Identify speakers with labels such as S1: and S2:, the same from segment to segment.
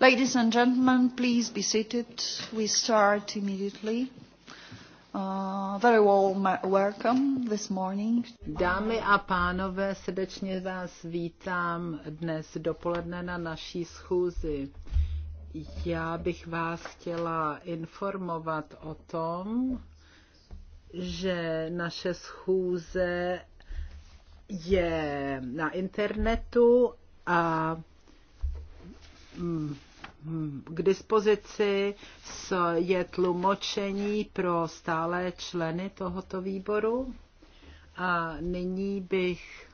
S1: Ladies and gentlemen, please be seated. We start immediately. Uh, very warm welcome this morning. Dámy
S2: a pánové, srdečně vás vítám dnes dopoledne na naší schůzi. Já bych vás chtěla informovat o tom, že naše schůze je na internetu a mm, k dispozici je tlumočení pro stále členy tohoto výboru. A nyní bych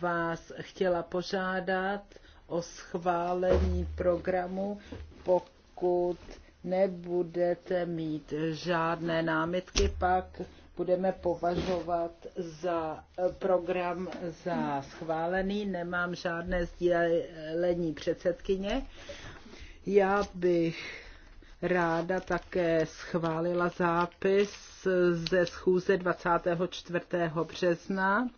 S2: vás chtěla požádat o schválení programu, pokud nebudete mít žádné námitky, pak budeme považovat za eh, program za schválený. Nemám žádné sdílení předsedkyně. Já bych ráda také schválila zápis ze schůze 24. března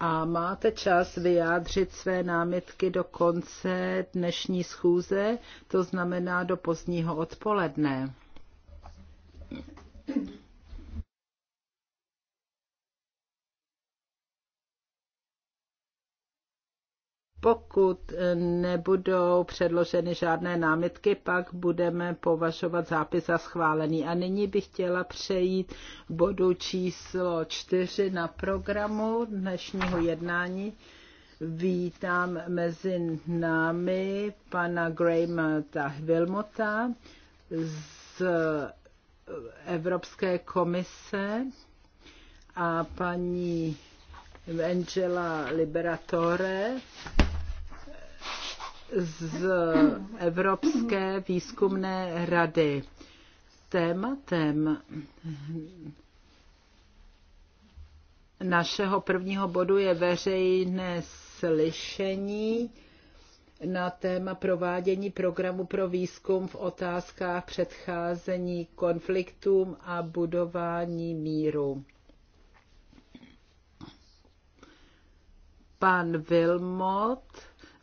S2: a máte čas vyjádřit své námitky do konce dnešní schůze, to znamená do pozdního odpoledne. Pokud eh, nebudou předloženy žádné námitky, pak budeme považovat zápis za schválený. A nyní bych chtěla přejít k bodu číslo čtyři na programu dnešního jednání. Vítám mezi námi pana Grahama Tahvilmota z Evropské komise a paní Angela Liberatore z Evropské výzkumné rady. Tématem našeho prvního bodu je veřejné slyšení na téma provádění programu pro výzkum v otázkách předcházení konfliktům a budování míru. Pan Wilmot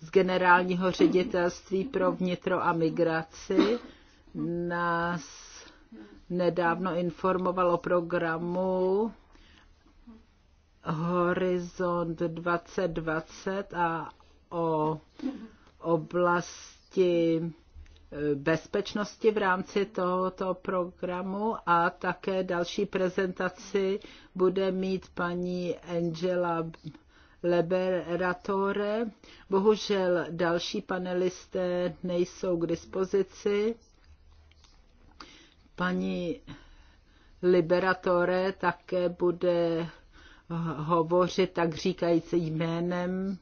S2: z generálního ředitelství pro vnitro a migraci nás nedávno informoval o programu Horizont 2020 a o oblasti eh, bezpečnosti v rámci tohoto programu a také další prezentaci bude mít paní Angela Liberatore. Bohužel další panelisté nejsou k dispozici. Paní Liberatore také bude hovořit, tak říkající jménem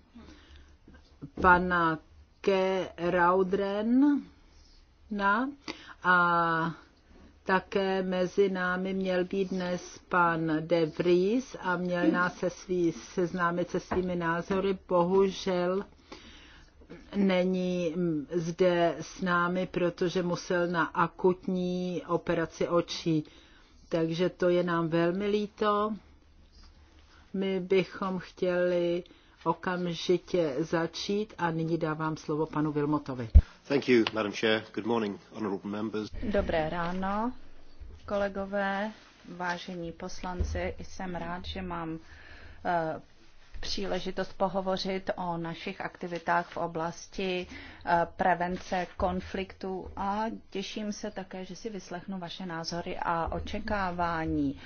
S2: pana Ke Raudren. Na, a také mezi námi měl být dnes pan De Vries a měl nás se svý, seznámit se svými názory. Bohužel není zde s námi, protože musel na akutní operaci očí. Takže to je nám velmi líto. My bychom chtěli okamžitě začít a nyní dávám slovo panu Vilmotovi.
S1: Dobré ráno, kolegové, vážení poslanci. Jsem rád, že mám eh, příležitost pohovořit o našich aktivitách v oblasti eh, prevence konfliktu a těším se také, že si vyslechnu vaše názory a očekávání.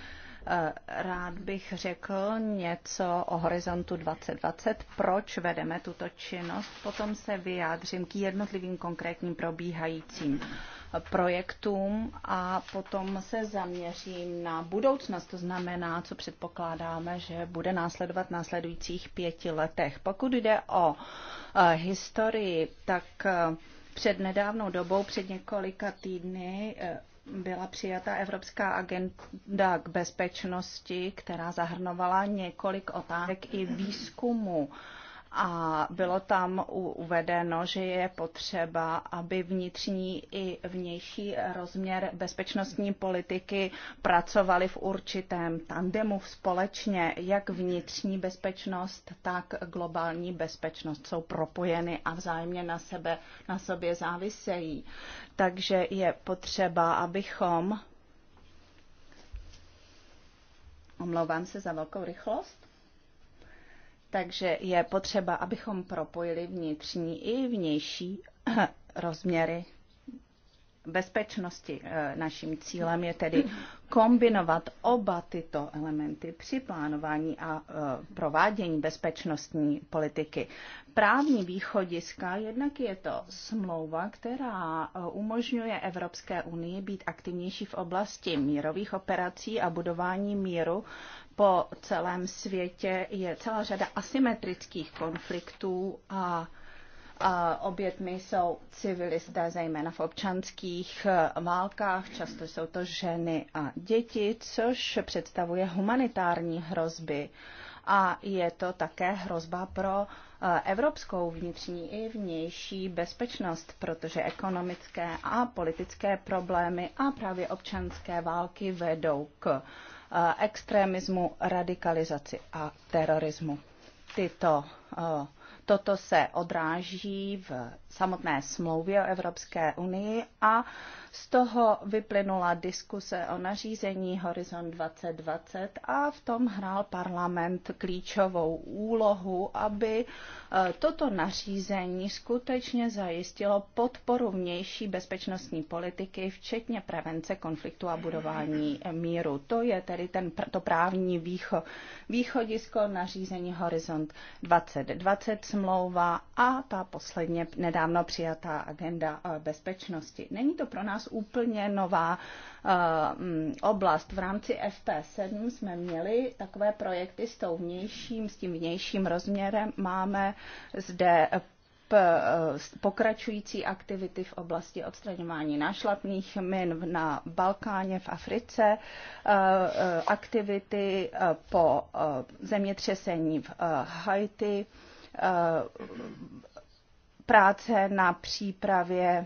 S1: Eh, rád bych řekl něco o horizontu 2020, proč vedeme tuto činnost, potom se vyjádřím k jednotlivým konkrétním probíhajícím projektům a potom se zaměřím na budoucnost, to znamená, co předpokládáme, že bude následovat v následujících pěti letech. Pokud jde o eh, historii, tak eh, před nedávnou dobou, před několika týdny, byla přijata Evropská agenda k bezpečnosti, která zahrnovala několik otázek i výzkumu a bylo tam uvedeno, že je potřeba, aby vnitřní i vnější rozměr bezpečnostní politiky pracovali v určitém tandemu společně. Jak vnitřní bezpečnost, tak globální bezpečnost jsou propojeny a vzájemně na, sebe, na sobě závisejí. Takže je potřeba, abychom. Omlouvám se za velkou rychlost. Takže je potřeba, abychom propojili vnitřní i vnější rozměry bezpečnosti. E, naším cílem je tedy kombinovat oba tyto elementy při plánování a e, provádění bezpečnostní politiky. Právní východiska jednak je to smlouva, která e, umožňuje Evropské unii být aktivnější v oblasti mírových operací a budování míru po celém světě. Je celá řada asymetrických konfliktů a Obětmi jsou civilisté, zejména v občanských eh, válkách, často jsou to ženy a děti, což představuje humanitární hrozby. A je to také hrozba pro eh, evropskou vnitřní i vnější bezpečnost, protože ekonomické a politické problémy a právě občanské války vedou k eh, extremismu, radikalizaci a terorismu. Tyto Toto se odráží v samotné smlouvě o Evropské unii a z toho vyplynula diskuse o nařízení Horizon 2020 a v tom hrál parlament klíčovou úlohu, aby e, toto nařízení skutečně zajistilo podporu vnější bezpečnostní politiky, včetně prevence konfliktu a budování míru. To je tedy ten, to právní výcho, východisko nařízení Horizont 2020 smlouva a ta posledně nedávno přijatá agenda eh, bezpečnosti. Není to pro nás úplně nová eh, mm, oblast. V rámci FP7 jsme měli takové projekty s, tou vnějším, s tím vnějším rozměrem. Máme zde eh, pokračující aktivity v oblasti odstraňování nášlapných min na Balkáně, v Africe, aktivity po zemětřesení v Haiti, Eh, práce na přípravě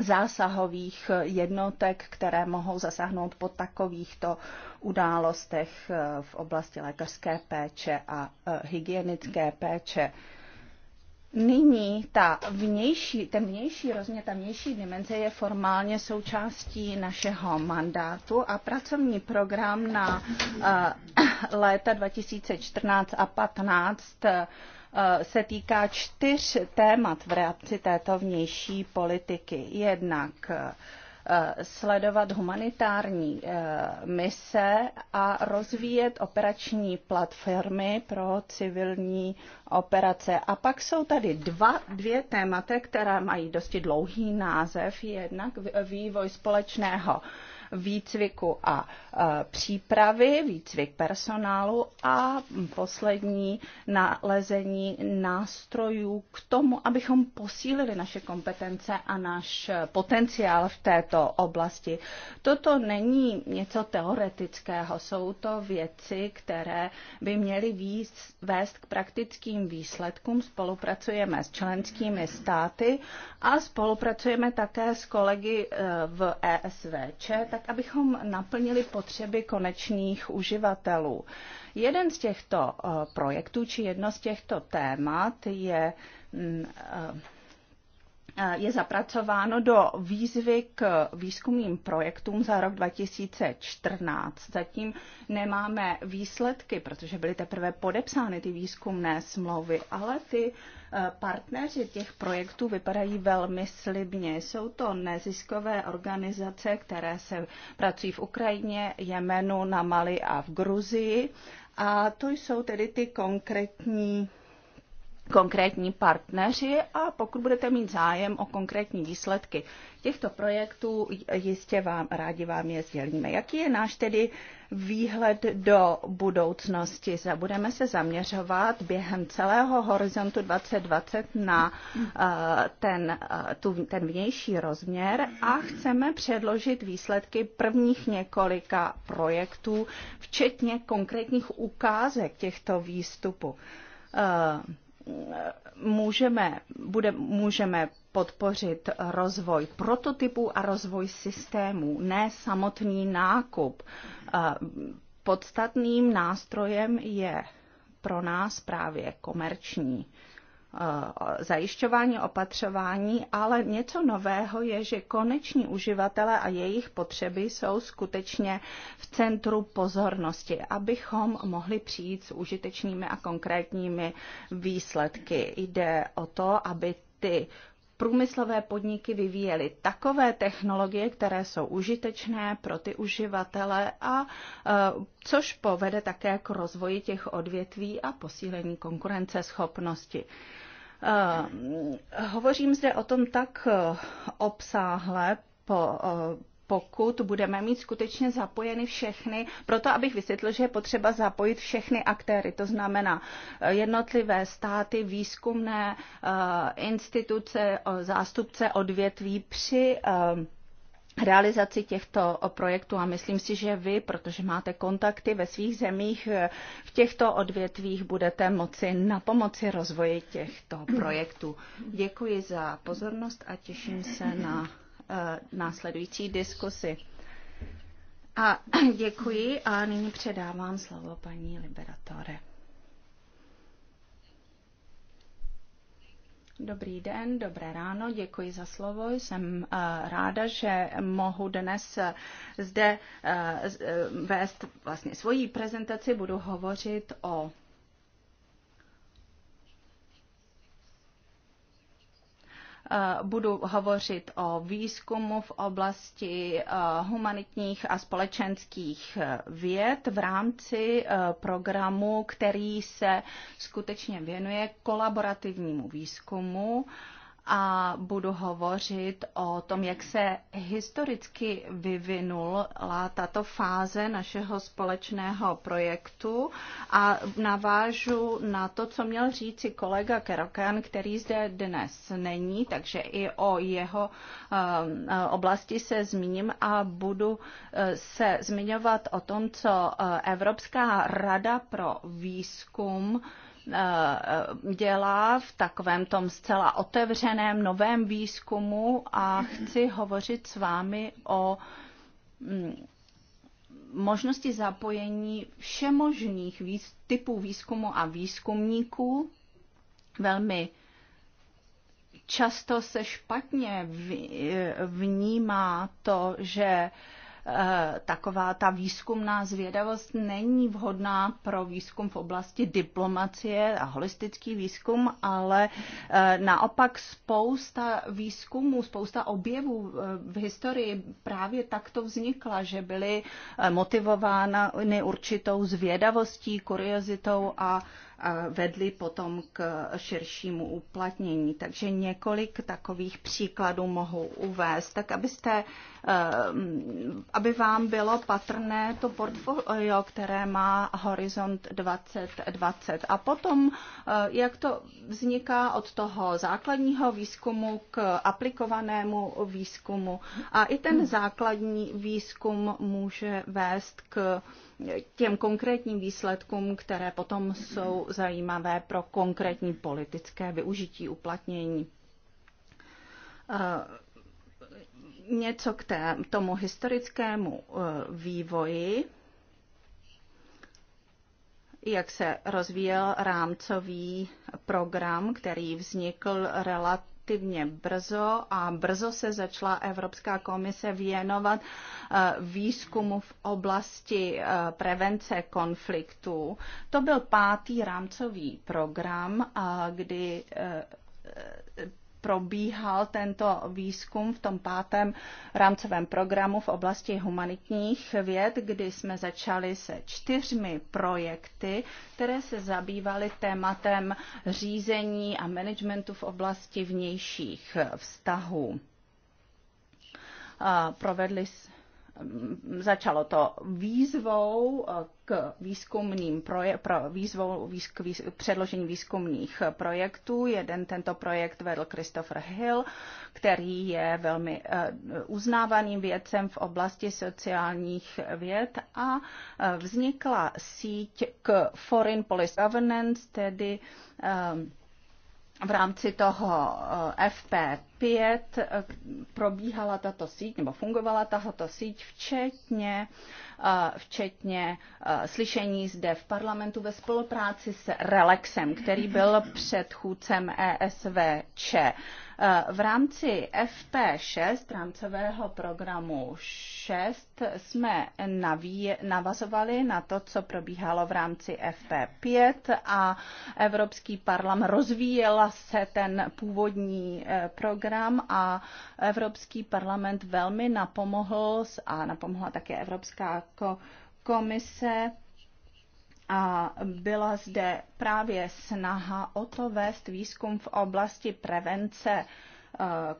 S1: zásahových jednotek, které mohou zasáhnout po takovýchto událostech eh, v oblasti lékařské péče a eh, hygienické péče. Nyní ta vnější, ten vnější rozměr, ta vnější dimenze je formálně součástí našeho mandátu a pracovní program na uh, léta 2014 a 2015 uh, eh, se týká čtyř témat v reakci této vnější politiky. Jednak uh, Eh, sledovat humanitární eh, mise a rozvíjet operační platformy pro civilní operace. A pak jsou tady dva, dvě témata, která mají dosti dlouhý název. Jednak vývoj společného výcviku a e, přípravy, výcvik personálu a poslední nalezení nástrojů k tomu, abychom posílili naše kompetence a náš potenciál v této oblasti. Toto není něco teoretického, jsou to věci, které by měly víc, vést k praktickým výsledkům. Spolupracujeme s členskými státy a spolupracujeme také s kolegy e, v ESVČ, tak abychom naplnili potřeby konečných uživatelů. Jeden z těchto eh, projektů či jedno z těchto témat je mm, eh, Eh, je zapracováno do výzvy k výzkumným projektům za rok 2014. Zatím nemáme výsledky, protože byly teprve podepsány ty výzkumné smlouvy, ale ty eh, partneři těch projektů vypadají velmi slibně. Jsou to neziskové organizace, které se pracují v Ukrajině, Jemenu, na Mali a v Gruzii. A to jsou tedy ty konkrétní konkrétní partneři a pokud budete mít zájem o konkrétní výsledky těchto projektů, jistě vám rádi vám je sdělíme. Jaký je náš tedy výhled do budoucnosti? Budeme se zaměřovat během celého horizontu 2020 na eh, ten, eh, tu, ten vnější rozměr a chceme předložit výsledky prvních několika projektů, včetně konkrétních ukázek těchto výstupů. Eh, můžeme, bude, můžeme podpořit rozvoj prototypů a rozvoj systémů, ne samotný nákup. Eh, podstatným nástrojem je pro nás právě komerční Eh, zajišťování opatřování, ale něco nového je, že koneční uživatelé a jejich potřeby jsou skutečně v centru pozornosti, abychom mohli přijít s užitečnými a konkrétními výsledky. Jde o to, aby ty průmyslové podniky vyvíjely takové technologie, které jsou užitečné pro ty uživatele a eh, což povede také k rozvoji těch odvětví a posílení konkurenceschopnosti. schopnosti. Eh, hovořím zde o tom tak eh, obsáhle, po, eh, pokud budeme mít skutečně zapojeny všechny, proto abych vysvětlil, že je potřeba zapojit všechny aktéry, to znamená jednotlivé státy, výzkumné instituce, zástupce odvětví při realizaci těchto eh, projektů a myslím si, že vy, protože máte kontakty ve svých zemích, eh, v těchto odvětvích budete moci na pomoci rozvoji těchto projektů. Děkuji za pozornost a těším se na eh, následující diskusi. A děkuji a nyní předávám slovo paní Liberatore. Dobrý den, dobré ráno, děkuji za slovo. Jsem eh, ráda, že mohu dnes eh, zde eh, vést vlastně svoji prezentaci. Budu hovořit o Eh, budu hovořit o výzkumu v oblasti eh, humanitních a společenských eh, věd v rámci programu, který se skutečně věnuje kolaborativnímu výzkumu a budu hovořit o tom, jak se historicky vyvinula tato fáze našeho společného projektu a navážu na to, co měl říci kolega Kerokan, který zde dnes není, takže i o jeho um, oblasti se zmíním a budu uh, se zmiňovat o tom, co uh, Evropská rada pro výzkum Eh, dělá v takovém tom zcela otevřeném novém výzkumu a chci hovořit s vámi o mm, možnosti zapojení všemožných výz, typů výzkumu a výzkumníků. Velmi často se špatně vnímá to, že uh, Eh, taková ta výzkumná zvědavost není vhodná pro výzkum v oblasti diplomacie a holistický výzkum, ale eh, naopak spousta výzkumů, spousta objevů eh, v historii právě takto vznikla, že byly motivována určitou zvědavostí, kuriozitou a vedly potom k širšímu uplatnění. Takže několik takových příkladů mohu uvést, tak abyste, eh, aby vám bylo patrné to portfolio, které má Horizont 2020. A potom, eh, jak to vzniká od toho základního výzkumu k aplikovanému výzkumu. A i ten základní výzkum může vést k těm konkrétním výsledkům, které potom jsou zajímavé pro konkrétní politické využití, uplatnění eh, něco k té, tomu historickému eh, vývoji, jak se rozvíjel rámcový program, který vznikl relativně relativně brzo a brzo se začala Evropská komise věnovat eh, výzkumu v oblasti eh, prevence konfliktů. To byl pátý rámcový program, eh, kdy probíhal tento výzkum v tom pátém rámcovém programu v oblasti humanitních věd, kdy jsme začali se čtyřmi projekty, které se zabývaly tématem řízení a managementu v oblasti vnějších vztahů. Provedli jsme Začalo to výzvou eh, k výzkumným proje, pro výzvou, k výz, předložení výzkumných projektů. Jeden tento projekt vedl Christopher Hill, který je velmi eh, uznávaným vědcem v oblasti sociálních věd a eh, vznikla síť k Foreign Policy Governance, tedy um, v rámci toho eh, FP5 eh, probíhala tato síť, nebo fungovala tato síť, včetně, eh, včetně slyšení zde v parlamentu ve spolupráci s Relexem, který byl předchůdcem ESVČ. Eh, v rámci FP6, rámcového programu 6, jsme navazovali na to, co probíhalo v rámci FP5 a Evropský parlament rozvíjela se ten původní eh, program a Evropský parlament velmi napomohl a napomohla také Evropská komise a byla zde právě snaha o to vést výzkum v oblasti prevence eh,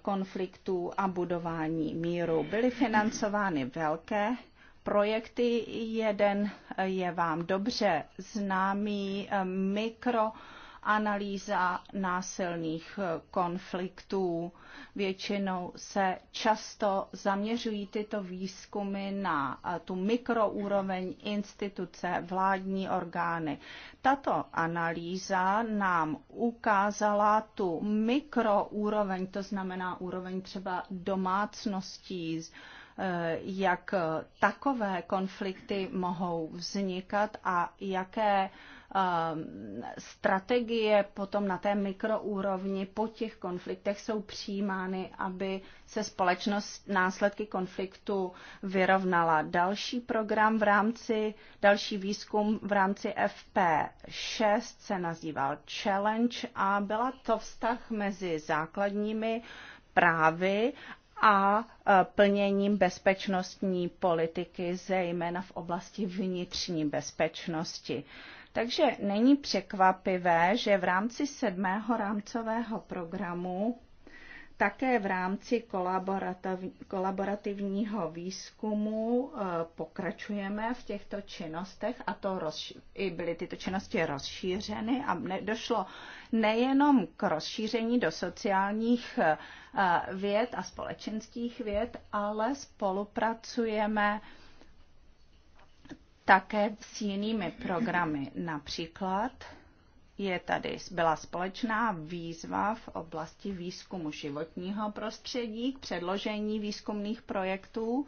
S1: konfliktů a budování míru. Byly financovány velké projekty. Jeden je vám dobře známý eh, mikro analýza násilných eh, konfliktů. Většinou se často zaměřují tyto výzkumy na eh, tu mikroúroveň instituce, vládní orgány. Tato analýza nám ukázala tu mikroúroveň, to znamená úroveň třeba domácností, eh, jak takové konflikty mohou vznikat a jaké Ehm, strategie potom na té mikroúrovni po těch konfliktech jsou přijímány, aby se společnost následky konfliktu vyrovnala. Další program v rámci, další výzkum v rámci FP6 se nazýval Challenge a byla to vztah mezi základními právy a e, plněním bezpečnostní politiky, zejména v oblasti vnitřní bezpečnosti. Takže není překvapivé, že v rámci sedmého rámcového programu také v rámci kolaborativního výzkumu eh, pokračujeme v těchto činnostech a to rozši- i byly tyto činnosti rozšířeny a ne- došlo nejenom k rozšíření do sociálních eh, eh, věd a společenských věd, ale spolupracujeme také s jinými programy. Například je tady, byla společná výzva v oblasti výzkumu životního prostředí k předložení výzkumných projektů.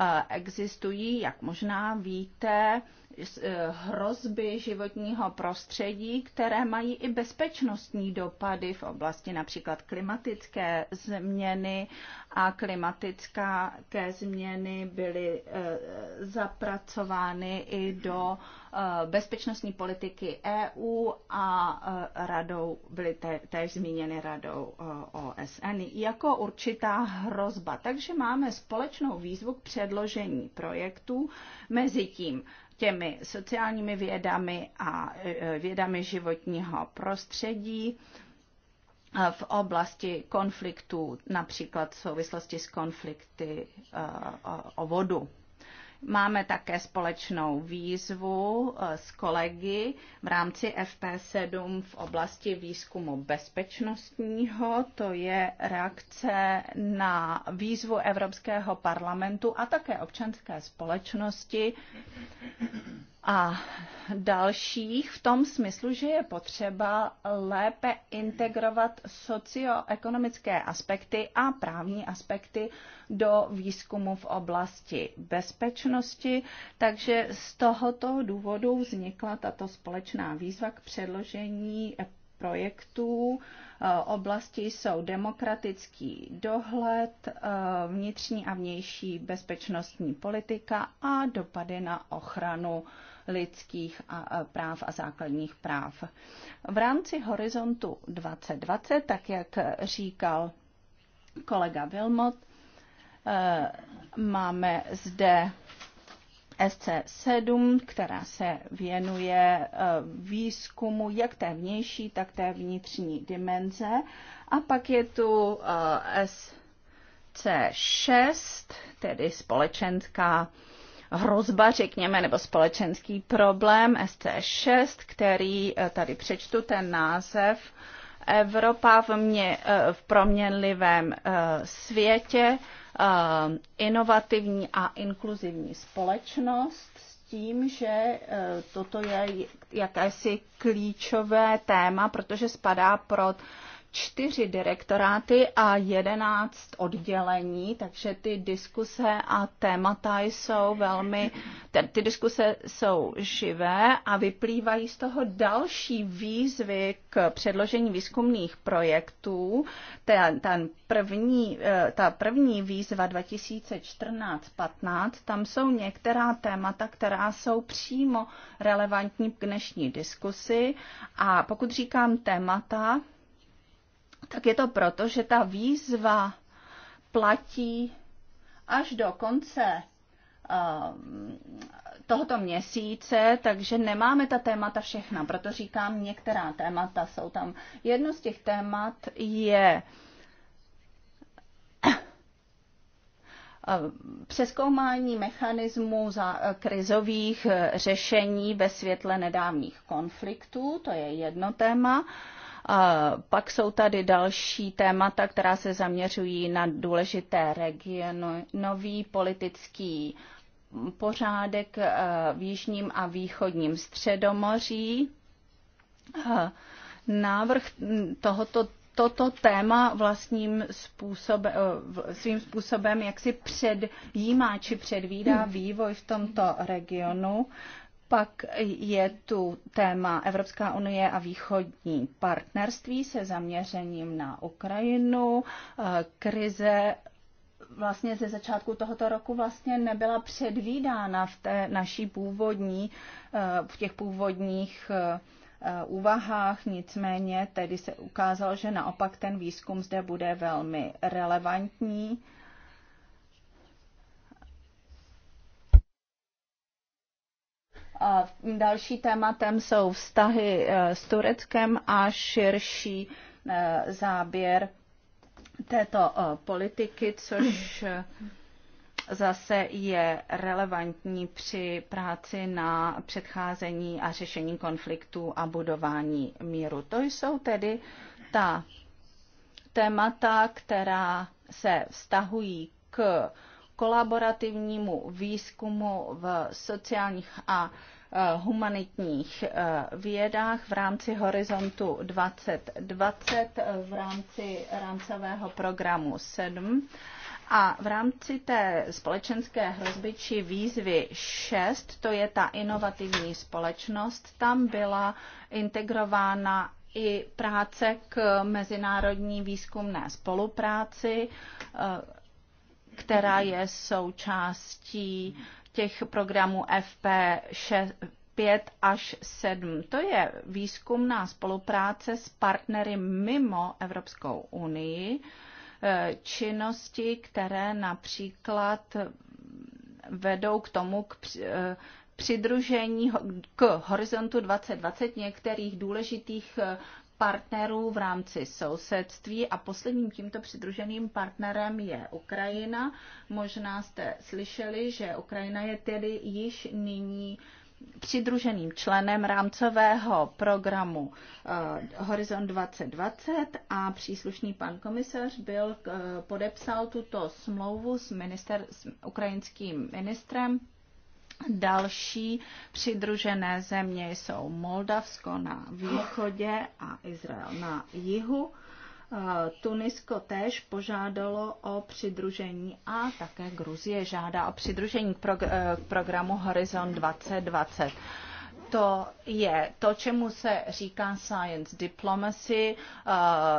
S1: Eh, existují, jak možná víte, Eh, hrozby životního prostředí, které mají i bezpečnostní dopady v oblasti například klimatické změny a klimatické změny byly eh, zapracovány i do eh, bezpečnostní politiky EU a radou, byly též zmíněny radou OSN jako určitá hrozba. Takže máme společnou výzvu k předložení projektů. Mezitím těmi sociálními vědami a e, vědami životního prostředí e, v oblasti konfliktů, například v souvislosti s konflikty e, o vodu. Máme také společnou výzvu eh, s kolegy v rámci FP7 v oblasti výzkumu bezpečnostního. To je reakce na výzvu Evropského parlamentu a také občanské společnosti a dalších v tom smyslu, že je potřeba lépe integrovat socioekonomické aspekty a právní aspekty do výzkumu v oblasti bezpečnosti. Takže z tohoto důvodu vznikla tato společná výzva k předložení projektů. Eh, oblasti jsou demokratický dohled, eh, vnitřní a vnější bezpečnostní politika a dopady na ochranu lidských a práv a základních práv. V rámci horizontu 2020, tak jak říkal kolega Vilmot, eh, máme zde SC7, která se věnuje eh, výzkumu jak té vnější, tak té vnitřní dimenze. A pak je tu eh, SC6, tedy společenská hrozba, řekněme, nebo společenský problém ST6, který eh, tady přečtu ten název. Evropa v, mě, eh, v proměnlivém eh, světě, inovativní a inkluzivní společnost s tím, že toto je jakési klíčové téma, protože spadá pro čtyři direktoráty a jedenáct oddělení, takže ty diskuse a témata jsou velmi, ty diskuse jsou živé a vyplývají z toho další výzvy k předložení výzkumných projektů. Ten, ten první, eh, ta první výzva 2014-15, tam jsou některá témata, která jsou přímo relevantní k dnešní diskusi a pokud říkám témata, tak je to proto, že ta výzva platí až do konce eh, tohoto měsíce, takže nemáme ta témata všechna, proto říkám, některá témata jsou tam. Jedno z těch témat je eh, přeskoumání mechanismů za eh, krizových řešení ve světle nedávných konfliktů, to je jedno téma. Pak jsou tady další témata, která se zaměřují na důležité regiony, nový politický pořádek eh, v jižním a východním středomoří. Eh, návrh tohoto toto téma vlastním způsobem, eh, svým způsobem jak si předjímá či předvídá hmm. vývoj v tomto regionu. Pak je tu téma Evropská unie a východní partnerství se zaměřením na Ukrajinu, eh, krize vlastně ze začátku tohoto roku vlastně nebyla předvídána v té naší původní, eh, v těch původních eh, úvahách, nicméně tedy se ukázalo, že naopak ten výzkum zde bude velmi relevantní Další tématem jsou vztahy eh, s Tureckem a širší eh, záběr této eh, politiky, což zase je relevantní při práci na předcházení a řešení konfliktů a budování míru. To jsou tedy ta témata, která se vztahují k kolaborativnímu výzkumu v sociálních a e, humanitních e, vědách v rámci Horizontu 2020 e, v rámci rámcového programu 7. A v rámci té společenské hrozby či výzvy 6, to je ta inovativní společnost, tam byla integrována i práce k mezinárodní výzkumné spolupráci, která je součástí těch programů FP6, 5 až 7. To je výzkumná spolupráce s partnery mimo Evropskou unii, eh, činnosti, které například vedou k tomu, k eh, přidružení k horizontu 2020 některých důležitých eh, partnerů v rámci sousedství a posledním tímto přidruženým partnerem je Ukrajina. Možná jste slyšeli, že Ukrajina je tedy již nyní přidruženým členem rámcového programu eh, Horizon 2020 a příslušný pan komisař byl, eh, podepsal tuto smlouvu s, minister, s ukrajinským ministrem Další přidružené země jsou Moldavsko na východě a Izrael na jihu. Eh, Tunisko též požádalo o přidružení a také Gruzie žádá o přidružení k eh, programu Horizon 2020 to je to, čemu se říká science diplomacy, uh,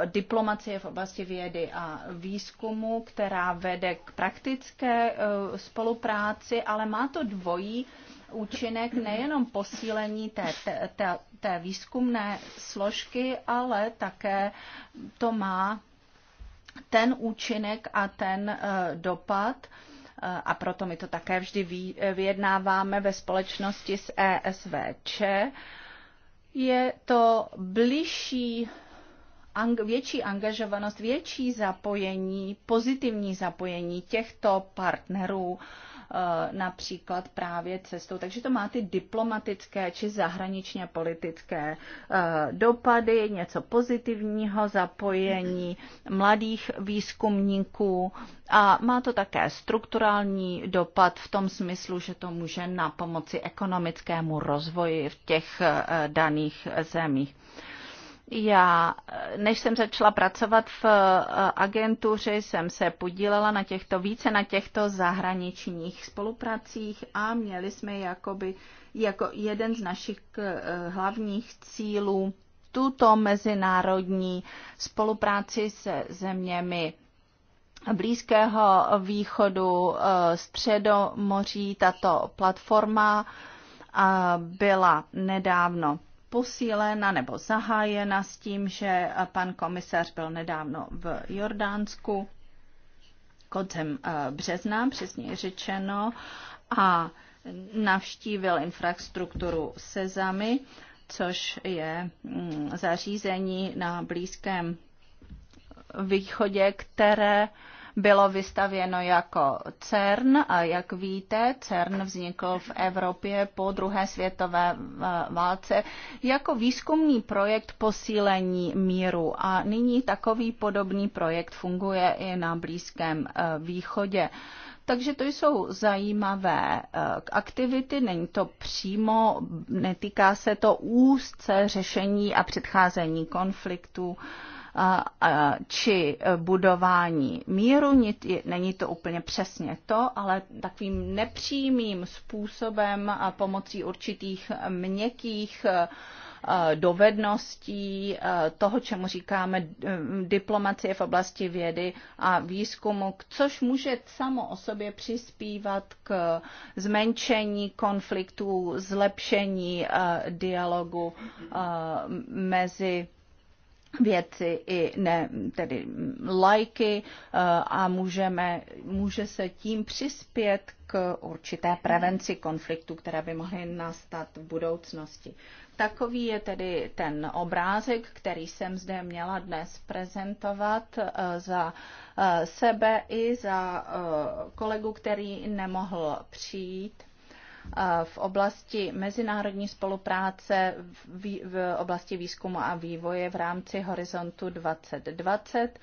S1: diplomacie v oblasti vědy a výzkumu, která vede k praktické uh, spolupráci, ale má to dvojí účinek nejenom posílení té, té, té, té výzkumné složky, ale také to má ten účinek a ten uh, dopad, uh, a proto my to také vždy vyjednáváme ve společnosti s ESVČ, je to blížší větší angažovanost, větší zapojení, pozitivní zapojení těchto partnerů Eh, například právě cestou. Takže to má ty diplomatické či zahraničně politické eh, dopady, něco pozitivního, zapojení mladých výzkumníků a má to také strukturální dopad v tom smyslu, že to může na pomoci ekonomickému rozvoji v těch eh, daných zemích. Já, než jsem začala pracovat v eh, agentuře, jsem se podílela na těchto, více na těchto zahraničních spolupracích a měli jsme jakoby, jako jeden z našich eh, hlavních cílů tuto mezinárodní spolupráci se zeměmi Blízkého východu, eh, Středomoří. Tato platforma byla nedávno posílena nebo zahájena s tím, že pan komisař byl nedávno v Jordánsku koncem eh, března, přesně řečeno, a navštívil infrastrukturu Sezamy, což je mm, zařízení na Blízkém východě, které bylo vystavěno jako CERN a jak víte, CERN vznikl v Evropě po druhé světové eh, válce jako výzkumný projekt posílení míru a nyní takový podobný projekt funguje i na Blízkém eh, východě. Takže to jsou zajímavé eh, aktivity, není to přímo, netýká se to úzce řešení a předcházení konfliktů či e, budování míru. Není to úplně přesně to, ale takovým nepřímým způsobem a pomocí určitých měkkých e, dovedností e, toho, čemu říkáme diplomacie v oblasti vědy a výzkumu, což může samo o sobě přispívat k zmenšení konfliktů, zlepšení dialogu mezi věci i ne, tedy lajky eh, a můžeme, může se tím přispět k určité prevenci konfliktu, které by mohly nastat v budoucnosti. Takový je tedy ten obrázek, který jsem zde měla dnes prezentovat eh, za eh, sebe i za kolegu, který nemohl přijít v oblasti mezinárodní spolupráce v oblasti výzkumu a vývoje v rámci Horizontu 2020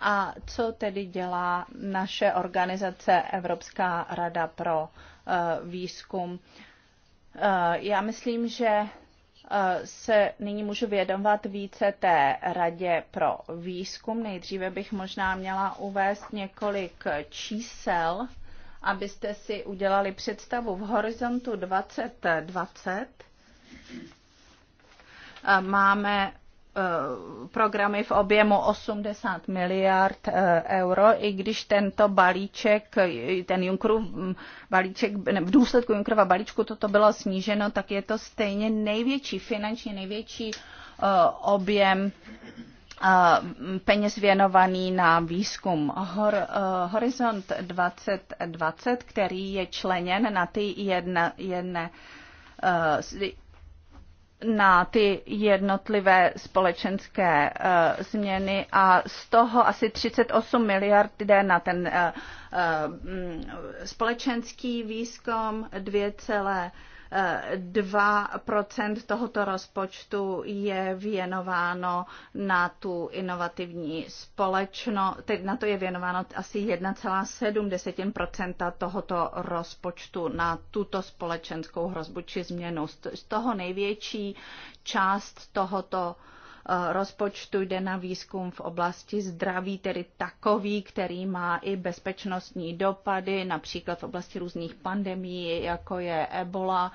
S1: a co tedy dělá naše organizace Evropská rada pro e, výzkum. E, já myslím, že e, se nyní můžu vědovat více té radě pro výzkum. Nejdříve bych možná měla uvést několik čísel abyste si udělali představu v horizontu 2020. Máme e, programy v objemu 80 miliard e, euro, i když tento balíček, ten Junckerův balíček, v důsledku Junckerova balíčku toto bylo sníženo, tak je to stejně největší, finančně největší e, objem Mm, peněz věnovaný na výzkum. Hor, uh, Horizont 2020, který je členěn na ty jedna, jedne, uh, na ty jednotlivé společenské uh, změny a z toho asi 38 miliard jde na ten uh, uh, společenský výzkum 2, 2% tohoto rozpočtu je věnováno na tu inovativní společnost, teď na to je věnováno asi 1,7% tohoto rozpočtu na tuto společenskou hrozbu či změnu. Z toho největší část tohoto rozpočtu jde na výzkum v oblasti zdraví, tedy takový, který má i bezpečnostní dopady, například v oblasti různých pandemí, jako je ebola.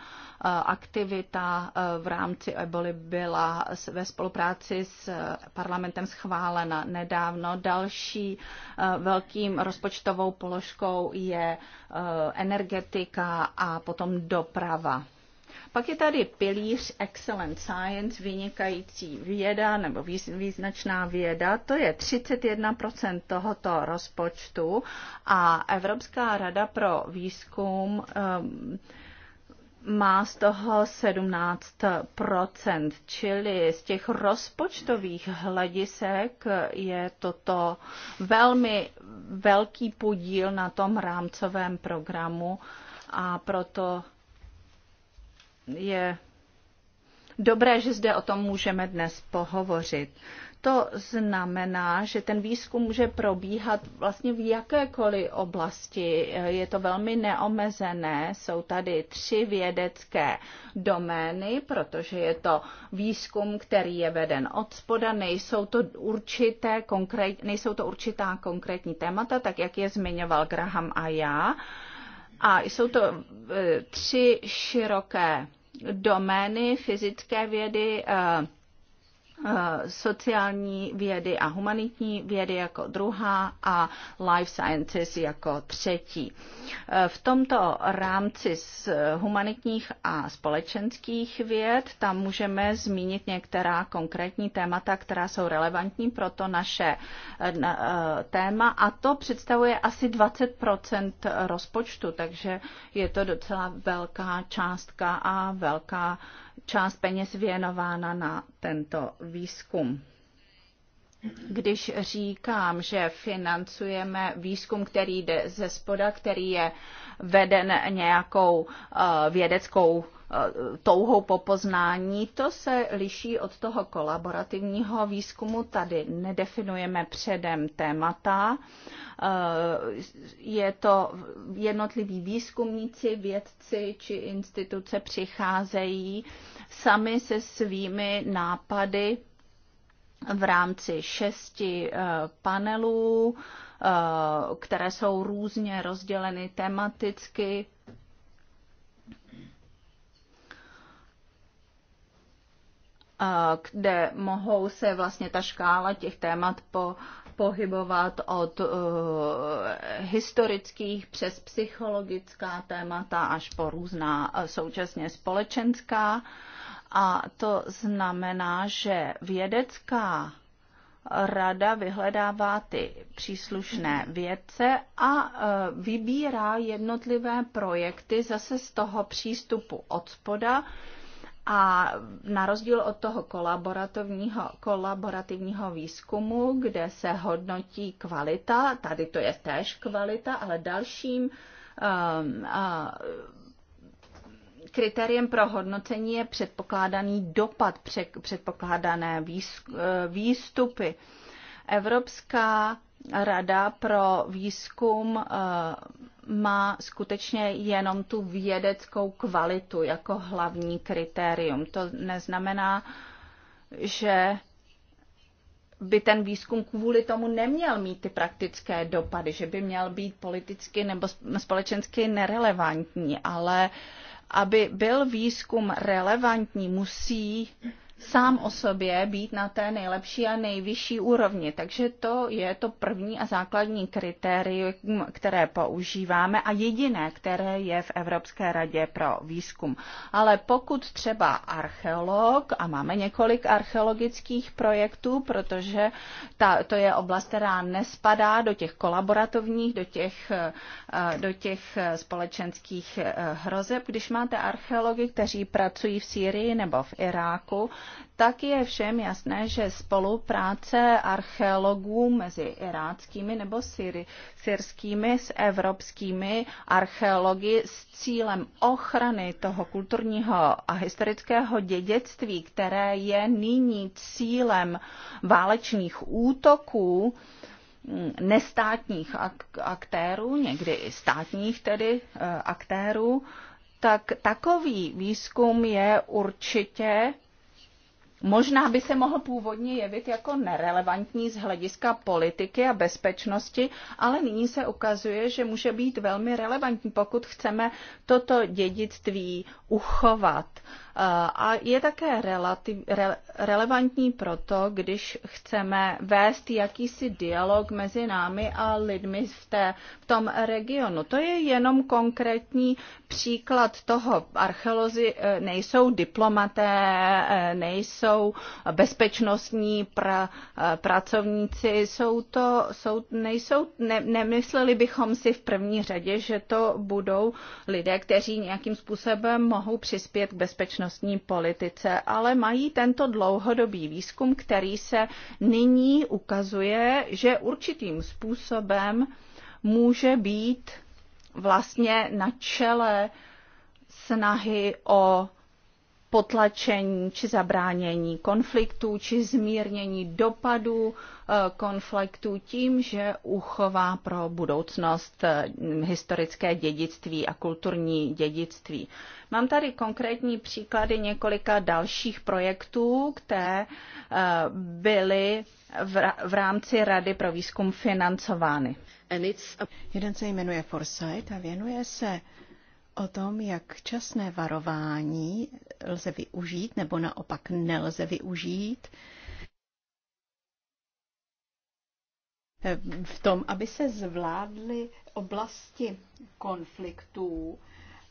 S1: Aktivita v rámci eboli byla ve spolupráci s e, parlamentem schválena nedávno. Další e, velkým rozpočtovou položkou je e, energetika a potom doprava. Pak je tady pilíř Excellent Science, vynikající věda nebo význačná věda, to je 31% tohoto rozpočtu a Evropská rada pro výzkum um, má z toho 17%, čili z těch rozpočtových hledisek je toto velmi velký podíl na tom rámcovém programu a proto je dobré, že zde o tom můžeme dnes pohovořit. To znamená, že ten výzkum může probíhat vlastně v jakékoliv oblasti. Je to velmi neomezené. Jsou tady tři vědecké domény, protože je to výzkum, který je veden od spoda. Nejsou to, určité, konkrét, nejsou to určitá konkrétní témata, tak jak je zmiňoval Graham a já. A jsou to e, tři široké domény fyzické vědy, eh, Eh, sociální vědy a humanitní vědy jako druhá a life sciences jako třetí. Eh, v tomto rámci z humanitních a společenských věd tam můžeme zmínit některá konkrétní témata, která jsou relevantní pro to naše eh, téma a to představuje asi 20 rozpočtu, takže je to docela velká částka a velká část peněz věnována na tento výzkum. Když říkám, že financujeme výzkum, který jde ze spoda, který je veden nějakou eh, vědeckou eh, touhou po poznání, to se liší od toho kolaborativního výzkumu. Tady nedefinujeme předem témata. Eh, je to jednotliví výzkumníci, vědci či instituce přicházejí sami se svými nápady v rámci šesti eh, panelů, eh, které jsou různě rozděleny tematicky. Eh, kde mohou se vlastně ta škála těch témat po pohybovat od uh, historických přes psychologická témata až po různá uh, současně společenská. A to znamená, že vědecká rada vyhledává ty příslušné vědce a eh, vybírá jednotlivé projekty zase z toho přístupu od spoda, a na rozdíl od toho kolaborativního, kolaborativního výzkumu, kde se hodnotí kvalita, tady to je též kvalita, ale dalším um, uh, kritériem pro hodnocení je předpokládaný dopad, předpokládané uh, výstupy. Evropská Rada pro výzkum eh, má skutečně jenom tu vědeckou kvalitu jako hlavní kritérium. To neznamená, že by ten výzkum kvůli tomu neměl mít ty praktické dopady, že by měl být politicky nebo společensky nerelevantní, ale aby byl výzkum relevantní, musí sám o sobě být na té nejlepší a nejvyšší úrovni. Takže to je to první a základní kritérium, které používáme a jediné, které je v Evropské radě pro výzkum. Ale pokud třeba archeolog, a máme několik archeologických projektů, protože ta, to je oblast, která nespadá do těch kolaborativních, do těch, eh, do těch společenských eh, hrozeb, když máte archeology, kteří pracují v Sýrii nebo v Iráku, tak je všem jasné, že spolupráce archeologů mezi iráckými nebo syry, syrskými s evropskými archeology s cílem ochrany toho kulturního a historického dědictví, které je nyní cílem válečných útoků, mm, nestátních aktérů, někdy i státních tedy eh, aktérů, tak takový výzkum je určitě možná by se mohl původně jevit jako nerelevantní z hlediska politiky a bezpečnosti, ale nyní se ukazuje, že může být velmi relevantní, pokud chceme toto dědictví uchovat a je také relativ, re, relevantní proto, když chceme vést jakýsi dialog mezi námi a lidmi v, té, v tom regionu. To je jenom konkrétní příklad toho. Archeolozi eh, nejsou diplomaté, eh, nejsou bezpečnostní pra, eh, pracovníci, jsou to, jsou, nejsou, ne, nemysleli bychom si v první řadě, že to budou lidé, kteří nějakým způsobem mohou přispět k bezpečnosti bezpečnostní politice, ale mají tento dlouhodobý výzkum, který se nyní ukazuje, že určitým způsobem může být vlastně na čele snahy o potlačení či zabránění konfliktů či zmírnění dopadů eh, konfliktů tím, že uchová pro budoucnost eh, historické dědictví a kulturní dědictví. Mám tady konkrétní příklady několika dalších projektů, které eh, byly v rámci Rady pro výzkum financovány. Jeden se jmenuje
S3: Foresight a věnuje se o tom, jak časné varování lze využít nebo naopak nelze využít v tom, aby se zvládly oblasti konfliktů,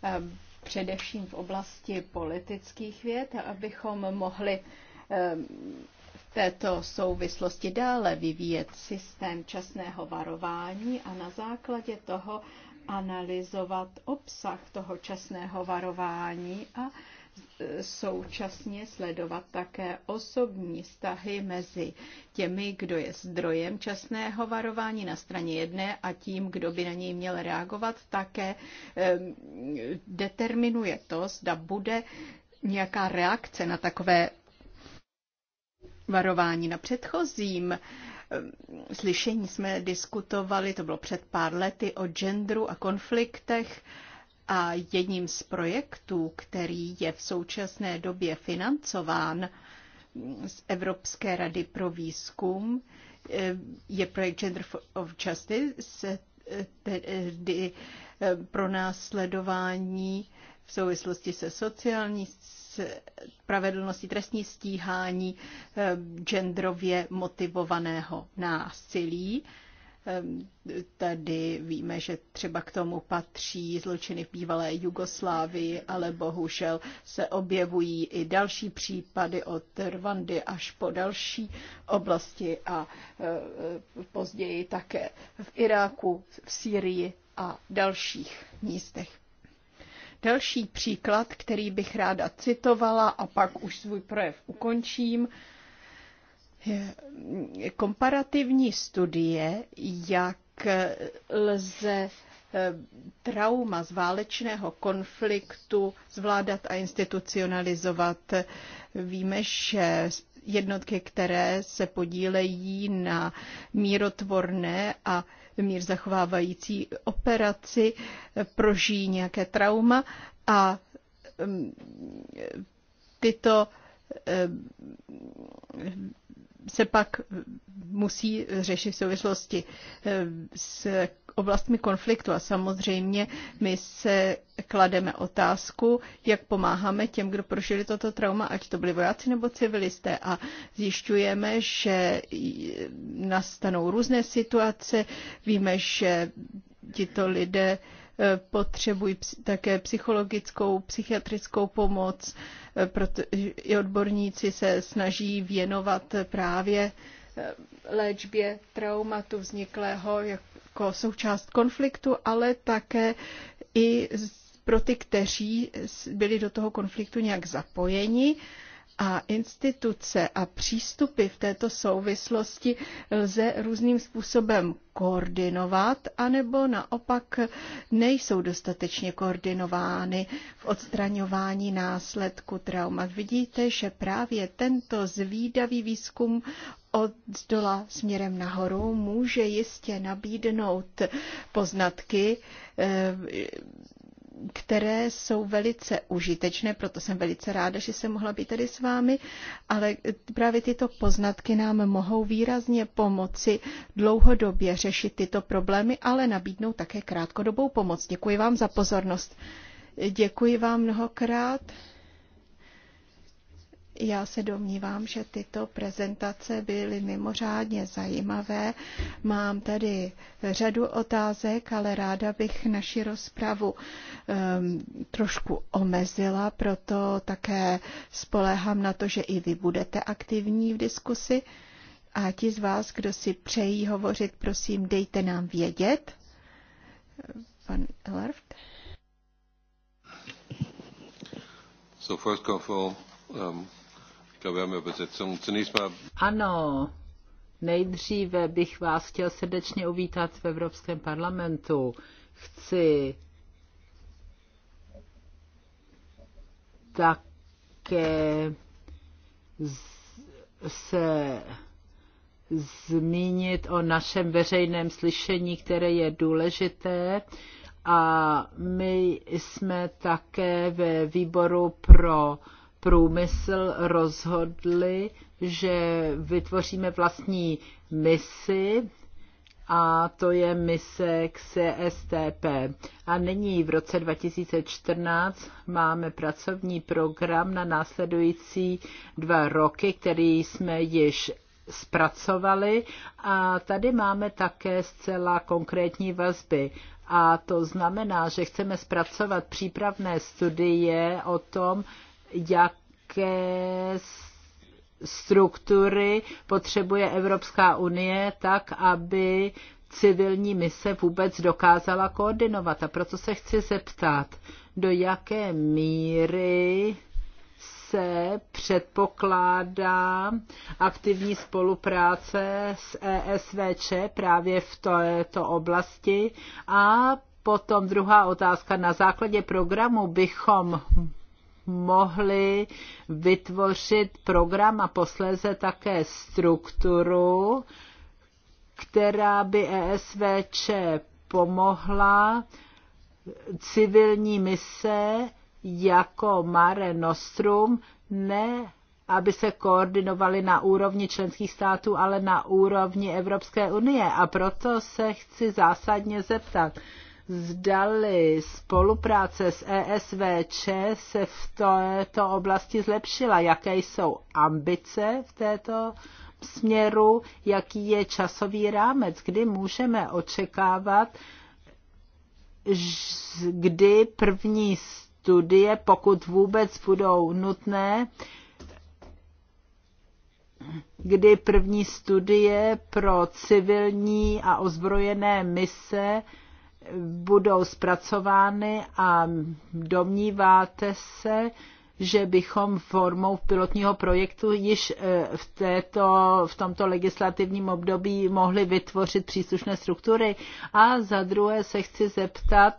S3: eh, především v oblasti politických věd, abychom mohli eh, v této souvislosti dále vyvíjet systém časného varování a na základě toho analyzovat obsah toho časného varování a současně sledovat také osobní vztahy mezi těmi, kdo je zdrojem časného varování na straně jedné a tím, kdo by na něj měl reagovat, také determinuje to, zda bude nějaká reakce na takové varování. Na předchozím Ehm, slyšení jsme diskutovali, to bylo před pár lety, o genderu a konfliktech. A jedním z projektů, který je v současné době financován mm, z Evropské rady pro výzkum, ehm, je projekt Gender of Justice, eh, tedy eh, pro následování v souvislosti se sociální spravedlnosti, trestní stíhání eh, genderově motivovaného násilí. Eh, tady víme, že třeba k tomu patří zločiny v bývalé Jugoslávii, ale bohužel se objevují i další případy od Rwandy až po další oblasti a eh, později také v Iráku, v Sýrii a dalších místech. Další příklad, který bych ráda citovala a pak už svůj projev ukončím, je komparativní studie, jak lze eh, trauma z válečného konfliktu zvládat a institucionalizovat. Víme, že jednotky, které se podílejí na mírotvorné a mír zachovávající operaci, eh, prožijí nějaké trauma a mm, tyto eh, se pak musí řešit v souvislosti eh, s oblastmi konfliktu. A samozřejmě my se klademe otázku, jak pomáháme těm, kdo prožili toto trauma, ať to byli vojáci nebo civilisté. A zjišťujeme, že nastanou různé situace. Víme, že tito lidé eh, potřebují také psychologickou, psychiatrickou pomoc, eh, protože i odborníci se snaží věnovat právě eh, léčbě traumatu vzniklého, jak jako součást konfliktu, ale také i pro ty, kteří byli do toho konfliktu nějak zapojeni. A instituce a přístupy v této souvislosti lze různým způsobem koordinovat, anebo naopak nejsou dostatečně koordinovány v odstraňování následku traumat. Vidíte, že právě tento zvídavý výzkum od dola směrem nahoru může jistě nabídnout poznatky, eh, které jsou velice užitečné, proto jsem velice ráda, že jsem mohla být tady s vámi, ale právě tyto poznatky nám mohou výrazně pomoci dlouhodobě řešit tyto problémy, ale nabídnou také krátkodobou pomoc. Děkuji vám za pozornost. Děkuji vám mnohokrát. Já se domnívám, že tyto prezentace byly mimořádně zajímavé. Mám tady řadu otázek, ale ráda bych naši rozpravu um, trošku omezila, proto také spolehám na to, že i vy budete aktivní v diskusi. A ti z vás, kdo si přejí hovořit, prosím, dejte nám vědět. Pan Elert.
S1: So first of all, um,
S3: ano,
S2: nejdříve bych vás chtěl srdečně uvítat v Evropském parlamentu. Chci také se zmínit o našem veřejném slyšení, které je důležité. A my jsme také ve výboru pro průmysl rozhodli, že vytvoříme vlastní misi a to je mise k CSTP. A nyní v roce 2014 máme pracovní program na následující dva roky, který jsme již zpracovali a tady máme také zcela konkrétní vazby. A to znamená, že chceme zpracovat přípravné studie o tom, jaké struktury potřebuje Evropská unie tak, aby civilní mise vůbec dokázala koordinovat. A proto se chci zeptat, do jaké míry se předpokládá aktivní spolupráce s ESVČ právě v této oblasti. A potom druhá otázka. Na základě programu bychom mohli vytvořit program a posléze také strukturu, která by ESVČ pomohla civilní mise jako Mare Nostrum, ne aby se koordinovali na úrovni členských států, ale na úrovni Evropské unie. A proto se chci zásadně zeptat, zdali spolupráce s ESVČ se v této oblasti zlepšila, jaké jsou ambice v této směru, jaký je časový rámec, kdy můžeme očekávat, kdy první studie, pokud vůbec budou nutné, kdy první studie pro civilní a ozbrojené mise budou zpracovány a domníváte se, že bychom formou pilotního projektu již eh, v, této, v tomto legislativním období mohli vytvořit příslušné struktury. A za druhé se chci zeptat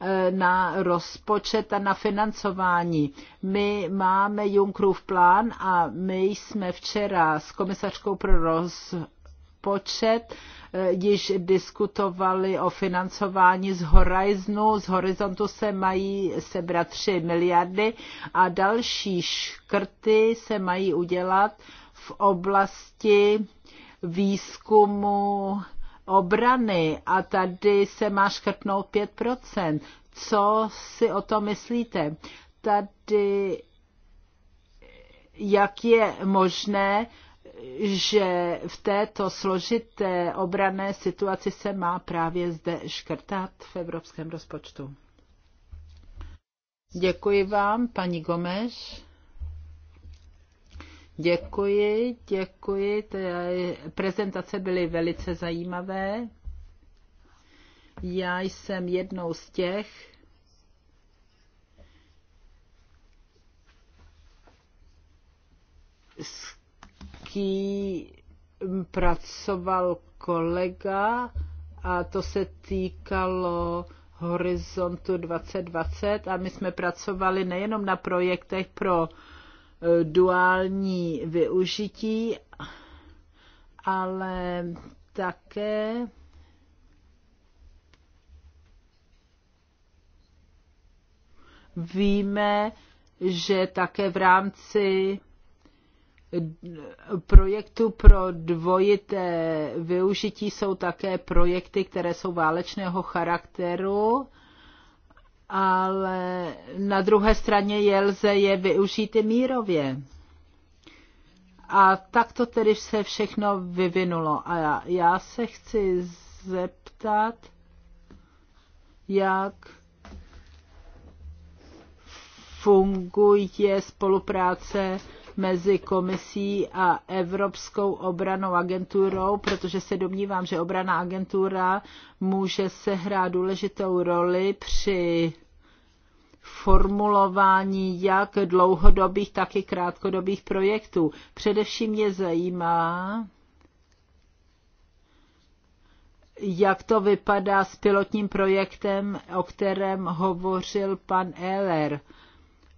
S2: eh, na rozpočet a na financování. My máme Junckerův plán a my jsme včera s komisařkou pro roz, rozpočet eh, již diskutovali o financování z Horizonu. Z Horizontu se mají sebrat 3 miliardy a další škrty se mají udělat v oblasti výzkumu obrany a tady se má škrtnout 5%. Co si o to myslíte? Tady jak je možné, že v této složité obrané situaci se má právě zde škrtat v evropském rozpočtu. Děkuji vám, paní Gomeš. Děkuji, děkuji. Té prezentace byly velice zajímavé. Já jsem jednou z těch, s tí pracoval kolega a to se týkalo Horizontu 2020 a my jsme pracovali nejenom na projektech pro e, duální využití, ale také víme, že také v rámci Projektu pro dvojité využití jsou také projekty, které jsou válečného charakteru, ale na druhé straně je lze je využít i mírově. A tak to tedy se všechno vyvinulo. A já, já se chci zeptat, jak funguje spolupráce mezi komisí a Evropskou obranou agenturou, protože se domnívám, že obraná agentura může sehrát důležitou roli při formulování jak dlouhodobých, tak i krátkodobých projektů. Především mě zajímá, jak to vypadá s pilotním projektem, o kterém hovořil pan Eller.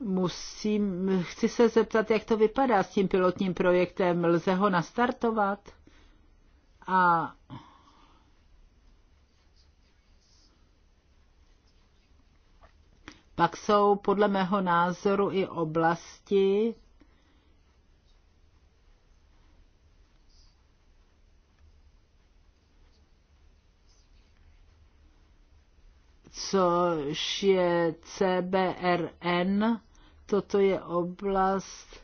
S2: Musím, chci se zeptat, jak to vypadá s tím pilotním projektem. Lze ho nastartovat? A pak jsou podle mého názoru i oblasti, což je CBRN, Toto je oblast,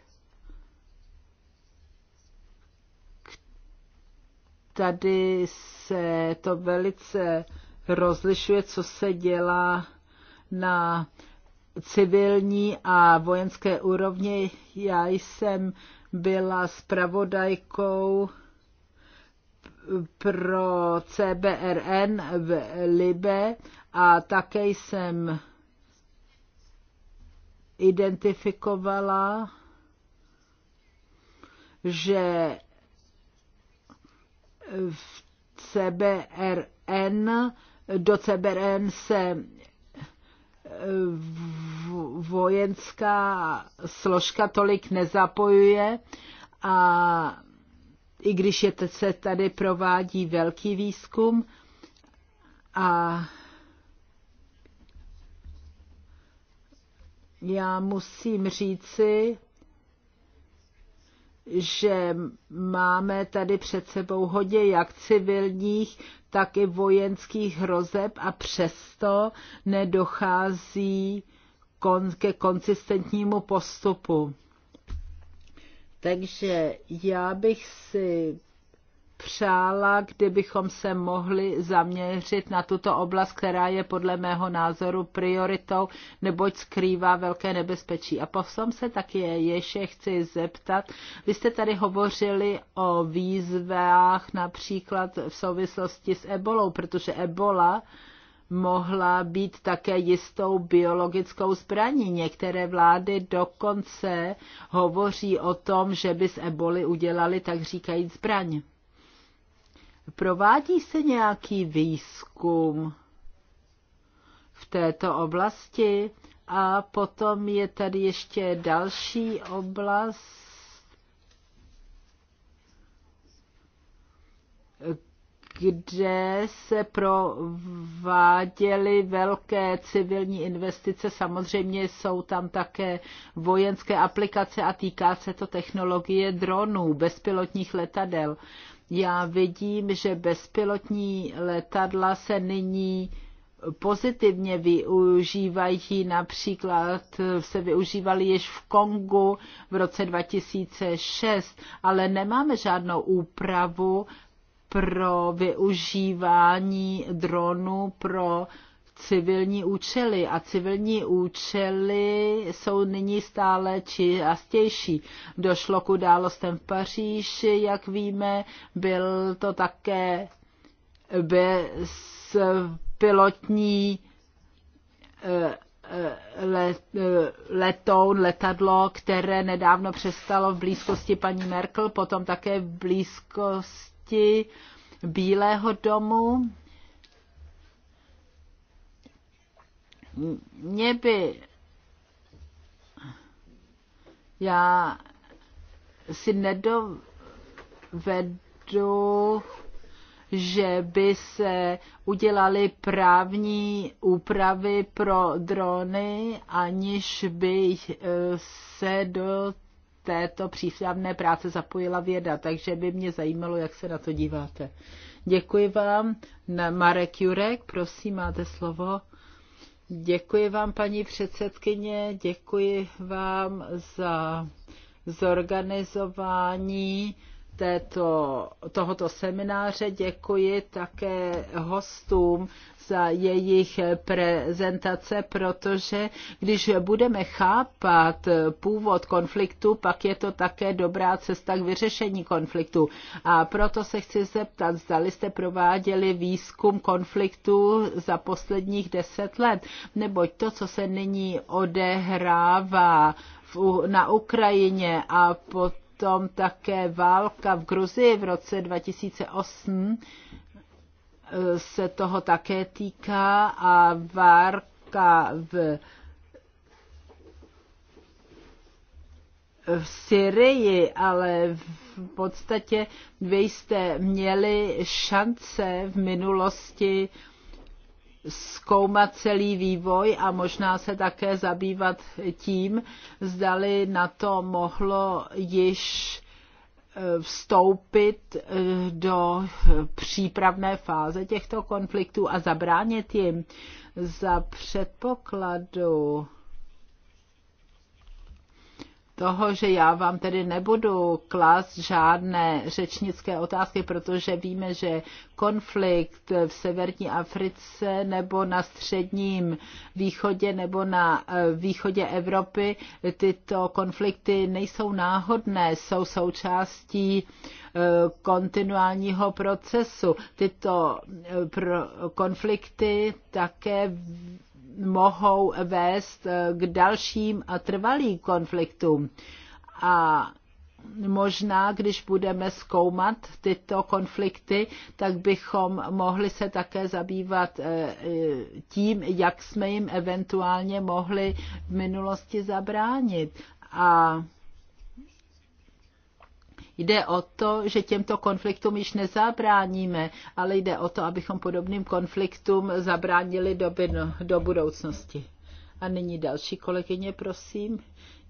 S2: tady se to velice rozlišuje, co se dělá na civilní a vojenské úrovni. Já jsem byla spravodajkou pro CBRN v Libe a také jsem identifikovala, že v CBRN, do CBRN se vojenská složka tolik nezapojuje a i když je se tady provádí velký výzkum a já musím říci, že máme tady před sebou hodně jak civilních, tak i vojenských hrozeb a přesto nedochází kon, ke konsistentnímu postupu. Takže já bych si přála, kdybychom se mohli zaměřit na tuto oblast, která je podle mého názoru prioritou, neboť skrývá velké nebezpečí. A posom se taky ještě chci zeptat, vy jste tady hovořili o výzvách například v souvislosti s ebolou, protože ebola mohla být také jistou biologickou zbraní. Některé vlády dokonce hovoří o tom, že by z eboli udělali tak říkajíc zbraň. Provádí se nějaký výzkum v této oblasti? A potom je tady ještě další oblast, kde se prováděly velké civilní investice. Samozřejmě jsou tam také vojenské aplikace a týká se to technologie dronů, bezpilotních letadel. Já vidím, že bezpilotní letadla se nyní pozitivně využívají, například se využívaly již v Kongu v roce 2006, ale nemáme žádnou úpravu pro využívání dronů pro civilní účely a civilní účely jsou nyní stále častější. Došlo k událostem v Paříži, jak víme, byl to také bezpilotní eh, eh, eh, letoun, letadlo, které nedávno přestalo v blízkosti paní Merkel, potom také v blízkosti Bílého domu. mě by já si nedovedu, že by se udělaly právní úpravy pro drony, aniž by eh, se do této přísavné práce zapojila věda, takže by mě zajímalo, jak se na to díváte. Děkuji vám. Marek Jurek, prosím, máte slovo. Děkuji vám, paní předsedkyně, děkuji vám za zorganizování této, tohoto semináře. Děkuji také hostům za jejich prezentace, protože když budeme chápat původ konfliktu, pak je to také dobrá cesta k vyřešení konfliktu. A proto se chci zeptat, zdali jste prováděli výzkum konfliktu za posledních deset let, neboť to, co se nyní odehrává na Ukrajině a pod potom také válka v Gruzii v roce 2008 eh, se toho také týká a várka v, v Syrii, ale v podstatě vy jste měli šance v minulosti zkoumat celý vývoj a možná se také zabývat tím, zdali na to mohlo již eh, vstoupit eh, do přípravné fáze těchto konfliktů a zabránit jim za předpokladu, toho, že já vám tedy nebudu klást žádné řečnické otázky, protože víme, že konflikt v severní Africe nebo na středním východě nebo na eh, východě Evropy, tyto konflikty nejsou náhodné, jsou součástí eh, kontinuálního procesu. Tyto eh, konflikty také mohou vést eh, k dalším a eh, trvalým konfliktům. A možná, když budeme zkoumat tyto konflikty, tak bychom mohli se také zabývat eh, tím, jak jsme jim eventuálně mohli v minulosti zabránit. A Jde o to, že těmto konfliktům již nezabráníme, ale jde o to, abychom podobným konfliktům zabránili do, do budoucnosti. A nyní další kolegyně, prosím.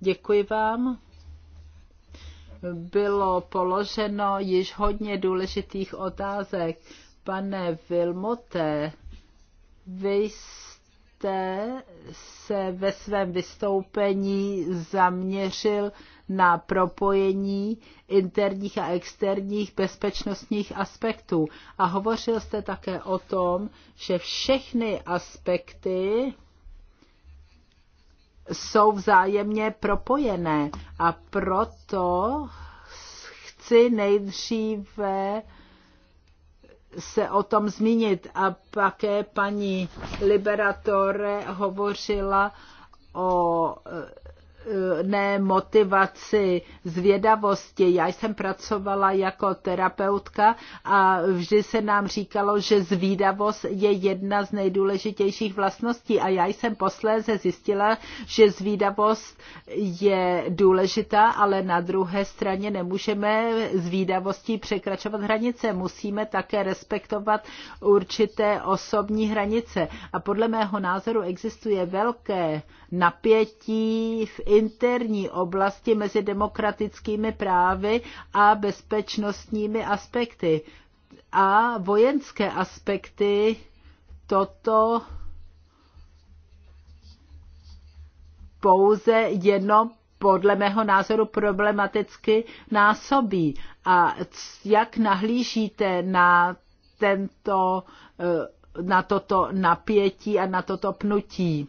S2: Děkuji vám bylo položeno již hodně důležitých otázek. Pane Vilmote, vy jste se ve svém vystoupení zaměřil na propojení interních a externích bezpečnostních aspektů. A hovořil jste také o tom, že všechny aspekty jsou vzájemně propojené a proto chci nejdříve se o tom zmínit. A také paní Liberatore hovořila o ne motivaci, zvědavosti. Já jsem pracovala jako terapeutka a vždy se nám říkalo, že zvídavost je jedna z nejdůležitějších vlastností a já jsem posléze zjistila, že zvídavost je důležitá, ale na druhé straně nemůžeme zvídavostí překračovat hranice. Musíme také respektovat určité osobní hranice. A podle mého názoru existuje velké napětí v interní oblasti mezi demokratickými právy a bezpečnostními aspekty. A vojenské aspekty toto pouze jedno podle mého názoru problematicky násobí. A jak nahlížíte na tento eh, na toto napětí a na toto pnutí.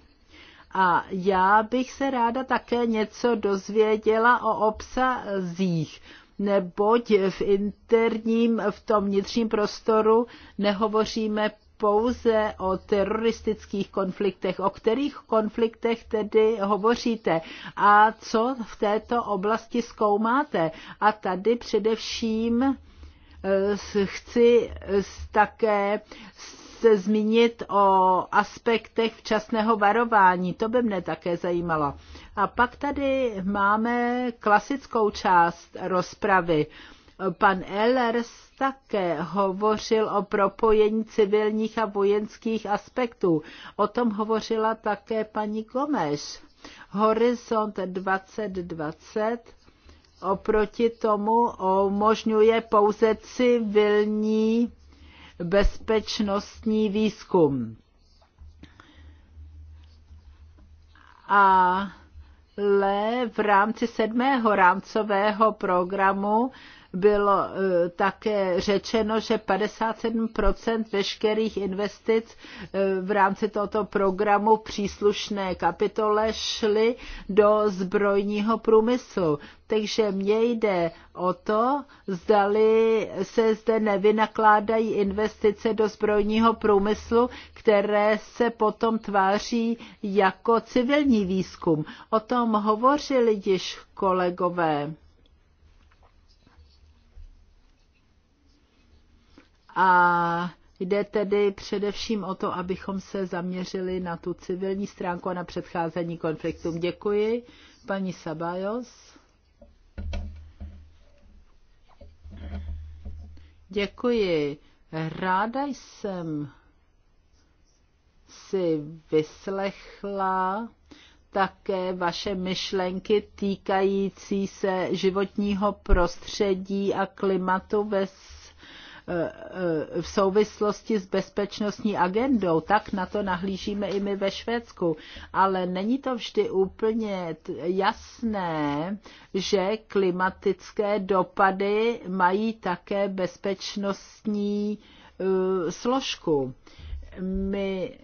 S2: A já bych se ráda také něco dozvěděla o obsazích, neboť v interním, v tom vnitřním prostoru nehovoříme pouze o teroristických konfliktech. O kterých konfliktech tedy hovoříte a co v této oblasti zkoumáte? A tady především eh, chci také se zmínit o aspektech včasného varování. To by mne také zajímalo. A pak tady máme klasickou část rozpravy. Pan Ellers také hovořil o propojení civilních a vojenských aspektů. O tom hovořila také paní Gomes. Horizont 2020 oproti tomu umožňuje pouze civilní bezpečnostní výzkum. le v rámci sedmého rámcového programu bylo eh, také řečeno, že 57% veškerých investic eh, v rámci tohoto programu příslušné kapitole šly do zbrojního průmyslu. Takže mně jde o to, zdali se zde nevynakládají investice do zbrojního průmyslu, které se potom tváří jako civilní výzkum. O tom hovořili již kolegové. A jde tedy především o to, abychom se zaměřili na tu civilní stránku a na předcházení konfliktům. Děkuji. Paní Sabajos. Děkuji. Ráda jsem si vyslechla také vaše myšlenky týkající se životního prostředí a klimatu ve Eh, v souvislosti s bezpečnostní agendou. Tak na to nahlížíme i my ve Švédsku. Ale není to vždy úplně jasné, že klimatické dopady mají také bezpečnostní eh, složku. My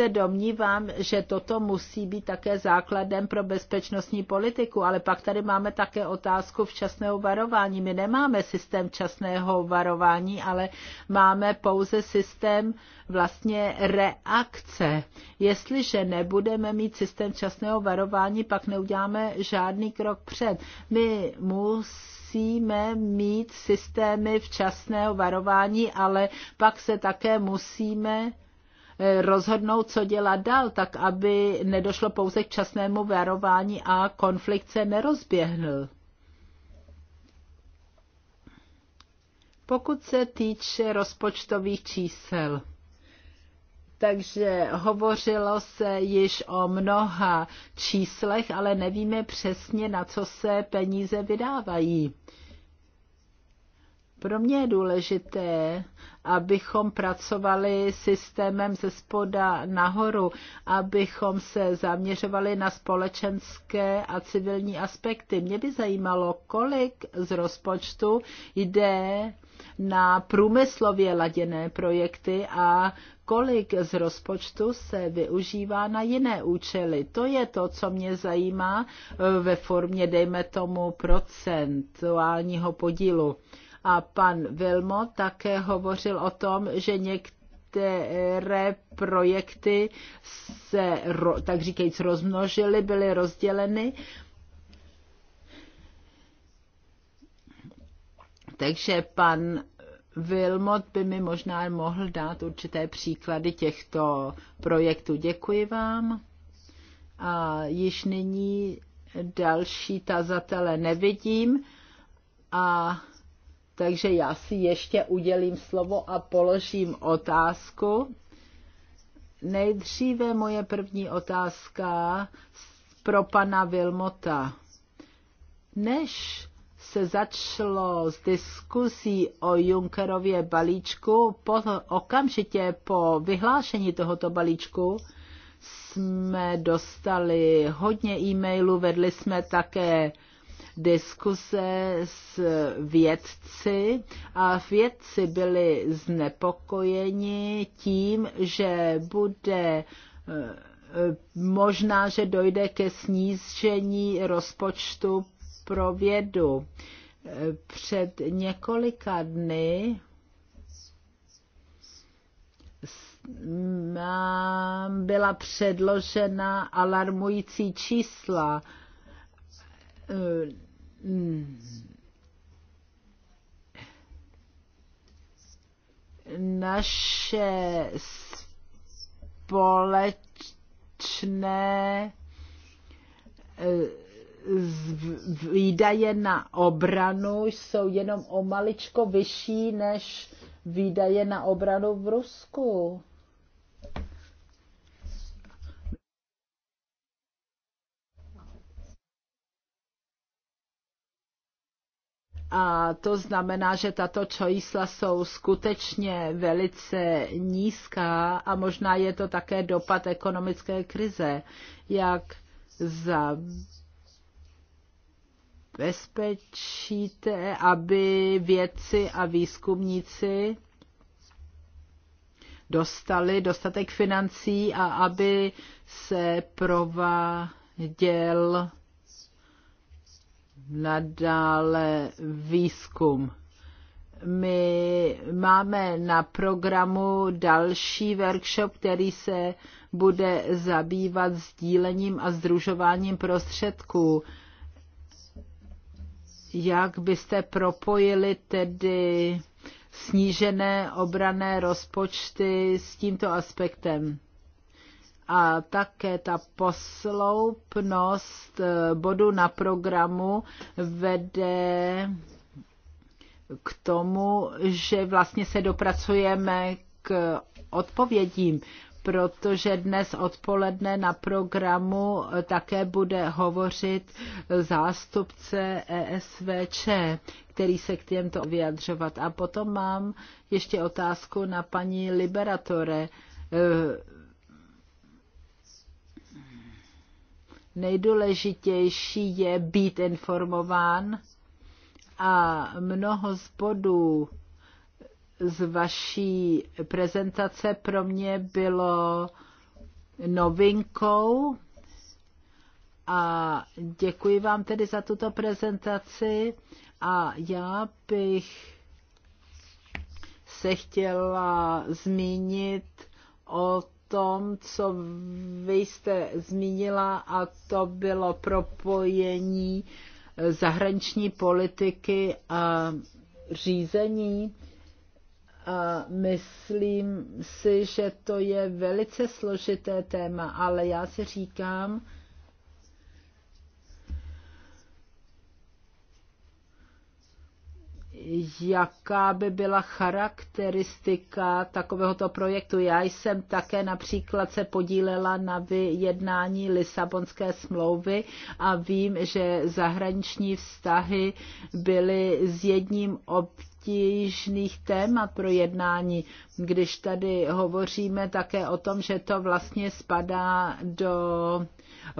S2: se domnívám, že toto musí být také základem pro bezpečnostní politiku, ale pak tady máme také otázku včasného varování. My nemáme systém včasného varování, ale máme pouze systém vlastně reakce. Jestliže nebudeme mít systém včasného varování, pak neuděláme žádný krok před. My musíme musíme mít systémy včasného varování, ale pak se také musíme rozhodnout, co dělat dál, tak aby nedošlo pouze k časnému varování a konflikt se nerozběhnul. Pokud se týče rozpočtových čísel, takže hovořilo se již o mnoha číslech, ale nevíme přesně, na co se peníze vydávají. Pro mě je důležité, abychom pracovali systémem ze spoda nahoru, abychom se zaměřovali na společenské a civilní aspekty. Mě by zajímalo, kolik z rozpočtu jde na průmyslově laděné projekty a kolik z rozpočtu se využívá na jiné účely. To je to, co mě zajímá eh, ve formě, dejme tomu, procentuálního podílu. A pan Vilmo také hovořil o tom, že některé projekty se, tak říkajíc, rozmnožily, byly rozděleny. Takže pan Vilmot by mi možná mohl dát určité příklady těchto projektů. Děkuji vám. A již nyní další tazatele nevidím. A takže já si ještě udělím slovo a položím otázku. Nejdříve moje první otázka pro pana Vilmota. Než se začalo s diskuzí o Junkerově balíčku, po, okamžitě po vyhlášení tohoto balíčku jsme dostali hodně e-mailů, vedli jsme také diskuse s vědci a vědci byli znepokojeni tím, že bude eh, možná, že dojde ke snížení rozpočtu pro vědu. Eh, před několika dny byla předložena alarmující čísla eh, Hmm. naše společné eh, výdaje na obranu jsou jenom o maličko vyšší než výdaje na obranu v Rusku. A to znamená, že tato čísla jsou skutečně velice nízká a možná je to také dopad ekonomické krize, jak za zabezpečíte, aby vědci a výzkumníci dostali dostatek financí a aby se prováděl nadále výzkum. My máme na programu další workshop, který se bude zabývat sdílením a združováním prostředků. Jak byste propojili tedy snížené obrané rozpočty s tímto aspektem? a také ta posloupnost eh, bodu na programu vede k tomu, že vlastně se dopracujeme k odpovědím, protože dnes odpoledne na programu také bude hovořit zástupce ESVČ, který se k těmto vyjadřovat. A potom mám ještě otázku na paní Liberatore eh, nejdůležitější je být informován a mnoho z bodů z vaší prezentace pro mě bylo novinkou a děkuji vám tedy za tuto prezentaci a já bych se chtěla zmínit o tom, co vy jste zmínila, a to bylo propojení eh, zahraniční politiky a řízení. A myslím si, že to je velice složité téma, ale já si říkám, jaká by byla charakteristika takovéhoto projektu. Já jsem také například se podílela na vyjednání Lisabonské smlouvy a vím, že zahraniční vztahy byly s jedním obtížných témat pro jednání, když tady hovoříme také o tom, že to vlastně spadá do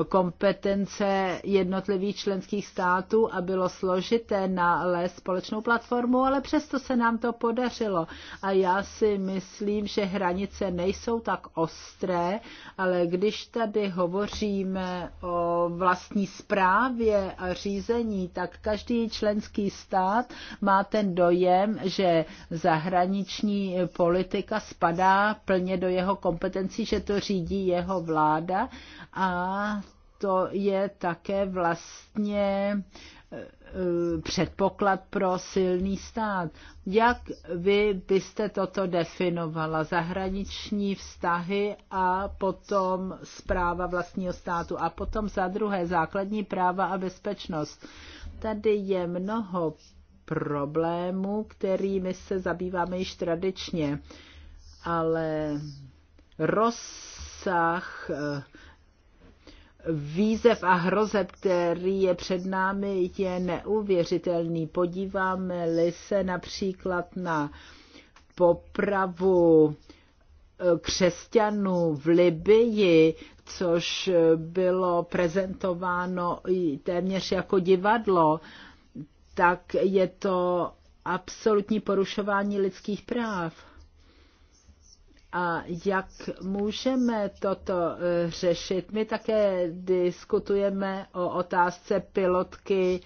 S2: kompetence jednotlivých členských států a bylo složité nalézt společnou platformu, ale přesto se nám to podařilo. A já si myslím, že hranice nejsou tak ostré, ale když tady hovoříme o vlastní správě a řízení, tak každý členský stát má ten dojem, že zahraniční politika spadá plně do jeho kompetencí, že to řídí jeho vláda a to je také vlastně e, e, předpoklad pro silný stát. Jak vy byste toto definovala? Zahraniční vztahy a potom zpráva vlastního státu a potom za druhé základní práva a bezpečnost. Tady je mnoho problémů, kterými se zabýváme již tradičně, ale rozsah e, výzev a hrozeb, který je před námi, je neuvěřitelný. Podíváme-li se například na popravu eh, křesťanů v Libii, což eh, bylo prezentováno téměř jako divadlo, tak je to absolutní porušování lidských práv. A jak můžeme toto e, řešit? My také diskutujeme o otázce pilotky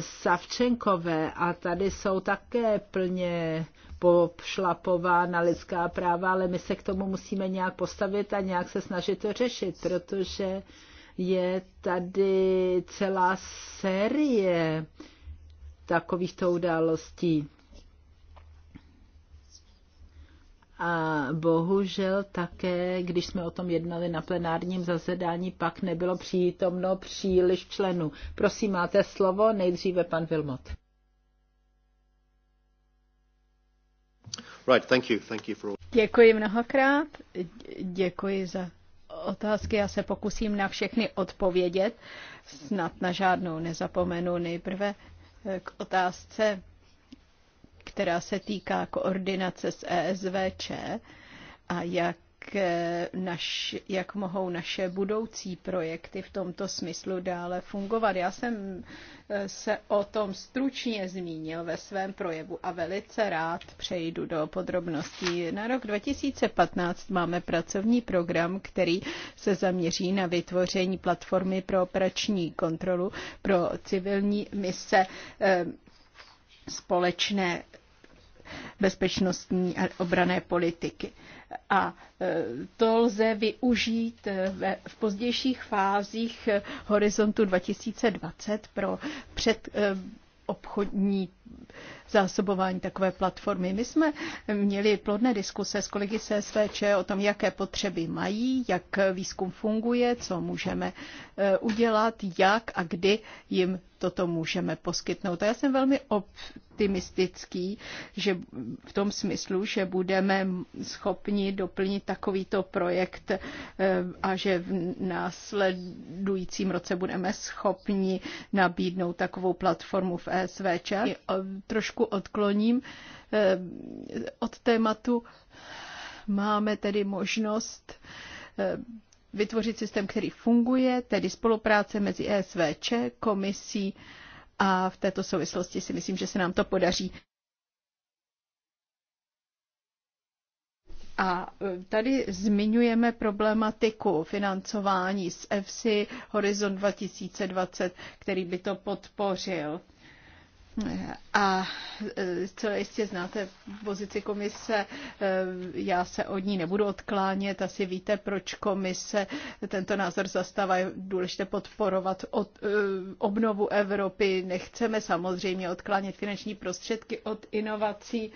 S2: Savčenkové a tady jsou také plně pošlapována lidská práva, ale my se k tomu musíme nějak postavit a nějak se snažit to řešit, protože je tady celá série takovýchto událostí. A bohužel také, když jsme o tom jednali na plenárním zasedání, pak nebylo přítomno příliš členů. Prosím, máte slovo,
S3: nejdříve pan Vilmot. Right, thank you, thank you for all... Děkuji mnohokrát, děkuji za otázky. Já se pokusím na všechny odpovědět, snad na žádnou nezapomenu. Nejprve k otázce která se týká koordinace s ESVČ a jak eh, naš, jak mohou naše budoucí projekty v tomto smyslu dále fungovat. Já jsem eh, se o tom stručně zmínil ve svém projevu a velice rád přejdu do podrobností. Na rok 2015 máme pracovní program, který se zaměří na vytvoření platformy pro operační kontrolu pro civilní mise eh, společné bezpečnostní a obrané politiky. A e, to lze využít e, v pozdějších fázích e, horizontu 2020 pro před obchodní zásobování takové platformy. My jsme měli plodné diskuse s kolegy CSVČ o tom, jaké potřeby mají, jak výzkum funguje, co můžeme udělat, jak a kdy jim toto můžeme poskytnout. A já jsem velmi optimistický, že v tom smyslu, že budeme schopni doplnit takovýto projekt eh, a že v následujícím roce budeme schopni nabídnout takovou platformu v ESVČ. Eh, trošku odkloním eh, od tématu. Máme tedy možnost vytvořit systém, který funguje, tedy spolupráce mezi ESVČ, komisí, a v této souvislosti si myslím, že se nám to podaří. A e, tady zmiňujeme problematiku financování z EFSI Horizon 2020, který by to podpořil. A e, co jistě znáte pozici komise, e, já se od ní nebudu odklánět, asi víte, proč komise tento názor zastává. Je důležité podporovat od, e, obnovu Evropy. Nechceme samozřejmě odklánět finanční prostředky od inovací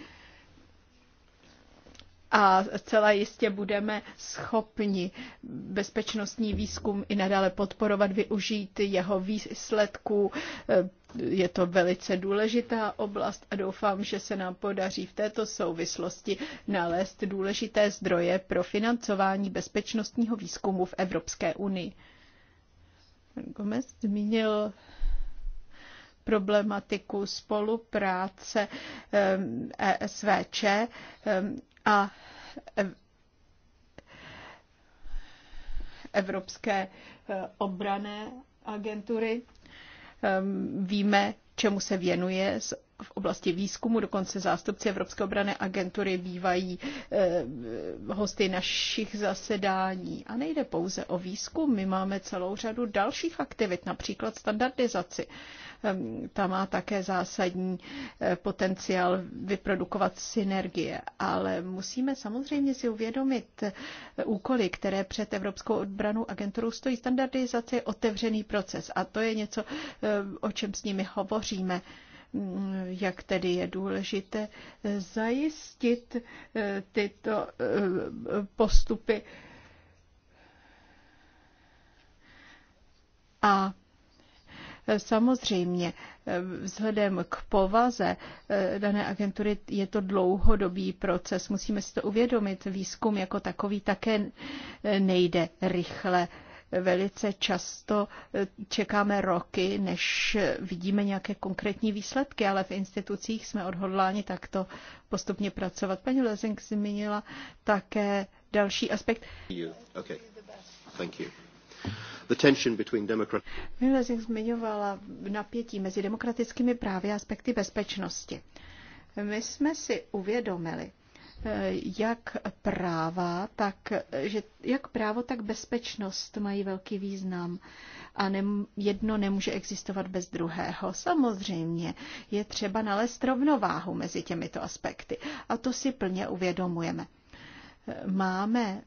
S3: a celá jistě budeme schopni bezpečnostní výzkum i nadále podporovat, využít jeho výsledků je to velice důležitá oblast a doufám, že se nám podaří v této souvislosti nalézt důležité zdroje pro financování bezpečnostního výzkumu v Evropské unii. Gomez zmínil problematiku spolupráce ESVČ ehm, e ehm, a Evropské eh, obrané agentury. Ehm, víme, čemu se věnuje v oblasti výzkumu, dokonce zástupci Evropské obrané agentury bývají eh, hosty našich zasedání. A nejde pouze o výzkum, my máme celou řadu dalších aktivit, například standardizaci. Ehm, ta má také zásadní eh, potenciál vyprodukovat synergie, ale musíme samozřejmě si uvědomit eh, úkoly, které před Evropskou obranou agenturou stojí. Standardizace je otevřený proces a to je něco, o čem s nimi hovoříme jak tedy je důležité zajistit eh, tyto eh, postupy. A eh, Samozřejmě, vzhledem k povaze dané agentury je to dlouhodobý proces. Musíme si to uvědomit. Výzkum jako takový také nejde rychle velice často eh, čekáme roky, než vidíme nějaké konkrétní výsledky, ale v institucích jsme odhodláni takto postupně pracovat. Paní Lezing zmínila také další aspekt. Paní Thank zmiňovala napětí mezi demokratickými právy a aspekty bezpečnosti. My jsme si uvědomili, jak práva, tak, že jak právo, tak bezpečnost mají velký význam a ne, jedno nemůže existovat bez druhého. Samozřejmě je třeba nalézt rovnováhu mezi těmito aspekty a to si plně uvědomujeme. Máme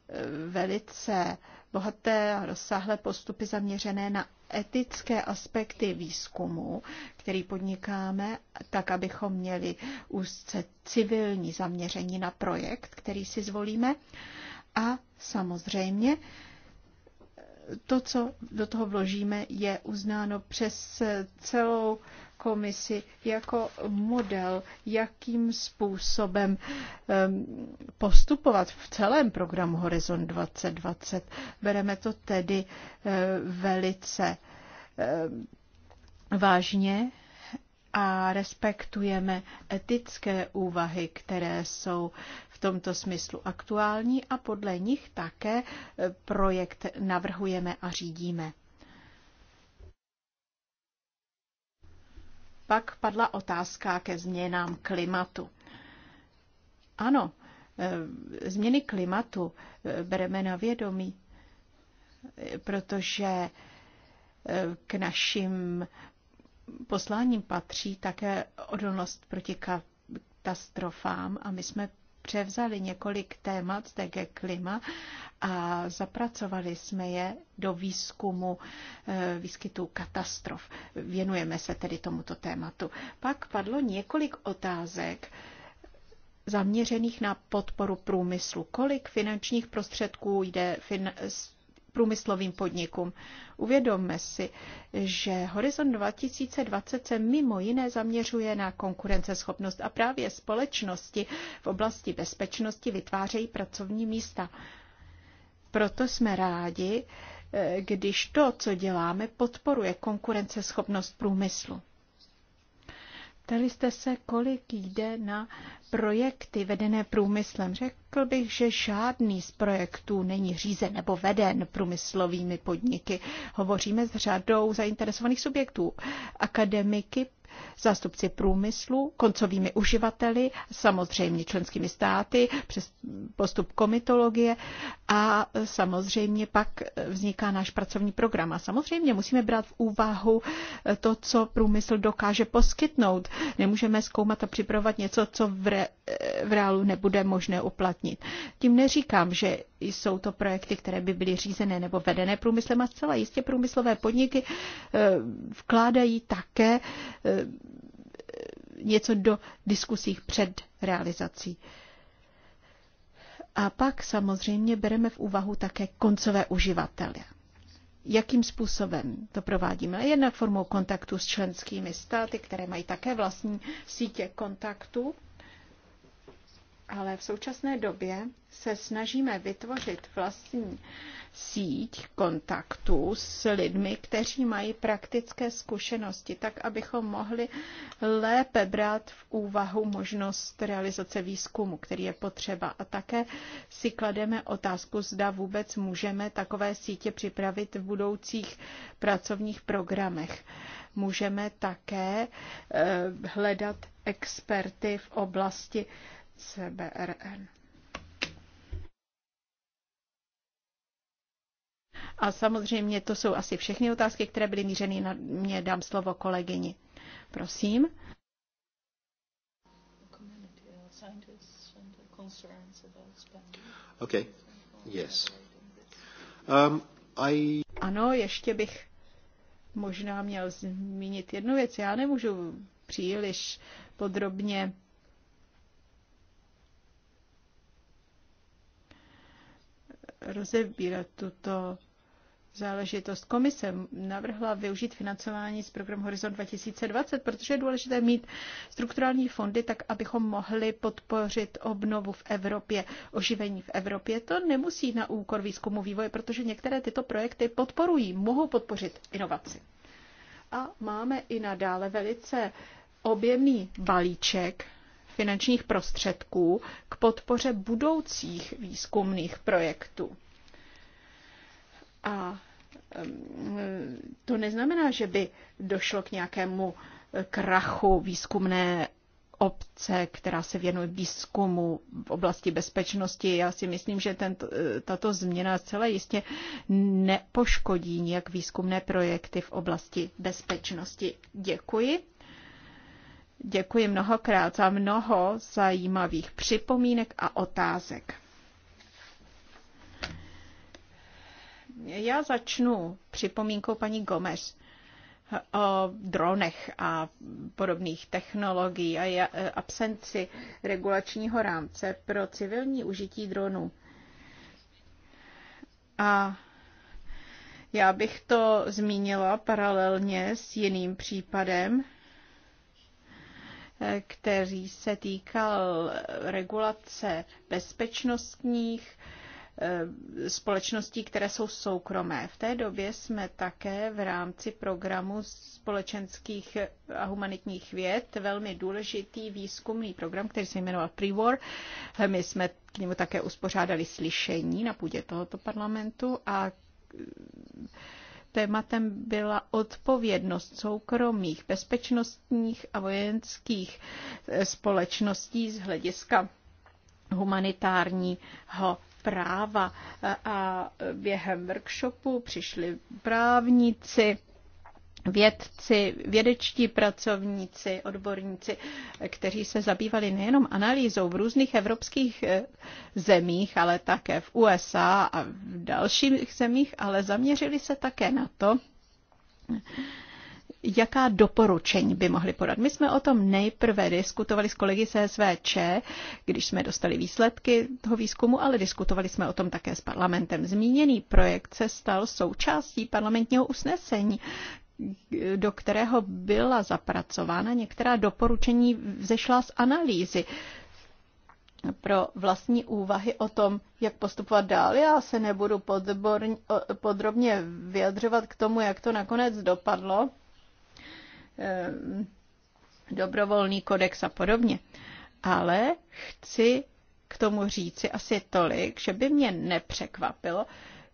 S3: velice bohaté a rozsáhlé postupy zaměřené na etické aspekty výzkumu, který podnikáme, tak abychom měli úzce civilní zaměření na projekt, který si zvolíme. A samozřejmě to, co do toho vložíme, je uznáno přes celou komisi jako model, jakým způsobem ehm, postupovat v celém programu Horizon 2020. Bereme to tedy eh, velice ehm, vážně a respektujeme etické úvahy, které jsou v tomto smyslu aktuální a podle nich také eh, projekt navrhujeme a řídíme. Pak padla otázka ke změnám klimatu. Ano, e, změny klimatu e, bereme na vědomí, e, protože k našim posláním patří také odolnost proti katastrofám a my jsme převzali několik témat, tak je klima, a zapracovali jsme je do výzkumu e, výskytu katastrof. Věnujeme se tedy tomuto tématu. Pak padlo několik otázek zaměřených na podporu průmyslu. Kolik finančních prostředků jde fin- z průmyslovým podnikům. Uvědomme si, že Horizon 2020 se mimo jiné zaměřuje na konkurenceschopnost a právě společnosti v oblasti bezpečnosti vytvářejí pracovní místa. Proto jsme rádi, eh, když to, co děláme, podporuje konkurenceschopnost průmyslu. Ptali jste se, kolik jde na projekty vedené průmyslem. Řekl bych, že žádný z projektů není řízen nebo veden průmyslovými podniky. Hovoříme s řadou zainteresovaných subjektů, akademiky, zástupci průmyslu, koncovými uživateli, samozřejmě členskými státy, přes postup komitologie a samozřejmě pak vzniká náš pracovní program. A samozřejmě musíme brát v úvahu to, co průmysl dokáže poskytnout. Nemůžeme zkoumat a připravovat něco, co v, re, v reálu nebude možné uplatnit. Tím neříkám, že jsou to projekty, které by byly řízené nebo vedené průmyslem a zcela jistě průmyslové podniky eh, vkládají také eh, Eh, něco do diskusích před realizací. A pak samozřejmě bereme v úvahu také koncové uživatele. Jakým způsobem to provádíme? Jednak formou kontaktu s členskými státy, které mají také vlastní sítě kontaktů ale v současné době se snažíme vytvořit vlastní síť kontaktů s lidmi, kteří mají praktické zkušenosti, tak abychom mohli lépe brát v úvahu možnost realizace výzkumu, který je potřeba. A také si klademe otázku, zda vůbec můžeme takové sítě připravit v budoucích pracovních programech. Můžeme také eh, hledat experty v oblasti CBRN. A samozřejmě to jsou asi všechny otázky, které byly mířeny na mě. Dám slovo kolegyni. Prosím. Okay. Yes. Um, I... Ano, ještě bych možná měl zmínit jednu věc. Já nemůžu příliš podrobně rozebírat tuto záležitost. Komise navrhla využít financování z programu Horizont 2020, protože je důležité mít strukturální fondy, tak abychom mohli podpořit obnovu v Evropě, oživení v Evropě. To nemusí na úkor výzkumu vývoje, protože některé tyto projekty podporují, mohou podpořit inovaci. A máme i nadále velice objemný balíček finančních prostředků k podpoře budoucích výzkumných projektů. A to neznamená, že by došlo k nějakému krachu výzkumné obce, která se věnuje výzkumu v oblasti bezpečnosti. Já si myslím, že tento, tato změna zcela jistě nepoškodí nijak výzkumné projekty v oblasti bezpečnosti. Děkuji. Děkuji mnohokrát za mnoho zajímavých připomínek a otázek. Já začnu připomínkou paní Gomez o dronech a podobných technologií a e, absenci regulačního rámce pro civilní užití dronů. A já bych to zmínila paralelně s jiným případem, který se týkal regulace bezpečnostních eh, společností, které jsou soukromé. V té době jsme také v rámci programu společenských a humanitních věd velmi důležitý výzkumný program, který se jmenoval Prewar. My jsme k němu také uspořádali slyšení na půdě tohoto parlamentu a eh, Tématem byla odpovědnost soukromých, bezpečnostních a vojenských eh, společností z hlediska humanitárního práva. A během workshopu přišli právníci, vědci, vědečtí pracovníci, odborníci, kteří se zabývali nejenom analýzou v různých evropských eh, zemích, ale také v USA a v dalších zemích, ale zaměřili se také na to, jaká doporučení by mohli podat. My jsme o tom nejprve diskutovali s kolegy SVČ, když jsme dostali výsledky toho výzkumu, ale diskutovali jsme o tom také s parlamentem. Zmíněný projekt se stal součástí parlamentního usnesení, do kterého byla zapracována některá doporučení vzešla z analýzy pro vlastní úvahy o tom, jak postupovat dál. Já se nebudu podrobně vyjadřovat k tomu, jak to nakonec dopadlo. Ehm, dobrovolný kodex a podobně. Ale chci k tomu říci asi tolik, že by mě nepřekvapilo,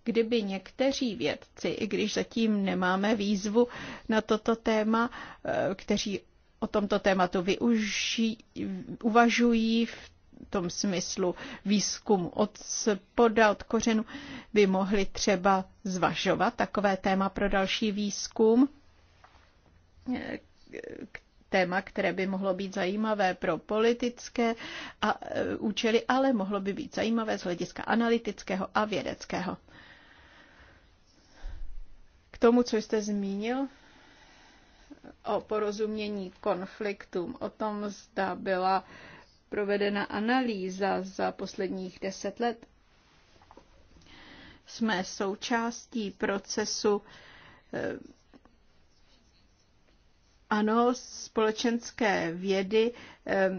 S3: kdyby někteří vědci, i když zatím nemáme výzvu na toto téma, eh, kteří o tomto tématu využí, uvažují v tom smyslu výzkum od spoda, od kořenu, by mohli třeba zvažovat takové téma pro další výzkum, eh, téma, které by mohlo být zajímavé pro politické a, eh, účely, ale mohlo by být zajímavé z hlediska analytického a vědeckého. K tomu, co jste zmínil, o porozumění konfliktům, o tom, zda byla provedena analýza za posledních deset let. Jsme součástí procesu eh, ano, společenské vědy eh,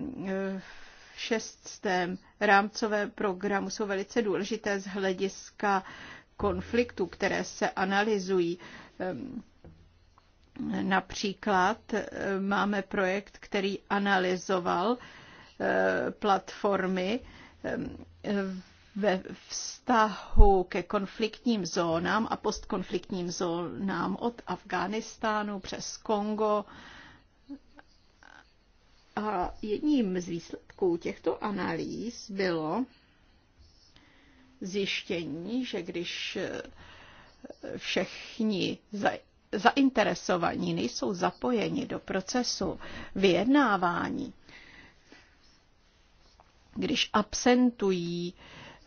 S3: v šestém rámcovém programu jsou velice důležité z hlediska konfliktů, které se analyzují. Ehm, například ehm, máme projekt, který analyzoval ehm, platformy ve vztahu ke konfliktním zónám a postkonfliktním zónám od Afghánistánu přes Kongo. A jedním z výsledků těchto analýz bylo, zjištění, že když eh, všichni zainteresovaní nejsou zapojeni do procesu vyjednávání, když absentují,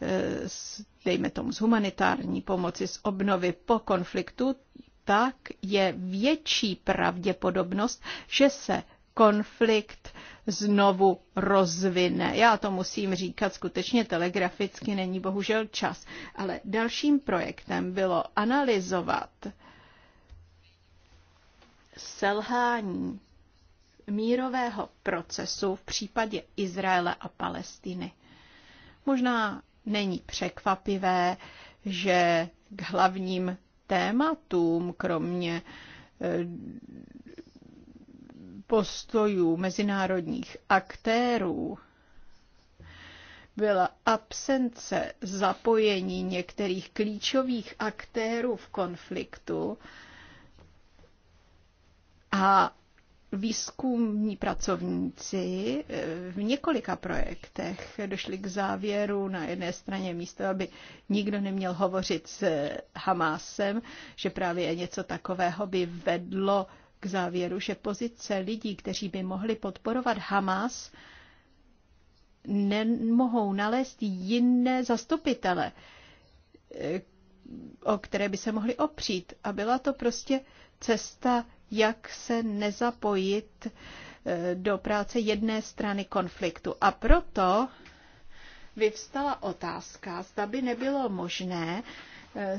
S3: eh, dejme tomu, z humanitární pomoci, z obnovy po konfliktu, tak je větší pravděpodobnost, že se konflikt znovu rozvine. Já to musím říkat skutečně telegraficky, není bohužel čas. Ale dalším projektem bylo analyzovat selhání mírového procesu v případě Izraele a Palestiny. Možná není překvapivé, že k hlavním tématům, kromě eh, postojů mezinárodních aktérů byla absence zapojení některých klíčových aktérů v konfliktu a výzkumní pracovníci eh, v několika projektech došli k závěru na jedné straně místo, aby nikdo neměl hovořit s Hamásem, že právě něco takového by vedlo k závěru, že pozice lidí, kteří by mohli podporovat Hamas, nemohou nalézt jiné zastupitele, o které by se mohli opřít. A byla to prostě cesta, jak se nezapojit eh, do práce jedné strany konfliktu. A proto vyvstala otázka, zda by nebylo možné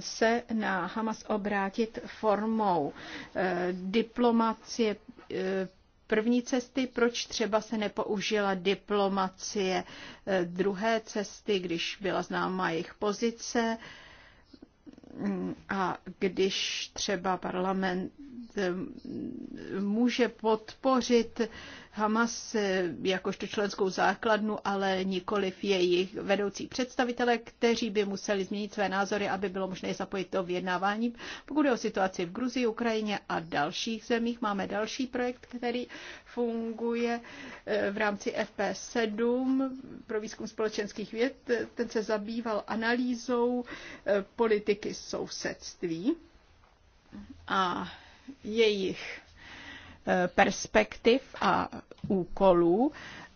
S3: se na Hamas obrátit formou eh, diplomacie eh, první cesty, proč třeba se nepoužila diplomacie eh, druhé cesty, když byla známa jejich pozice a když třeba parlament eh, může podpořit Hamas eh, jakožto členskou základnu, ale nikoliv jejich vedoucí představitele, kteří by museli změnit své názory, aby bylo možné zapojit to vyjednávání. Pokud je o situaci v Gruzii, Ukrajině a dalších zemích, máme další projekt, který funguje eh, v rámci FP7 pro výzkum společenských věd. Ten se zabýval analýzou politiky sousedství a jejich eh, perspektiv a úkolů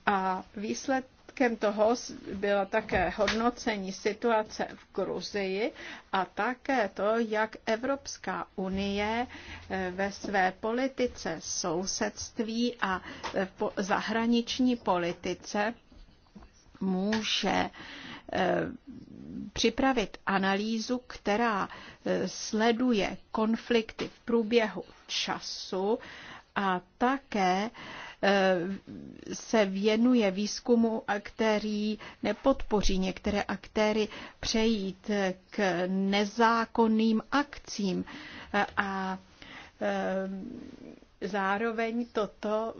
S3: a Výsledkem toho bylo také hodnocení situace v Gruzii a také to, jak Evropská unie eh, ve své politice sousedství a eh, zahraniční politice může Eh, připravit analýzu, která eh, sleduje konflikty v průběhu času a také eh, se věnuje výzkumu, který nepodpoří některé aktéry přejít k nezákonným akcím a zároveň toto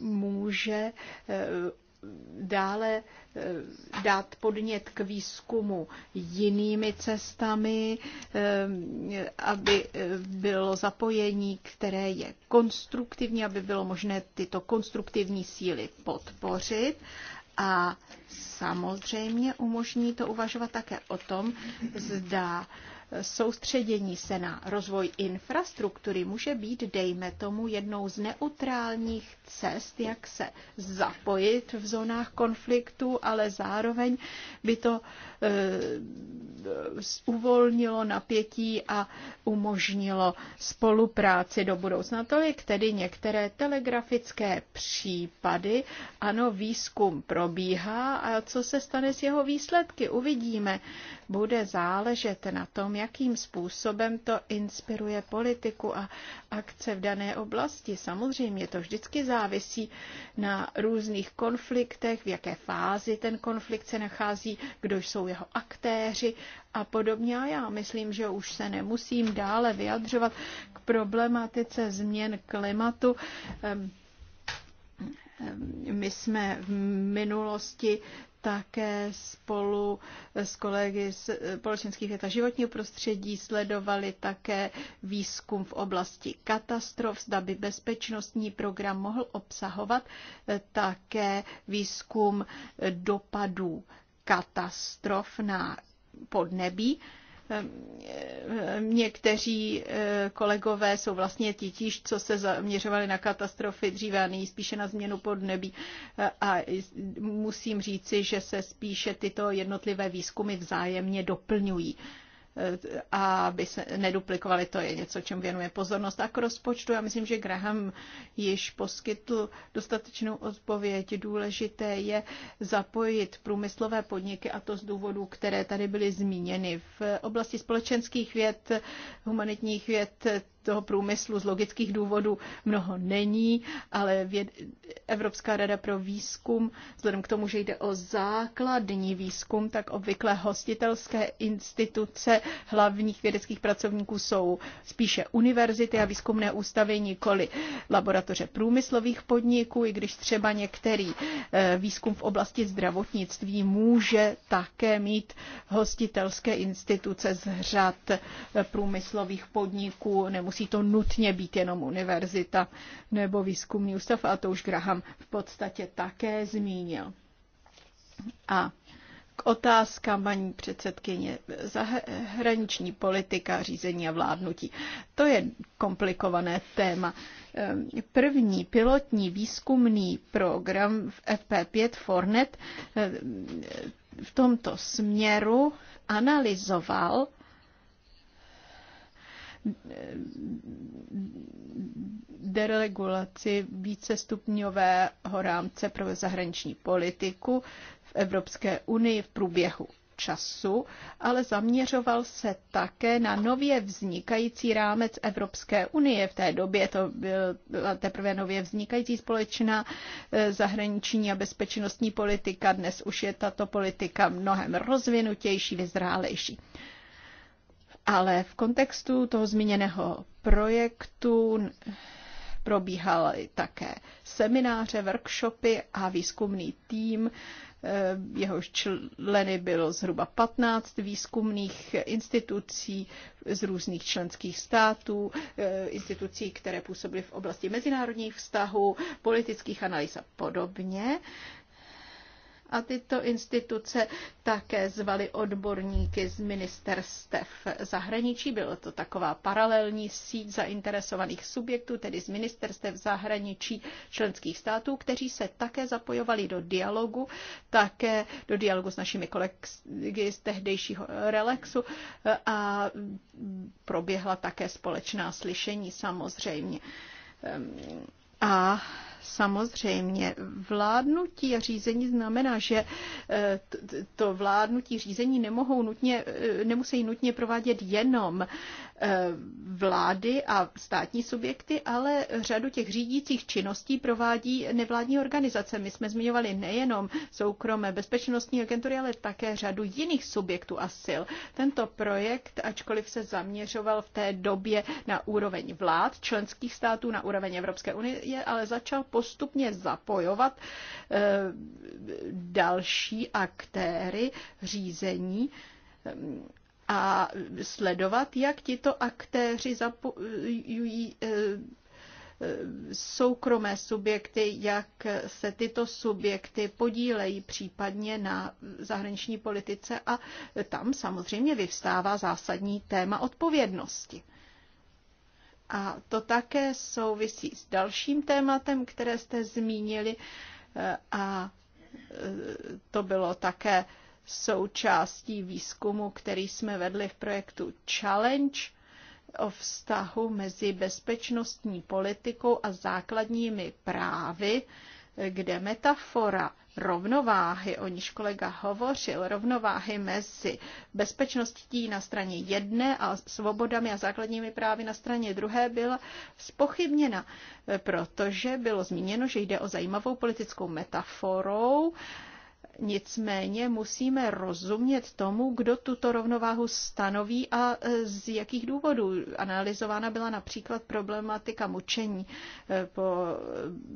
S3: může dále eh, dát podnět k výzkumu jinými cestami, eh, aby eh, bylo zapojení, které je konstruktivní, aby bylo možné tyto konstruktivní síly podpořit. A samozřejmě umožní to uvažovat také o tom, zda soustředění se na rozvoj infrastruktury může být, dejme tomu, jednou z neutrálních cest, jak se zapojit v zónách konfliktu, ale zároveň by to e, uvolnilo napětí a umožnilo spolupráci do budoucna. Tolik tedy některé telegrafické případy. Ano, výzkum probíhá a co se stane s jeho výsledky, uvidíme. Bude záležet na tom, jakým způsobem to inspiruje politiku a akce v dané oblasti. Samozřejmě to vždycky závisí na různých konfliktech, v jaké fázi ten konflikt se nachází, kdo jsou jeho aktéři a podobně. A já myslím, že už se nemusím dále vyjadřovat k problematice změn klimatu. My jsme v minulosti také spolu s kolegy z společenských věd a životního prostředí sledovali také výzkum v oblasti katastrof, zda by bezpečnostní program mohl obsahovat eh, také výzkum dopadů katastrof na podnebí Ehm, ehm, někteří ehm, kolegové jsou vlastně titíž, co se zaměřovali na katastrofy dříve a nejspíše na změnu podnebí. A musím říci, že se spíše tyto jednotlivé výzkumy vzájemně doplňují a aby se neduplikovali, to je něco, čemu věnuje pozornost a k rozpočtu. Já myslím, že Graham již poskytl dostatečnou odpověď. Důležité je zapojit průmyslové podniky a to z důvodů, které tady byly zmíněny. V oblasti společenských věd, humanitních věd, toho průmyslu z logických důvodů mnoho není, ale věd, Evropská rada pro výzkum, vzhledem k tomu, že jde o základní výzkum, tak obvykle hostitelské instituce hlavních vědeckých pracovníků jsou spíše univerzity a výzkumné ústavy, nikoli laboratoře průmyslových podniků, i když třeba některý eh, výzkum v oblasti zdravotnictví může také mít hostitelské instituce z řad eh, průmyslových podniků. Nemusí nemusí to nutně být jenom univerzita nebo výzkumný ústav, a to už Graham v podstatě také zmínil. A k otázkám paní předsedkyně zahraniční politika, řízení a vládnutí. To je komplikované téma. Ehm, první pilotní výzkumný program v FP5 Fornet ehm, v tomto směru analyzoval deregulaci vícestupňového rámce pro zahraniční politiku v Evropské unii v průběhu času, ale zaměřoval se také na nově vznikající rámec Evropské unie. V té době to byla teprve nově vznikající společná e, zahraniční a bezpečnostní politika. Dnes už je tato politika mnohem rozvinutější, vyzrálejší. Ale v kontextu toho zmíněného projektu probíhaly také semináře, workshopy a výzkumný tým. Eh, Jehož členy bylo zhruba 15 výzkumných institucí z různých členských států, eh, institucí, které působily v oblasti mezinárodních vztahů, politických analýz a podobně a tyto instituce také zvaly odborníky z ministerstev zahraničí. Bylo to taková paralelní síť zainteresovaných subjektů, tedy z ministerstev zahraničí členských států, kteří se také zapojovali do dialogu, také do dialogu s našimi kolegy z tehdejšího Relaxu a proběhla také společná slyšení samozřejmě. A Samozřejmě, vládnutí a řízení znamená, že eh, to vládnutí řízení nemohou nutně, eh, nemusí nutně provádět jenom Eh, vlády a státní subjekty, ale řadu těch řídících činností provádí nevládní organizace. My jsme zmiňovali nejenom soukromé bezpečnostní agentury, ale také řadu jiných subjektů a sil. Tento projekt, ačkoliv se zaměřoval v té době na úroveň vlád členských států, na úroveň Evropské unie, ale začal postupně zapojovat eh, další aktéry řízení a sledovat, jak tito aktéři zapojují eh, eh, soukromé subjekty, jak se tyto subjekty podílejí případně na zahraniční politice a tam samozřejmě vyvstává zásadní téma odpovědnosti. A to také souvisí s dalším tématem, které jste zmínili eh, a to bylo také součástí výzkumu, který jsme vedli v projektu Challenge o vztahu mezi bezpečnostní politikou a základními právy, kde metafora rovnováhy, o níž kolega hovořil, rovnováhy mezi bezpečností na straně jedné a svobodami a základními právy na straně druhé byla spochybněna, protože bylo zmíněno, že jde o zajímavou politickou metaforou, Nicméně musíme rozumět tomu, kdo tuto rovnováhu stanoví a e, z jakých důvodů. Analyzována byla například problematika mučení e, po e,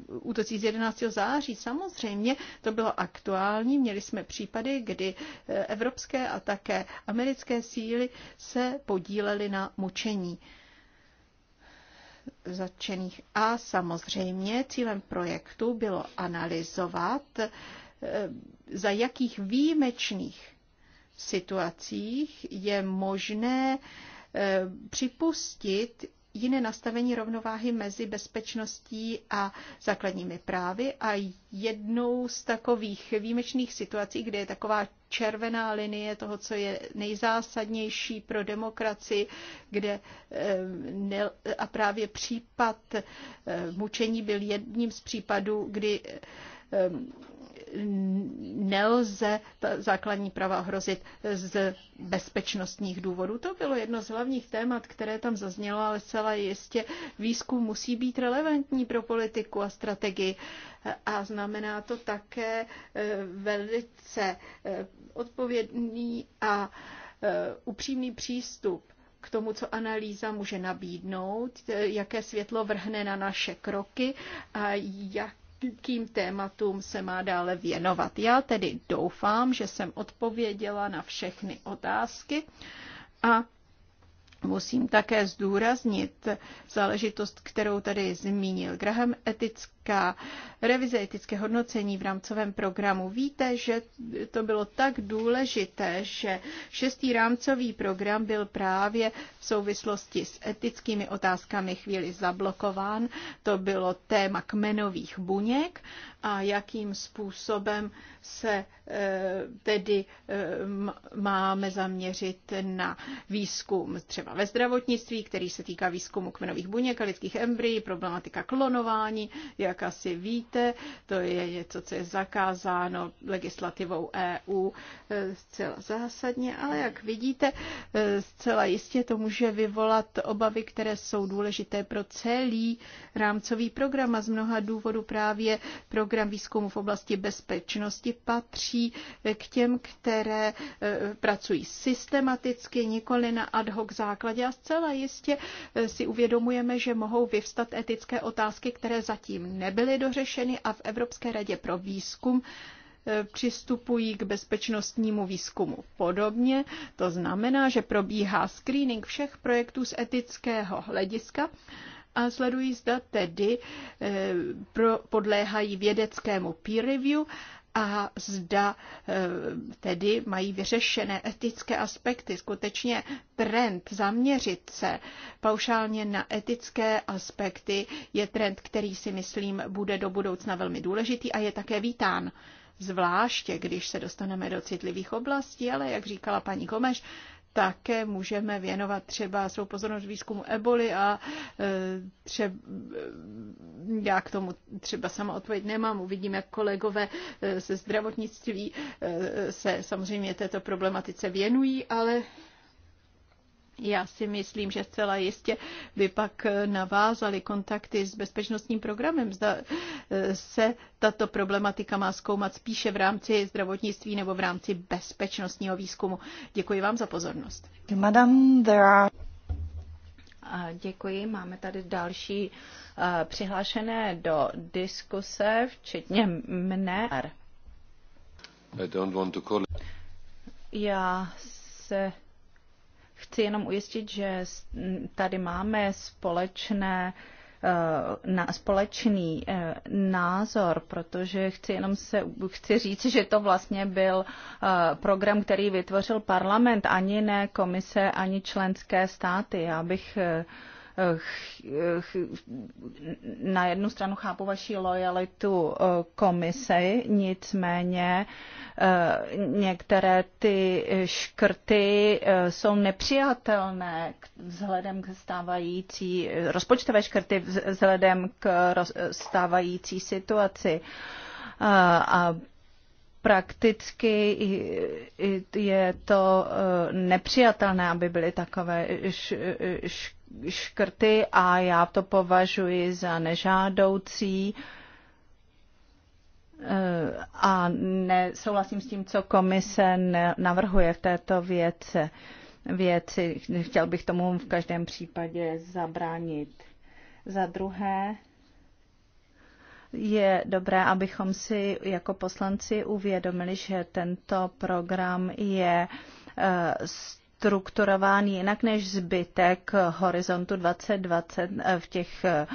S3: útocí z 11. září. Samozřejmě to bylo aktuální. Měli jsme případy, kdy evropské a také americké síly se podílely na mučení zatčených. A samozřejmě cílem projektu bylo analyzovat Eh, za jakých výjimečných situacích je možné eh, připustit jiné nastavení rovnováhy mezi bezpečností a základními právy a jednou z takových výjimečných situací, kde je taková červená linie toho, co je nejzásadnější pro demokracii, kde eh, a právě případ mučení byl jedním z případů, kdy nelze ta základní práva ohrozit z bezpečnostních důvodů. To bylo jedno z hlavních témat, které tam zaznělo, ale celé jistě výzkum musí být relevantní pro politiku a strategii. A znamená to také eh, velice eh, odpovědný a eh, upřímný přístup k tomu, co analýza může nabídnout, jaké světlo vrhne na naše kroky a jak jakým tématům se má dále věnovat. Já tedy doufám, že jsem odpověděla na všechny otázky a musím také zdůraznit záležitost, kterou tady zmínil Graham, etické týká revize etické hodnocení v rámcovém programu. Víte, že to bylo tak důležité, že šestý rámcový program byl právě v souvislosti s etickými otázkami chvíli zablokován. To bylo téma kmenových buněk a jakým způsobem se eh, tedy eh, máme zaměřit na výzkum třeba ve zdravotnictví, který se týká výzkumu kmenových buněk a lidských embryí, problematika klonování, jak jak asi víte, to je něco, co je zakázáno legislativou EU eh, zcela zásadně, ale jak vidíte, eh, zcela jistě to může vyvolat obavy, které jsou důležité pro celý rámcový program a z mnoha důvodů právě program výzkumu v oblasti bezpečnosti patří eh, k těm, které pracují systematicky, nikoli na ad hoc základě a zcela jistě si uvědomujeme, že mohou vyvstat etické otázky, které zatím nebyly dořešeny a v Evropské radě pro výzkum eh, přistupují k bezpečnostnímu výzkumu podobně. To znamená, že probíhá screening všech projektů z etického hlediska a sledují, zda tedy eh, podléhají vědeckému peer review a zda eh, tedy mají vyřešené etické aspekty. Skutečně trend zaměřit se paušálně na etické aspekty je trend, který si myslím bude do budoucna velmi důležitý a je také vítán. Zvláště, když se dostaneme do citlivých oblastí, ale jak říkala paní Komeš, také můžeme věnovat třeba svou pozornost výzkumu eboli a e, třeba já k tomu třeba sama odpověď nemám. Uvidím, jak kolegové e, ze zdravotnictví e, se samozřejmě této problematice věnují, ale já si myslím, že zcela jistě by pak navázali kontakty s bezpečnostním programem. Zda eh, se tato problematika má zkoumat spíše v rámci zdravotnictví nebo v rámci bezpečnostního výzkumu. Děkuji vám za pozornost.
S1: Madam, there are... Děkuji. Máme tady další eh, přihlášené do diskuse, včetně mne. I don't want to call... Já se Chci jenom ujistit, že tady máme společné eh, na společný eh, názor, protože chci jenom se, chci říct, že to vlastně byl eh, program, který vytvořil parlament, ani ne komise, ani členské státy. Já bych na jednu stranu chápu vaši lojalitu eh, komisi, nicméně eh, některé ty škrty eh, jsou nepřijatelné vzhledem k stávající, rozpočtové škrty vzhledem k stávající situaci. A prakticky je to nepřijatelné, aby byly takové škrty škrty a já to považuji za nežádoucí eh, a nesouhlasím s tím, co komise navrhuje v této věci. věci. Chtěl bych tomu v každém případě zabránit. Za druhé, je dobré, abychom si jako poslanci uvědomili, že tento program je z eh, strukturován jinak než zbytek horizontu 2020 eh, v těch eh,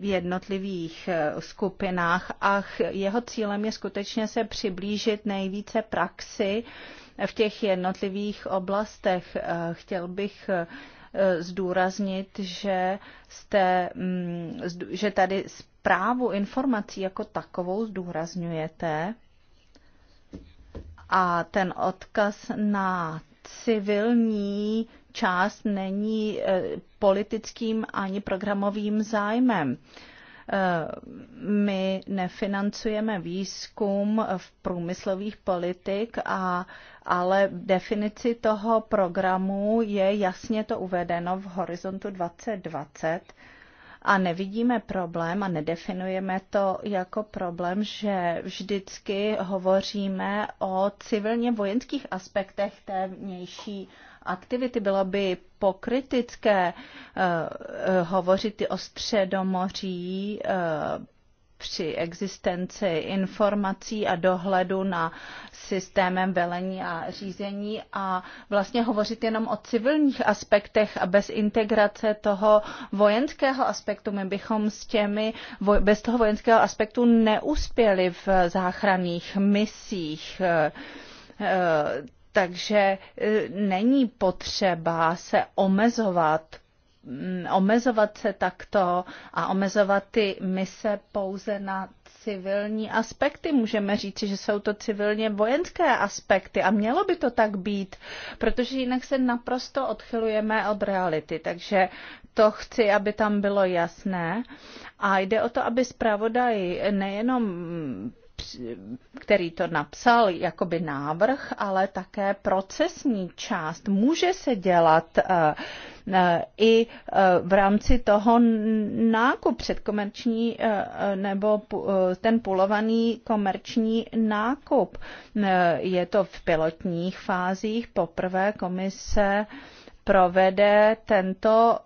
S1: jednotlivých eh, skupinách a jeho cílem je skutečně se přiblížit nejvíce praxi v těch jednotlivých oblastech. Chtěl bych zdůraznit, že, jste, mm, že tady zprávu informací jako takovou zdůrazňujete a ten odkaz na civilní část není eh, politickým ani programovým zájmem eh, my nefinancujeme výzkum v průmyslových politik, a, ale definici toho programu je jasně to uvedeno v Horizontu 2020 a nevidíme problém a nedefinujeme to jako problém, že vždycky hovoříme o civilně vojenských aspektech té vnější aktivity. Bylo by pokritické uh, hovořit o středomoří uh, při existenci informací a dohledu na systémem velení a řízení a vlastně hovořit jenom o civilních aspektech a bez integrace toho vojenského aspektu. My bychom s těmi, bez toho vojenského aspektu neuspěli v záchranných misích eh, eh, takže eh, není potřeba se omezovat Mm, omezovat se takto a omezovat ty mise pouze na civilní aspekty. Můžeme říct, že jsou to civilně vojenské aspekty a mělo by to tak být, protože jinak se naprosto odchylujeme od reality. Takže to chci, aby tam bylo jasné. A jde o to, aby zpravodaj nejenom který to napsal jakoby návrh, ale také procesní část může se dělat eh, eh, i eh, v rámci toho nákup předkomerční nebo ten pulovaný komerční nákup. Je to v pilotních fázích. Poprvé komise provede tento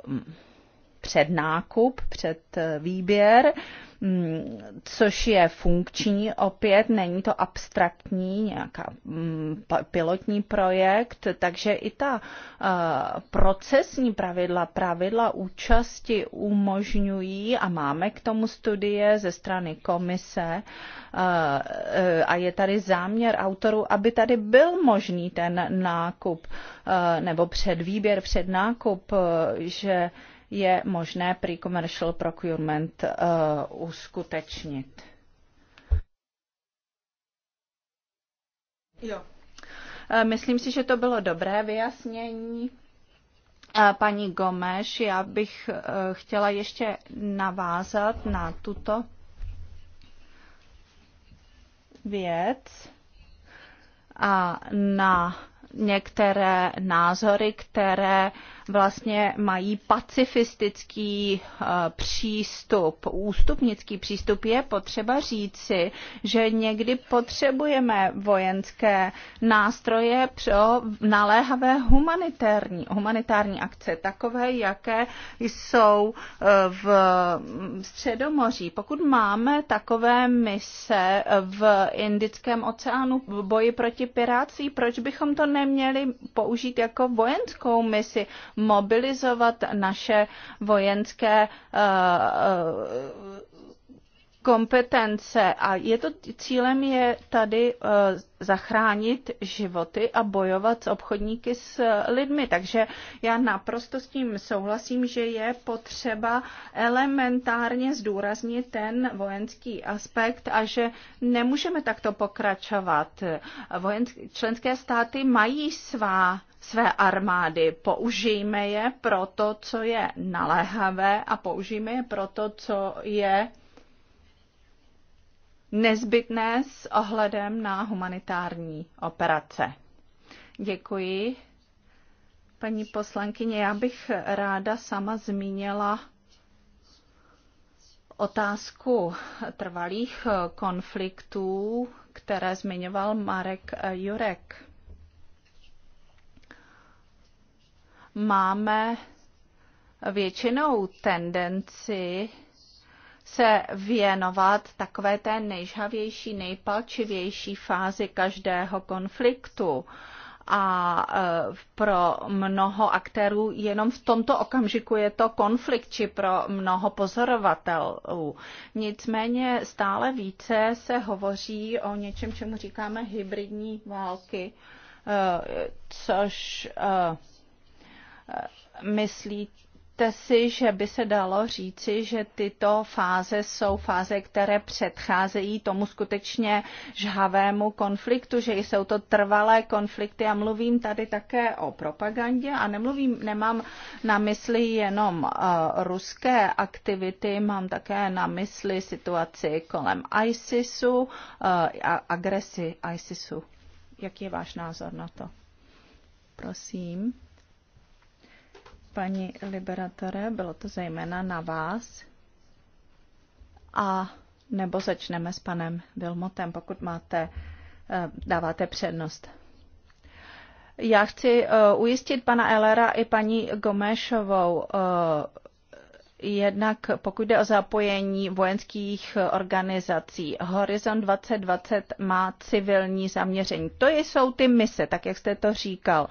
S1: přednákup, před výběr Mm, což je funkční opět, není to abstraktní, nějaká mm, pilotní projekt, takže i ta uh, procesní pravidla, pravidla účasti umožňují a máme k tomu studie ze strany komise uh, uh, a je tady záměr autorů, aby tady byl možný ten nákup nebo předvýběr, přednákup, že je možné pre-commercial procurement uh, uskutečnit. Jo. Eh, myslím si, že to bylo dobré vyjasnění. Eh, paní Gomeš, já bych chtěla ještě navázat na tuto věc a na některé názory, které uh, vlastně mají pacifistický eh, přístup, ústupnický přístup, je potřeba říci, že někdy potřebujeme vojenské nástroje pro naléhavé humanitární, humanitární akce, takové, jaké jsou eh, v Středomoří. Pokud máme takové mise eh, v Indickém oceánu v boji proti pirácí, proč bychom to neměli použít jako vojenskou misi? mobilizovat naše vojenské eh, eh, kompetence a je to cílem je tady eh, zachránit životy a bojovat s obchodníky s lidmi. Takže já naprosto s tím souhlasím, že je potřeba elementárně zdůraznit ten vojenský aspekt a že nemůžeme takto pokračovat. Vojenské, členské státy mají svá své armády. Použijme je pro to, co je naléhavé a použijme je pro to, co je nezbytné s ohledem na humanitární operace. Děkuji. Paní poslankyně, já bych ráda sama zmínila otázku trvalých konfliktů, které zmiňoval Marek Jurek. máme většinou tendenci se věnovat takové té nejžhavější, nejpalčivější fázi každého konfliktu. A e, pro mnoho aktérů jenom v tomto okamžiku je to konflikt, či pro mnoho pozorovatelů. Nicméně stále více se hovoří o něčem, čemu říkáme hybridní války, e, což e, Myslíte si, že by se dalo říci, že tyto fáze jsou fáze, které předcházejí tomu skutečně žhavému konfliktu, že jsou to trvalé konflikty a mluvím tady také o propagandě a nemluvím, nemám na mysli jenom uh, ruské aktivity, mám také na mysli situaci kolem ISISu uh, a agresi ISISu. Jaký je váš názor na to? Prosím paní Liberatore, bylo to zejména na vás. A nebo začneme s panem Vilmotem, pokud máte, eh, dáváte přednost. Já chci eh, ujistit pana Elera i paní Gomešovou, eh, Jednak pokud jde o zapojení vojenských organizací, Horizon 2020 má civilní zaměření. To jsou ty mise, tak jak jste to říkal.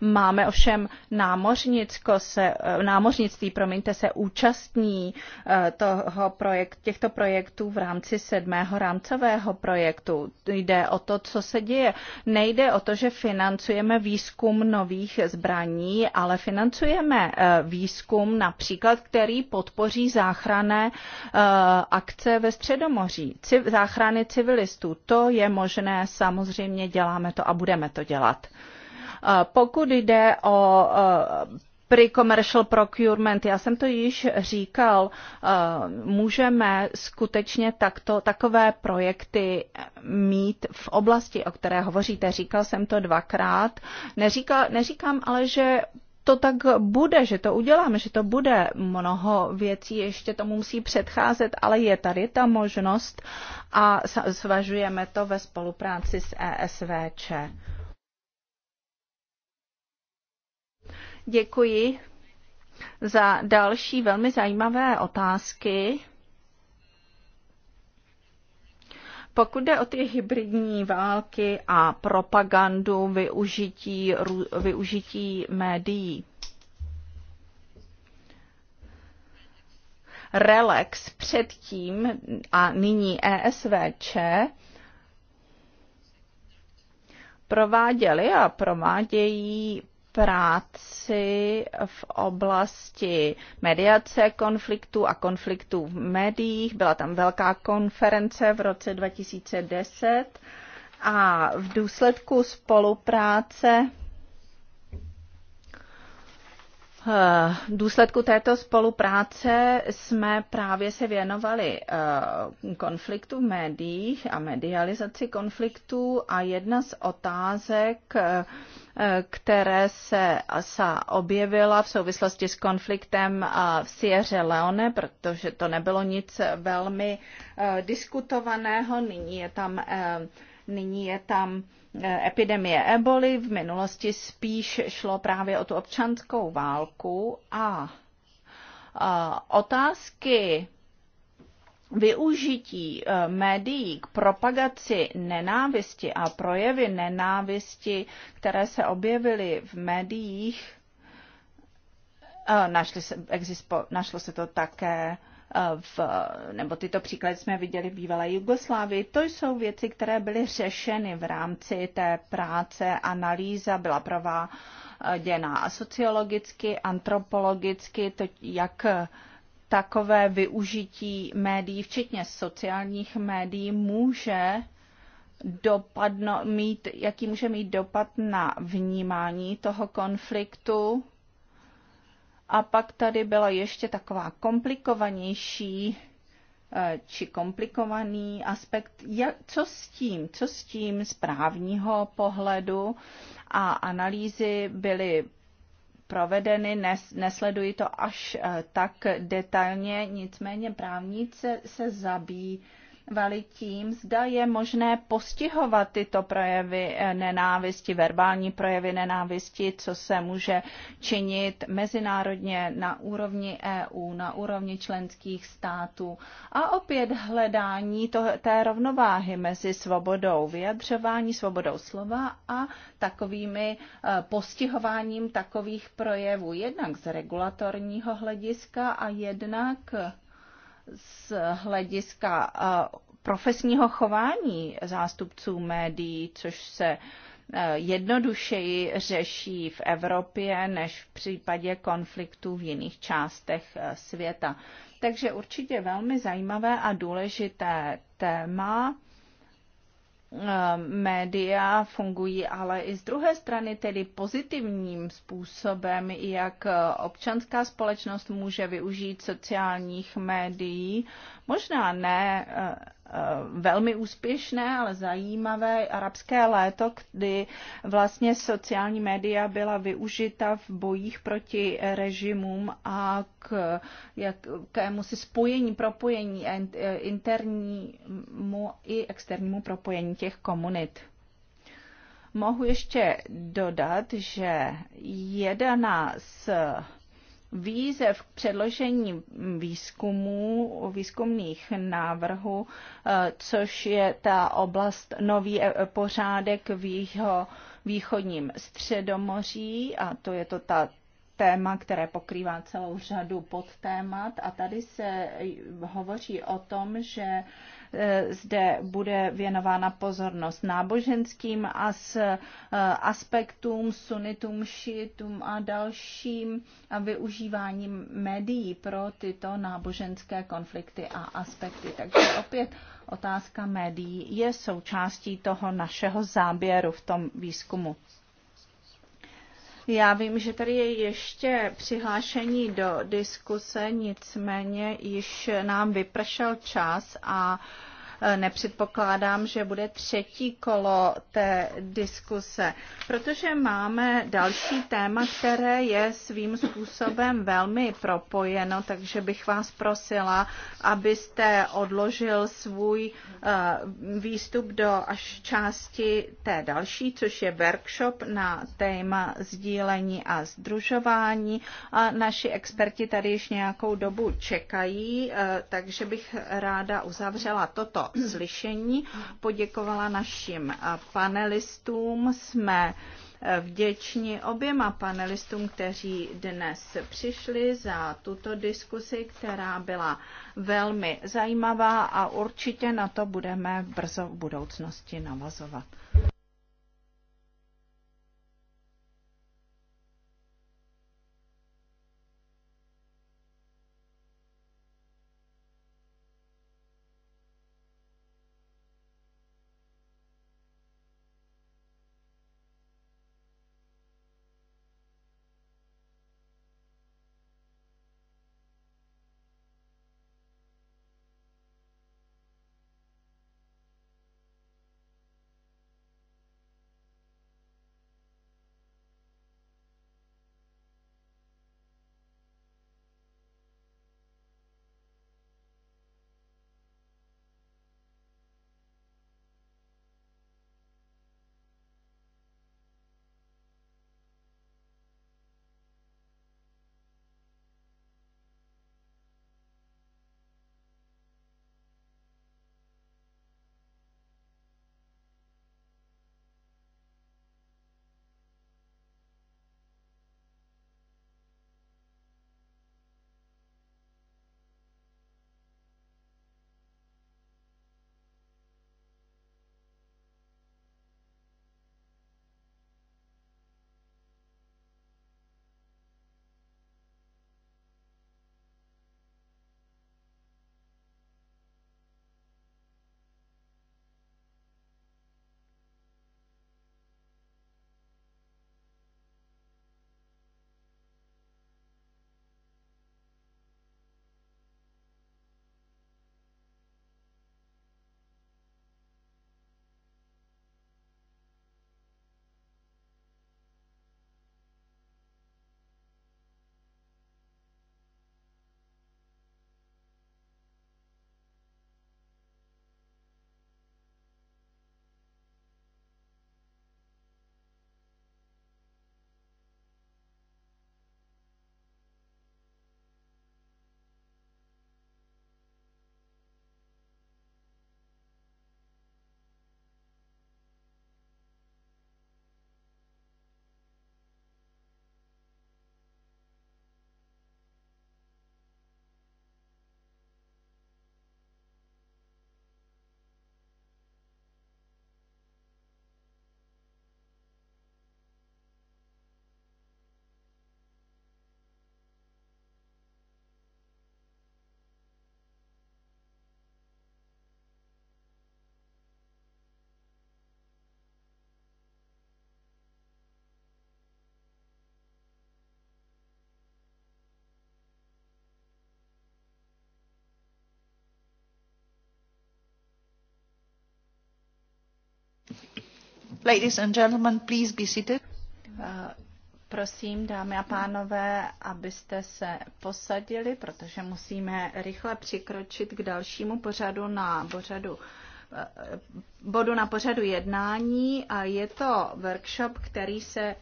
S1: Máme ovšem námořnicko se, námořnictví, promiňte se, účastní eh, toho projekt, těchto projektů v rámci sedmého rámcového projektu. Jde o to, co se děje. Nejde o to, že financujeme výzkum nových zbraní, ale financujeme eh, výzkum například, který podpoří záchranné eh, akce ve Středomoří, záchrany civilistů. To je možné, samozřejmě děláme to a budeme to dělat. Eh, pokud jde o eh, pre-commercial procurement, já jsem to již říkal, můžeme skutečně takto, takové projekty mít v oblasti, o které hovoříte. Říkal jsem to dvakrát. Neříkal, neříkám ale, že to tak bude, že to uděláme, že to bude. Mnoho věcí ještě tomu musí předcházet, ale je tady ta možnost a zvažujeme to ve spolupráci s ESVČ. Děkuji za další velmi zajímavé otázky. Pokud jde o ty hybridní války a propagandu využití, využití médií, Relax předtím a nyní ESVČ prováděli a provádějí práci v oblasti mediace konfliktů a konfliktů v médiích. Byla tam velká konference v roce 2010 a v důsledku spolupráce Eh, v důsledku této spolupráce jsme právě se věnovali eh, konfliktu v médiích a medializaci konfliktů a jedna z otázek, eh, které se, asa objevila v souvislosti s konfliktem v Sierra Leone, protože to nebylo nic velmi diskutovaného, nyní je tam, nyní je tam Eh, epidemie eboli. V minulosti spíš šlo právě o tu občanskou válku a otázky využití eh, médií k propagaci nenávisti a projevy nenávisti, které se objevily v médiích, eh, našlo se to také Eh, v, nebo tyto příklady jsme viděli v bývalé Jugoslávii. To jsou věci, které byly řešeny v rámci té práce. Analýza byla prováděna sociologicky, antropologicky, to, jak takové využití médií, včetně sociálních médií, může dopadno, mít, jaký může mít dopad na vnímání toho konfliktu, a pak tady byla ještě taková komplikovanější eh, či komplikovaný aspekt, jak, co s tím, co s tím z právního pohledu a analýzy byly provedeny, nes, nesleduji to až eh, tak detailně, nicméně právníci se zabývají zabývali tím, zda je možné postihovat tyto projevy eh, nenávisti, verbální projevy nenávisti, co se může činit mezinárodně na úrovni EU, na úrovni členských států a opět hledání to, té rovnováhy mezi svobodou vyjadřování, svobodou slova a takovými eh, postihováním takových projevů, jednak z regulatorního hlediska a jednak z hlediska profesního chování zástupců médií, což se e, jednodušeji řeší v Evropě než v případě konfliktů v jiných částech e, světa. Takže určitě velmi zajímavé a důležité téma Eh, média fungují ale i z druhé strany tedy pozitivním způsobem, jak eh, občanská společnost může využít sociálních médií. Možná ne eh, Eh, velmi úspěšné, ale zajímavé arabské léto, kdy vlastně sociální média byla využita v bojích proti režimům a k jakému si spojení, propojení eh, eh, internímu i externímu propojení těch komunit. Mohu ještě dodat, že jedna z výzev k předložení výzkumů, výzkumných návrhů, eh, což je ta oblast nový eh, pořádek v jeho východním středomoří a to je to ta téma, které pokrývá celou řadu podtémat a tady se hovoří o tom, že Eh, zde bude věnována pozornost náboženským as, eh, aspektům, sunitům, šiitům a dalším a využíváním médií pro tyto náboženské konflikty a aspekty. Takže opět otázka médií je součástí toho našeho záběru v tom výzkumu. Já vím, že tady je ještě přihlášení do diskuse, nicméně již nám vypršel čas a uh, Eh, nepředpokládám, že bude třetí kolo té diskuse, protože máme další téma, které je svým způsobem velmi propojeno, takže bych vás prosila, abyste odložil svůj eh, výstup do až části té další, což je workshop na téma sdílení a združování. A naši experti tady již nějakou dobu čekají, eh, takže bych ráda uzavřela toto slyšení, poděkovala našim panelistům. Jsme vděční oběma panelistům, kteří dnes přišli za tuto diskusi, která byla velmi zajímavá a určitě na to budeme brzo v budoucnosti navazovat. Ladies and gentlemen, please be seated. Uh, prosím, dámy a pánové, abyste se posadili, protože musíme rychle přikročit k dalšímu pořadu na pořadu uh, bodu na pořadu jednání a je to workshop, který se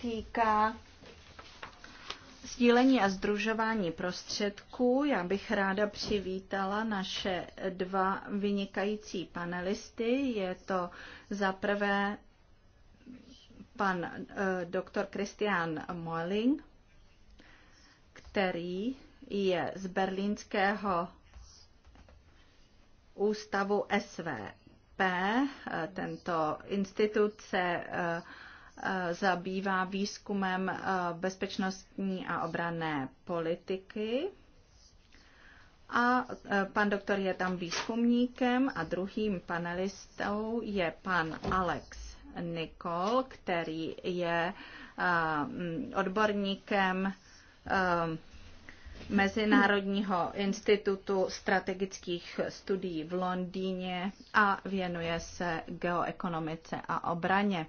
S1: týká sdílení a združování prostředků. Já bych ráda přivítala naše dva vynikající panelisty. Je to za prvé pan eh, doktor Christian Moeling, který je z berlínského ústavu SVP. Eh, tento institut se eh, Eh, zabývá výzkumem eh, bezpečnostní a obrané politiky. A eh, pan doktor je tam výzkumníkem a druhým panelistou je pan Alex Nikol, který je mm, odborníkem Mezinárodního institutu strategických studií v Londýně a věnuje se geoekonomice a obraně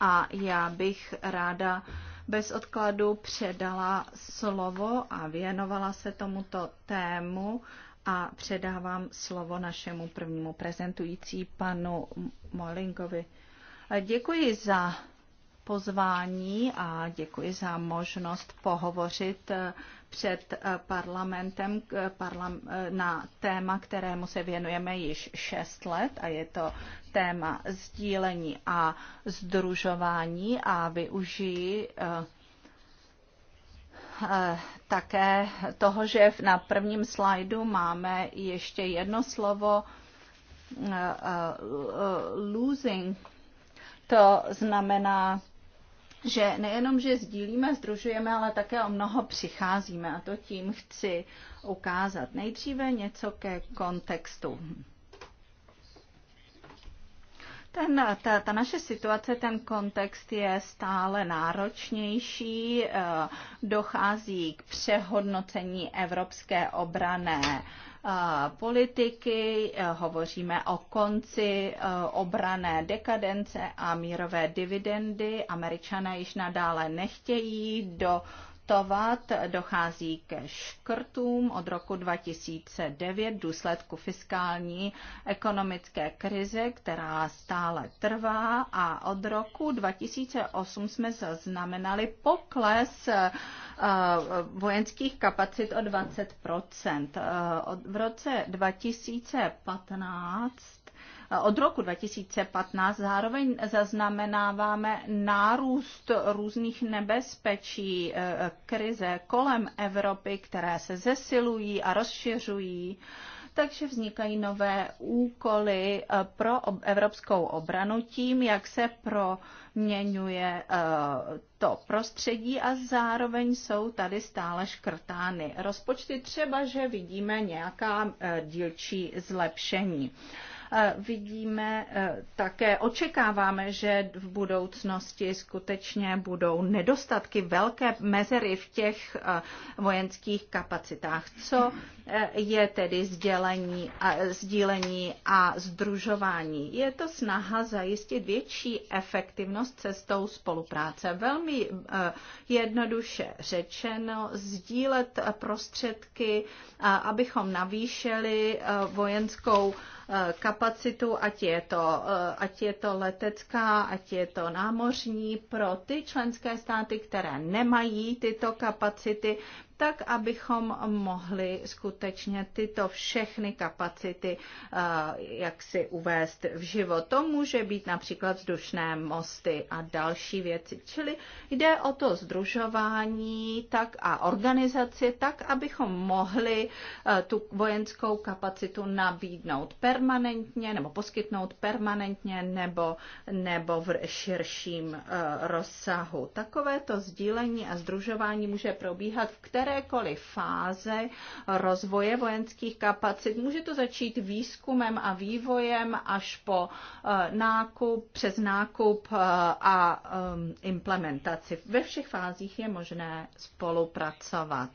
S1: a já bych ráda bez odkladu předala slovo a věnovala se tomuto tému a předávám slovo našemu prvnímu prezentující panu Molingovi. Děkuji za pozvání a děkuji za možnost pohovořit před eh, parlamentem eh, eh, na téma, kterému se věnujeme již šest let a je to téma sdílení a združování a využiji také toho, že na prvním slajdu máme ještě jedno slovo losing. To znamená že nejenom, že sdílíme, združujeme, ale také o mnoho přicházíme a to tím chci ukázat. Nejdříve něco ke kontextu. Ten, ta, ta naše situace, ten kontext je stále náročnější, eh, dochází k přehodnocení evropské obrané politiky, hovoříme o konci obrané dekadence a mírové dividendy. Američané již nadále nechtějí do investovat, dochází ke škrtům od roku 2009 v důsledku fiskální ekonomické krize, která stále trvá a od roku 2008 jsme zaznamenali pokles eh, eh, vojenských kapacit o 20 eh, V roce 2015 od roku 2015 zároveň zaznamenáváme nárůst různých nebezpečí e, e, krize kolem Evropy, které se zesilují a rozšiřují takže vznikají nové úkoly e, pro evropskou obranu tím, jak se proměňuje to prostředí a zároveň jsou tady stále škrtány rozpočty, třeba že vidíme nějaká dílčí zlepšení vidíme e, také, očekáváme, že v budoucnosti skutečně budou nedostatky, velké mezery v těch e, vojenských kapacitách. Co je tedy sdělení, sdílení a združování. Je to snaha zajistit větší efektivnost cestou spolupráce. Velmi eh, jednoduše řečeno, sdílet prostředky, abychom navýšili eh, vojenskou eh, kapacitu, ať je, to, ať je to letecká, ať je to námořní, pro ty členské státy, které nemají tyto kapacity, tak abychom mohli skutečně tyto všechny kapacity eh, jak si uvést v život. To může být například vzdušné mosty a další věci. Čili jde o to združování tak a organizaci tak, abychom mohli eh, tu vojenskou kapacitu nabídnout permanentně nebo poskytnout permanentně nebo, nebo v širším eh, rozsahu. Takovéto sdílení a združování může probíhat v které kterékoliv fáze rozvoje vojenských kapacit. Může to začít výzkumem a vývojem až po eh, nákup, přes nákup eh, a eh, implementaci. Ve všech fázích je možné spolupracovat.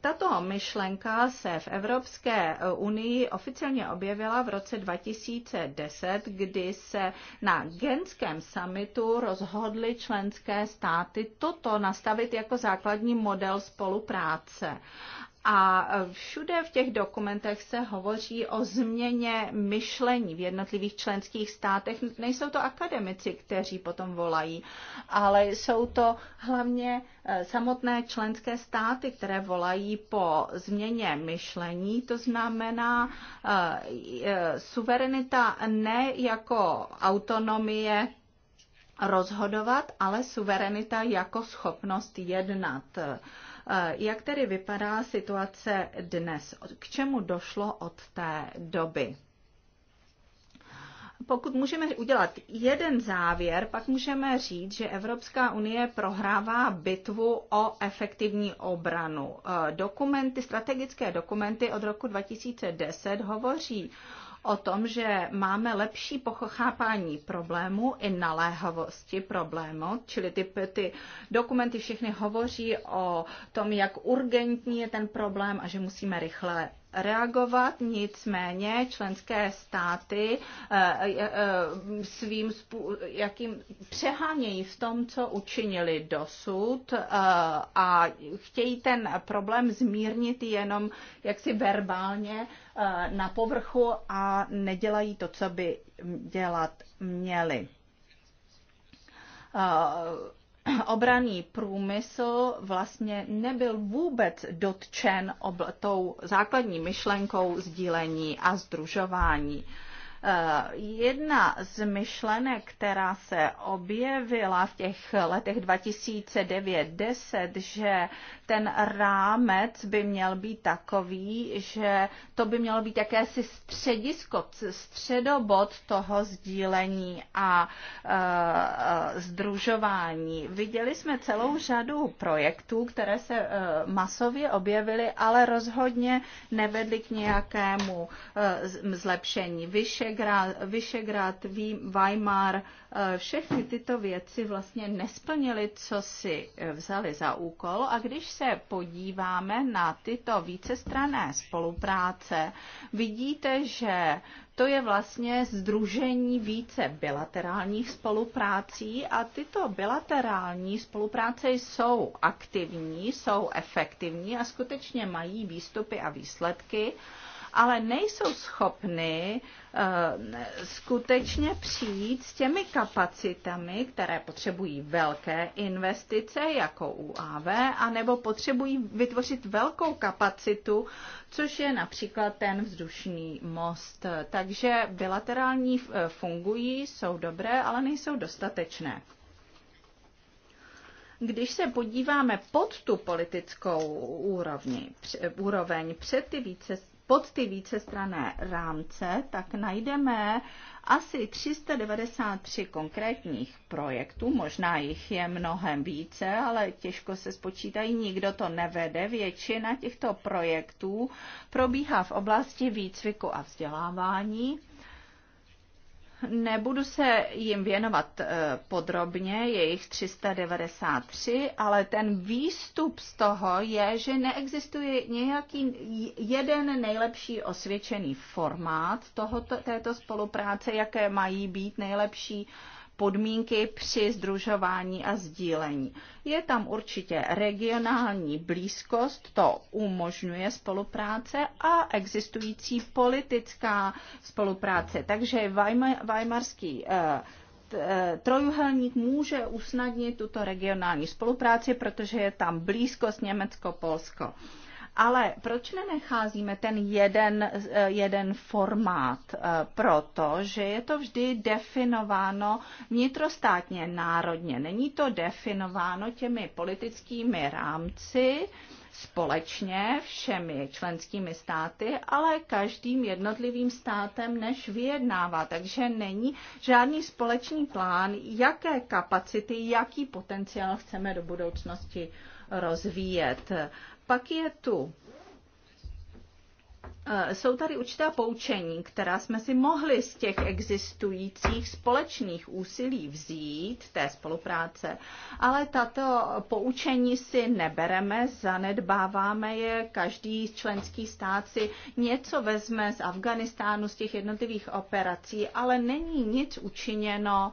S1: Tato myšlenka se v Evropské unii oficiálně objevila v roce 2010, kdy se na genském summitu rozhodly členské státy toto nastavit jako základní model spolupráce. A všude v těch dokumentech se hovoří o změně myšlení v jednotlivých členských státech. Nejsou to akademici, kteří potom volají, ale jsou to hlavně eh, samotné členské státy, které volají po změně myšlení. To znamená eh, eh, suverenita ne jako autonomie rozhodovat, ale suverenita jako schopnost jednat. Eh, jak tedy vypadá situace dnes? K čemu došlo od té doby? pokud můžeme udělat jeden závěr, pak můžeme říct, že Evropská unie prohrává bitvu o efektivní obranu. Eh, dokumenty, strategické dokumenty od roku 2010 hovoří o tom, že máme lepší pochopání problému i naléhavosti problému, čili ty, ty dokumenty všechny hovoří o tom, jak urgentní je ten problém a že musíme rychle reagovat, nicméně členské státy eh, eh, eh, svým jakým přehánějí v tom, co učinili dosud a chtějí ten problém zmírnit jenom jaksi verbálně na povrchu a nedělají to, co by dělat měli obraný průmysl vlastně nebyl vůbec dotčen obl- tou základní myšlenkou sdílení a združování. Eh, jedna z myšlenek, která se objevila v těch letech 2009-10, že ten rámec by měl být takový, že to by mělo být jakési středisko, středobod toho sdílení a e, eh, združování. Viděli jsme celou řadu projektů, které se e, masově objevily, ale rozhodně nevedly k nějakému e, zlepšení. Vyšegrad, Vyšegrad Weimar, e, všechny tyto věci vlastně nesplnily, co si vzali za úkol a když se se podíváme na tyto vícestrané spolupráce, vidíte, že to je vlastně združení více bilaterálních spoluprácí a tyto bilaterální spolupráce jsou aktivní, jsou efektivní a skutečně mají výstupy a výsledky ale nejsou schopny eh, skutečně přijít s těmi kapacitami, které potřebují velké investice, jako UAV, anebo potřebují vytvořit velkou kapacitu, což je například ten vzdušný most. Takže bilaterální eh, fungují, jsou dobré, ale nejsou dostatečné když se podíváme pod tu politickou úrovni, úroveň před ty více pod ty vícestrané rámce, tak najdeme asi 393 konkrétních projektů, možná jich je mnohem více, ale těžko se spočítají, nikdo to nevede. Většina těchto projektů probíhá v oblasti výcviku a vzdělávání Nebudu se jim věnovat eh, podrobně, je jich 393, ale ten výstup z toho je, že neexistuje nějaký jeden nejlepší osvědčený formát tohoto, této spolupráce, jaké mají být nejlepší uh, podmínky při združování a sdílení. Je tam určitě regionální blízkost, to umožňuje spolupráce a existující politická spolupráce. Takže Weimarský eh, eh, trojuhelník může usnadnit tuto regionální spolupráci, protože je tam blízkost Německo-Polsko. Ale proč nenecházíme ten jeden, eh, jeden formát? Eh, Protože je to vždy definováno vnitrostátně, národně. Není to definováno těmi politickými rámci, společně všemi členskými státy, ale každým jednotlivým státem než vyjednává. Takže není žádný společný plán, jaké kapacity, jaký potenciál chceme do budoucnosti rozvíjet pak je tu e, jsou tady určitá poučení, která jsme si mohli z těch existujících společných úsilí vzít, té spolupráce, ale tato poučení si nebereme, zanedbáváme je, každý členský stát si něco vezme z Afganistánu, z těch jednotlivých operací, ale není nic učiněno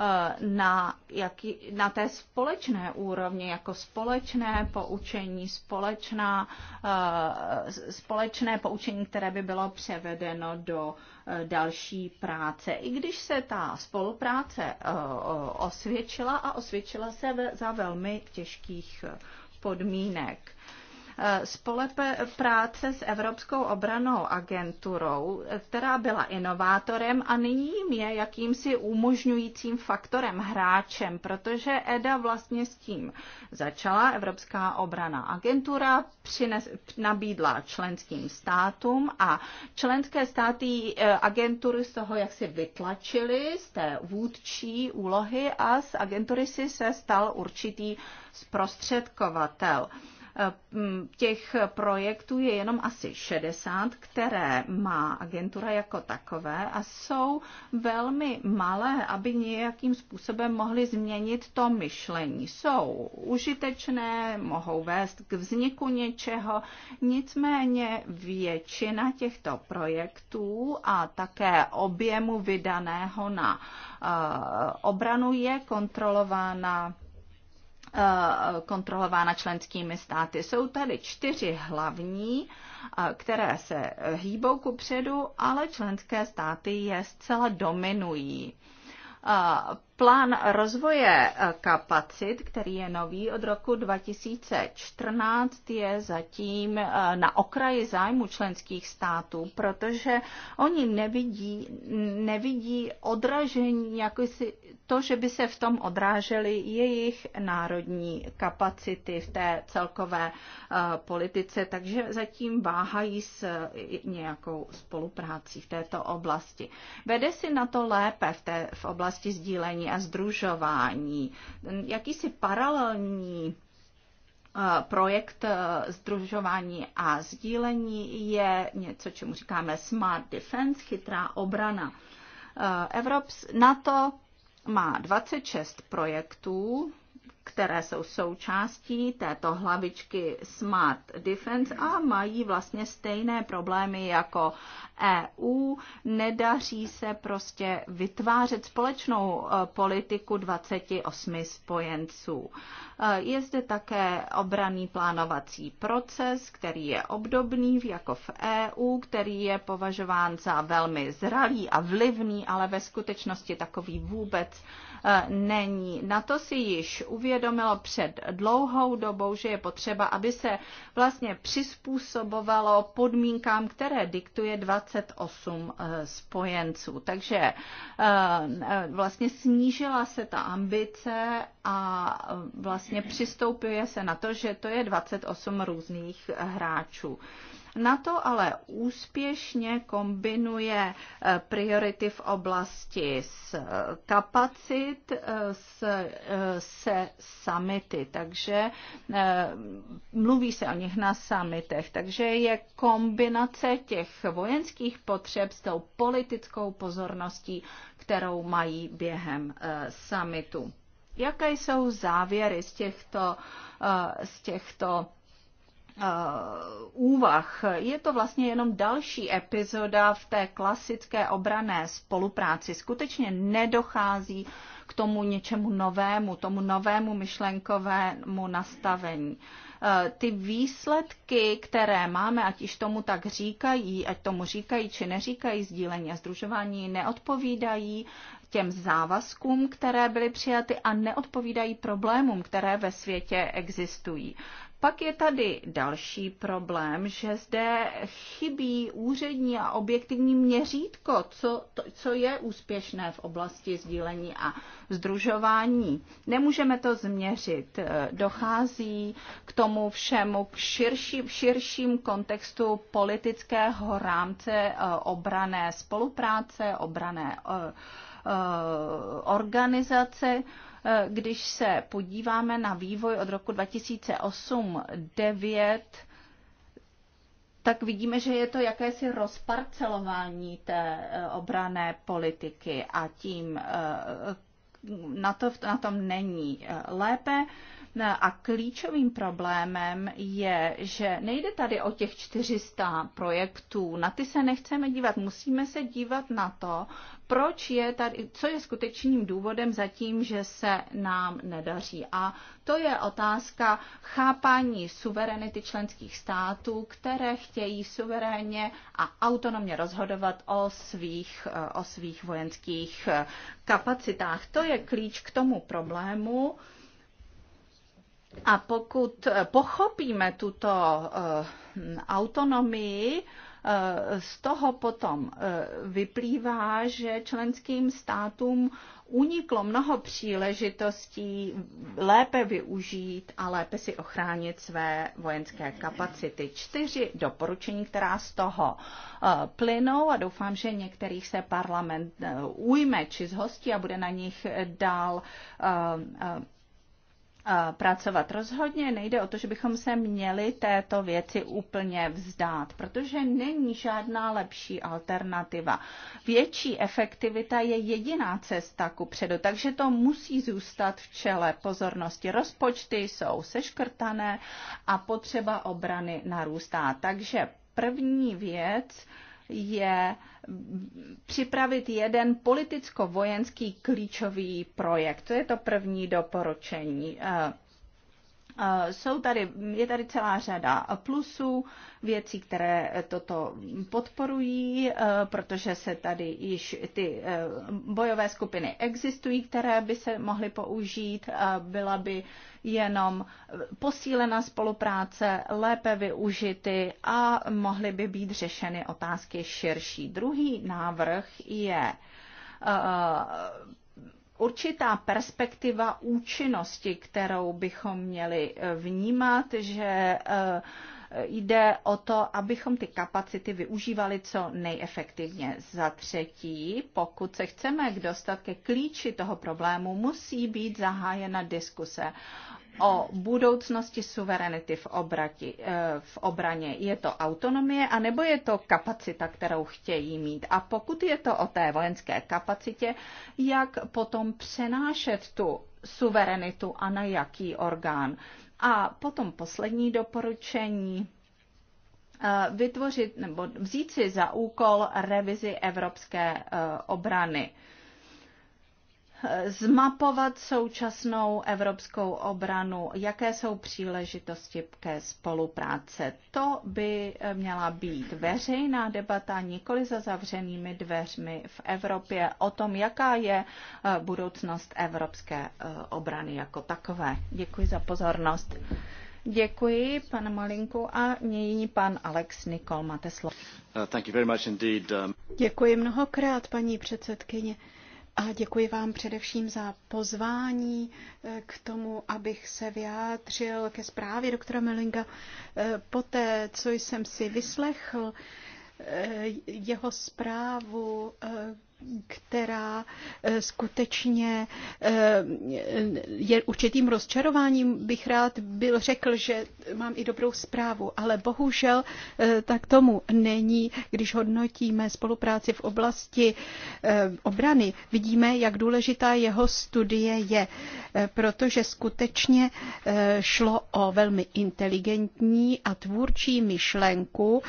S1: Eh, na, jaký, na té společné úrovni, jako společné poučení, společná, eh, společné poučení, které by bylo převedeno do eh, další práce. I když se ta spolupráce osvědčila a osvědčila se za velmi těžkých podmínek spolupráce s Evropskou obranou agenturou, která byla inovátorem a nyní je jakýmsi umožňujícím faktorem, hráčem, protože EDA vlastně s tím začala. Evropská obrana agentura přines, nabídla členským státům a členské státy eh, agentury z toho jak si vytlačili z té vůdčí úlohy a z agentury si se stal určitý zprostředkovatel. Těch projektů je jenom asi 60, které má agentura jako takové a jsou velmi malé, aby nějakým způsobem mohly změnit to myšlení. Jsou užitečné, mohou vést k vzniku něčeho, nicméně většina těchto projektů a také objemu vydaného na eh, obranu je kontrolována Eh, kontrolována členskými státy. Jsou tady čtyři hlavní, eh, které se hýbou ku předu, ale členské státy je zcela dominují eh, plán rozvoje eh, kapacit, který je nový od roku 2014, je zatím eh, na okraji zájmu členských států, protože oni nevidí, nevidí odražení, jako si to, že by se v tom odrážely jejich národní kapacity v té celkové eh, politice, takže zatím váhají s nějakou spoluprácí v této oblasti. Vede si na to lépe v, té, v oblasti sdílení a združování. Jakýsi paralelní eh, projekt eh, združování a sdílení je něco, čemu říkáme Smart Defense, chytrá obrana. Eh, Evrops NATO má 26 projektů které jsou součástí této hlavičky Smart Defense a mají vlastně stejné problémy jako EU. Nedaří se prostě vytvářet společnou eh, politiku 28 spojenců. Eh, je zde také obraný plánovací proces, který je obdobný jako v EU, který je považován za velmi zralý a vlivný, ale ve skutečnosti takový vůbec eh, není. Na to si již uvědomujeme, uvědomilo před dlouhou dobou, že je potřeba, aby se vlastně přizpůsobovalo podmínkám, které diktuje 28 eh, spojenců. Takže eh, eh, vlastně snížila se ta ambice a vlastně přistoupuje se na to, že to je 28 různých hráčů. Na to ale úspěšně kombinuje eh, priority v oblasti s eh, kapacit eh, s, se samity, takže mluví se o nich na samitech. takže je kombinace těch vojenských potřeb s tou politickou pozorností, kterou mají během samitu. Jaké jsou závěry z těchto, z těchto Uh, úvah. Je to vlastně jenom další epizoda v té klasické obrané spolupráci. Skutečně nedochází k tomu něčemu novému, tomu novému myšlenkovému nastavení. Uh, ty výsledky, které máme, ať již tomu tak říkají, ať tomu říkají či neříkají sdílení a združování, neodpovídají těm závazkům, které byly přijaty a neodpovídají problémům, které ve světě existují. Pak je tady další problém, že zde chybí úřední a objektivní měřítko, co, to, co je úspěšné v oblasti sdílení a združování. Nemůžeme to změřit. Dochází k tomu všemu k širší, širším kontextu politického rámce eh, obrané spolupráce, obrané eh, eh, organizace. Eh, když se podíváme na vývoj od roku 2008-2009, tak vidíme, že je to jakési rozparcelování té eh, obrané politiky a tím eh, na, to, na tom není lépe. No a klíčovým problémem je, že nejde tady o těch 400 projektů, na ty se nechceme dívat, musíme se dívat na to, proč je tady, co je skutečným důvodem za tím, že se nám nedaří. A to je otázka chápání suverenity členských států, které chtějí suverénně a autonomně rozhodovat o svých, eh, o svých vojenských eh, kapacitách. To je klíč k tomu problému, a pokud eh, pochopíme tuto eh, autonomii, eh, z toho potom vyplývá, že členským státům uniklo mnoho příležitostí lépe využít a lépe si ochránit své vojenské kapacity. Čtyři doporučení, která z toho plynou a doufám, že některých se parlament ujme či zhostí a bude na nich dál pracovat. Rozhodně nejde o to, že bychom se měli této věci úplně vzdát, protože není žádná lepší alternativa. Větší efektivita je jediná cesta ku předu, takže to musí zůstat v čele pozornosti. Rozpočty jsou seškrtané a potřeba obrany narůstá. Takže první věc, je připravit jeden politicko-vojenský klíčový projekt. To je to první doporučení. Eh, Eh, jsou tady, je tady celá řada plusů, věcí, které toto podporují, eh, protože se tady již ty eh, bojové skupiny existují, které by se mohly použít. Byla by jenom posílena spolupráce, lépe využity a mohly by být řešeny otázky širší. Druhý návrh je určitá perspektiva účinnosti, kterou bychom měli eh, vnímat, že eh, jde o to, abychom ty kapacity využívali co nejefektivně. Za třetí, pokud se chceme dostat ke klíči toho problému, musí být zahájena diskuse o budoucnosti suverenity v, obrati, eh, v obraně. Je to autonomie, anebo je to kapacita, kterou chtějí mít? A pokud je to o té vojenské kapacitě, jak potom přenášet tu suverenitu a na jaký orgán? A potom poslední doporučení eh, vytvořit nebo vzít si za úkol revizi evropské eh, obrany zmapovat současnou evropskou obranu, jaké jsou příležitosti ke spolupráce. To by měla být veřejná debata, nikoli za zavřenými dveřmi v Evropě o tom, jaká je eh, budoucnost evropské eh, obrany jako takové. Děkuji za pozornost. Děkuji, pane Malinku, a
S3: nyní pan Alex Nikol, máte slovo.
S1: Uh, um-
S3: Děkuji mnohokrát, paní předsedkyně. A děkuji vám především za pozvání eh, k tomu, abych se vyjádřil ke zprávě doktora Melinga. Eh, poté, co jsem si vyslechl eh, jeho zprávu která eh, skutečně eh, je určitým rozčarováním. Bych rád byl řekl, že mám i dobrou zprávu, ale bohužel eh, tak tomu není. Když hodnotíme spolupráci v oblasti obrany, vidíme, jak důležitá jeho studie je, protože skutečně šlo o velmi inteligentní a tvůrčí myšlenku,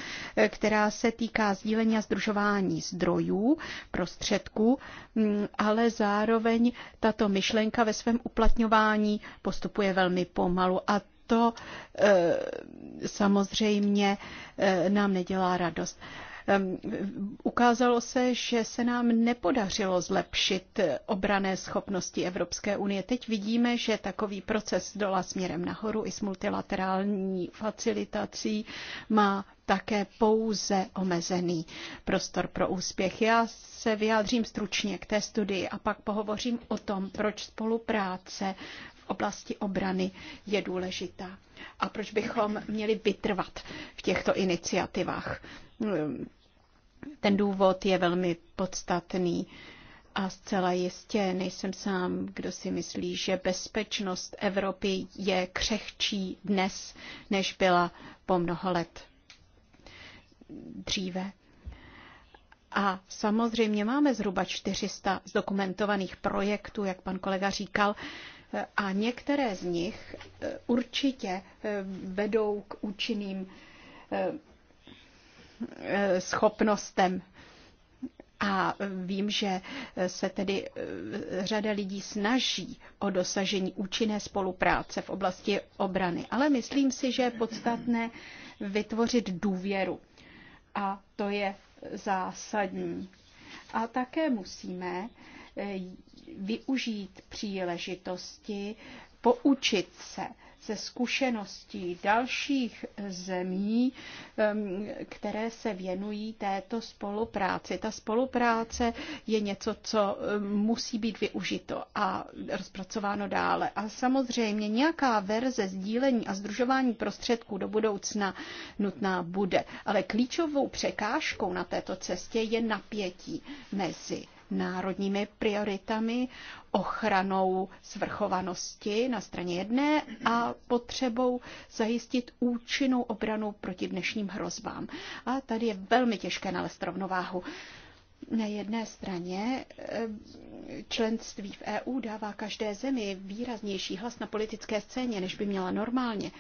S3: která se týká sdílení a združování zdrojů, prostě prostředků, mm, ale zároveň tato myšlenka ve svém uplatňování postupuje velmi pomalu a to eh, samozřejmě eh, nám nedělá radost. Ukázalo se, že se nám nepodařilo zlepšit obrané schopnosti Evropské unie. Teď vidíme, že takový proces dola směrem nahoru i s multilaterální facilitací má také pouze omezený prostor pro úspěch. Já se vyjádřím stručně k té studii a pak pohovořím o tom, proč spolupráce v oblasti obrany je důležitá a proč bychom měli vytrvat v těchto iniciativách. Ten důvod je velmi podstatný. A zcela jistě nejsem sám, kdo si myslí, že bezpečnost Evropy je křehčí dnes, než byla po mnoho let dříve. A samozřejmě máme zhruba 400 zdokumentovaných projektů, jak pan kolega říkal, a některé z nich eh, určitě eh, vedou k účinným eh, schopnostem. A vím, že se tedy eh, řada lidí snaží o dosažení účinné spolupráce v oblasti obrany, ale myslím si, že je podstatné vytvořit důvěru. A to je zásadní. A také musíme eh, využít příležitosti poučit se ze zkušeností dalších zemí, které se věnují této spolupráci. Ta spolupráce je něco, co musí být využito a rozpracováno dále. A samozřejmě nějaká verze sdílení a združování prostředků do budoucna nutná bude. Ale klíčovou překážkou na této cestě je napětí mezi národními prioritami, ochranou svrchovanosti na straně jedné a potřebou zajistit účinnou obranu proti dnešním hrozbám. A tady je velmi těžké nalézt rovnováhu. Na jedné straně eh, členství v EU dává každé zemi výraznější hlas na politické scéně, než by měla normálně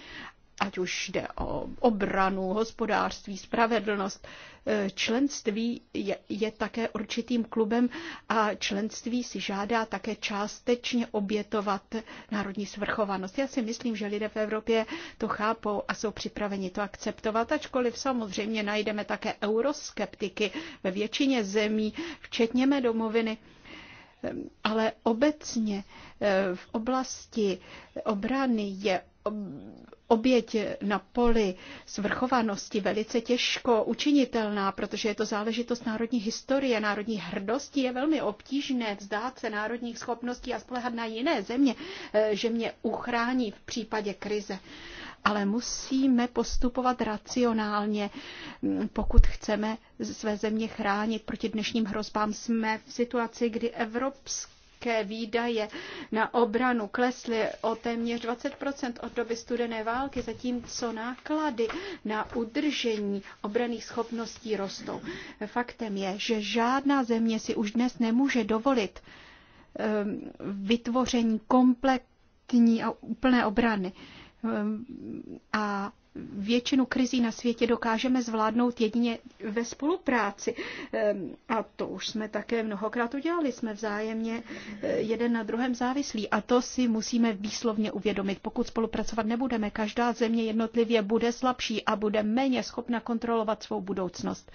S3: ať už jde o obranu, hospodářství, spravedlnost. E, členství je, je také určitým klubem a členství si žádá také částečně obětovat národní svrchovanost. Já si myslím, že lidé v Evropě to chápou a jsou připraveni to akceptovat, ačkoliv samozřejmě najdeme také euroskeptiky ve většině zemí, včetně mé domoviny e, ale obecně e, v oblasti obrany je oběť na poli svrchovanosti velice těžko učinitelná, protože je to záležitost národní historie, národní hrdosti. Je velmi obtížné vzdát se národních schopností a spolehat na jiné země, eh, že mě uchrání v případě krize. Ale musíme postupovat racionálně, hm, pokud chceme své země chránit proti dnešním hrozbám. Jsme v situaci, kdy evropské také výdaje na obranu klesly o téměř 20 od doby studené války, zatímco náklady na udržení obraných schopností rostou. Faktem je, že žádná země si už dnes nemůže dovolit ehm, vytvoření kompletní a úplné obrany. Ehm, a většinu krizí na světě dokážeme zvládnout jedině ve spolupráci. Ehm, a to už jsme také mnohokrát udělali. Jsme vzájemně eh, jeden na druhém závislí. A to si musíme výslovně uvědomit. Pokud spolupracovat nebudeme, každá země jednotlivě bude slabší a bude méně schopna kontrolovat svou budoucnost.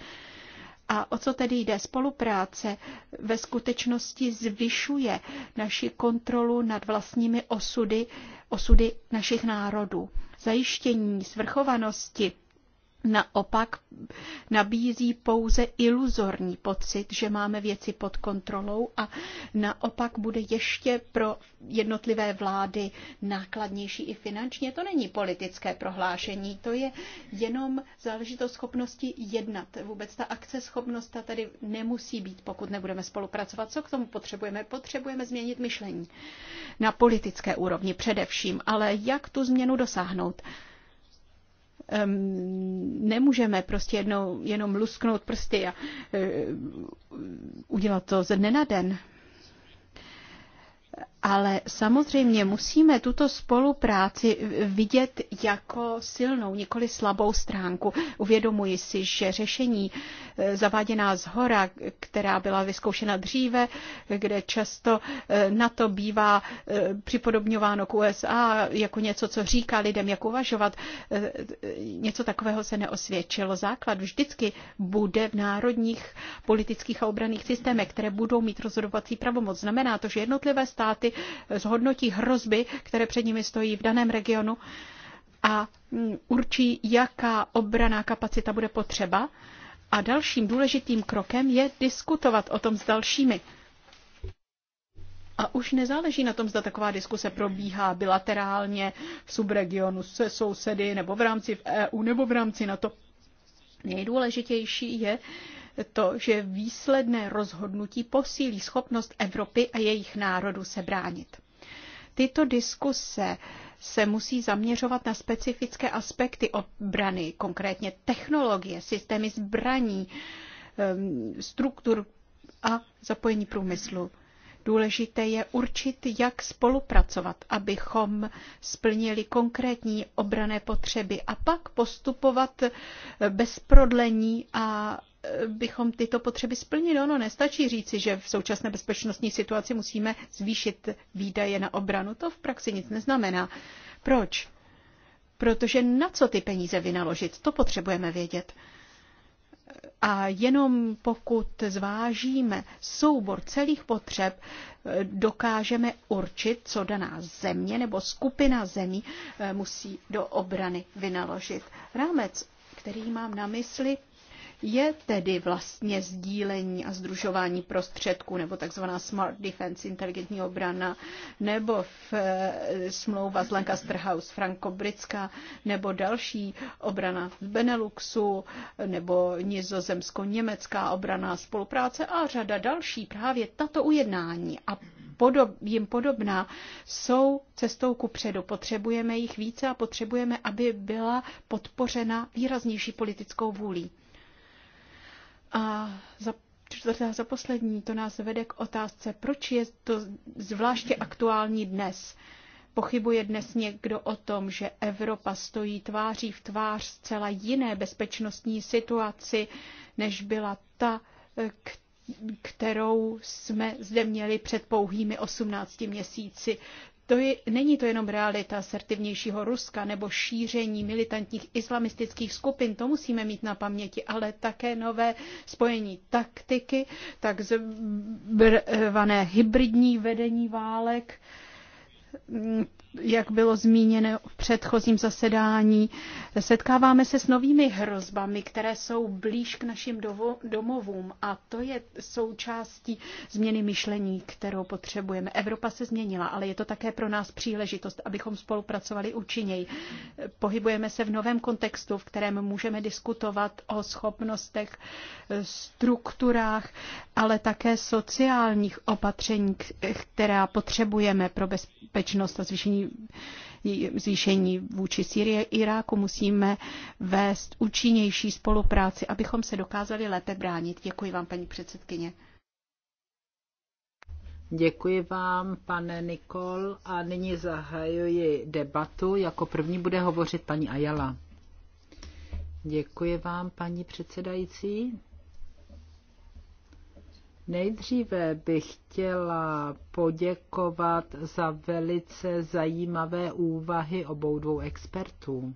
S3: A o co tedy jde? Spolupráce ve skutečnosti zvyšuje naši kontrolu nad vlastními osudy, osudy našich národů. Zajištění svrchovanosti naopak nabízí pouze iluzorní pocit, že máme věci pod kontrolou a naopak bude ještě pro jednotlivé vlády nákladnější i finančně. To není politické prohlášení, to je jenom záležitost schopnosti jednat. Vůbec ta akce schopnost ta tady nemusí být, pokud nebudeme spolupracovat. Co k tomu potřebujeme? Potřebujeme změnit myšlení na politické úrovni především, ale jak tu změnu dosáhnout? nemůžeme prostě jednou jenom lusknout prsty a eh, udělat to ze dne na den. Ale samozřejmě musíme tuto spolupráci vidět jako silnou, nikoli slabou stránku. Uvědomuji si, že řešení eh, zaváděná z hora, která byla vyzkoušena dříve, kde často eh, na to bývá eh, připodobňováno k USA jako něco, co říká lidem, jak uvažovat, něco takového se neosvědčilo. Základ vždycky bude v národních politických a obraných systémech, které budou mít rozhodovací pravomoc. Znamená to, že jednotlivé státy státy zhodnotí hrozby, které před nimi stojí v daném regionu a mm, určí, jaká obraná kapacita bude potřeba. A dalším důležitým krokem je diskutovat o tom s dalšími. A už nezáleží na tom, zda taková diskuse probíhá bilaterálně v subregionu se sousedy nebo v rámci v EU nebo v rámci NATO. Nejdůležitější je to, že výsledné rozhodnutí posílí schopnost Evropy a jejich národů se bránit. Tyto diskuse se musí zaměřovat na specifické aspekty obrany, konkrétně technologie, systémy zbraní, ehm, struktur a zapojení průmyslu. Důležité je určit, jak spolupracovat, abychom splnili konkrétní obrané potřeby a pak postupovat bez prodlení a bychom tyto potřeby splnili. Ono nestačí říci, že v současné bezpečnostní situaci musíme zvýšit výdaje na obranu. To v praxi nic neznamená. Proč? Protože na co ty peníze vynaložit, to potřebujeme vědět. A jenom pokud zvážíme soubor celých potřeb, dokážeme určit, co daná země nebo skupina zemí eh, musí do obrany vynaložit. Rámec, který mám na mysli, je tedy vlastně sdílení a združování prostředků, nebo takzvaná smart defense, inteligentní obrana, nebo v, eh, smlouva z Lancaster House franko-britská, nebo další obrana z Beneluxu, nebo nizozemsko-německá obrana spolupráce a řada další právě tato ujednání a podob, jim podobná jsou cestou ku předu. Potřebujeme jich více a potřebujeme, aby byla podpořena výraznější politickou vůlí. A za čtvrtá, za poslední, to nás vede k otázce, proč je to zvláště aktuální dnes. Pochybuje dnes někdo o tom, že Evropa stojí tváří v tvář zcela jiné bezpečnostní situaci, než byla ta, kterou jsme zde měli před pouhými 18 měsíci. To je, není to jenom realita asertivnějšího Ruska nebo šíření militantních islamistických skupin, to musíme mít na paměti, ale také nové spojení taktiky, takzvané hybridní vedení válek, jak bylo zmíněno v předchozím zasedání, setkáváme se s novými hrozbami, které jsou blíž k našim domovům a to je součástí změny myšlení, kterou potřebujeme. Evropa se změnila, ale je to také pro nás příležitost, abychom spolupracovali účinněji. Pohybujeme se v novém kontextu, v kterém můžeme diskutovat o schopnostech, strukturách, ale také sociálních opatření, která potřebujeme pro bezpečnost a zvýšení zvýšení vůči a Iráku musíme vést účinnější spolupráci, abychom se dokázali lépe bránit. Děkuji vám, paní předsedkyně.
S2: Děkuji vám, pane Nikol, a nyní zahajuji debatu. Jako první bude hovořit paní Ajala. Děkuji vám, paní předsedající. Nejdříve bych chtěla poděkovat za velice zajímavé úvahy obou dvou expertů.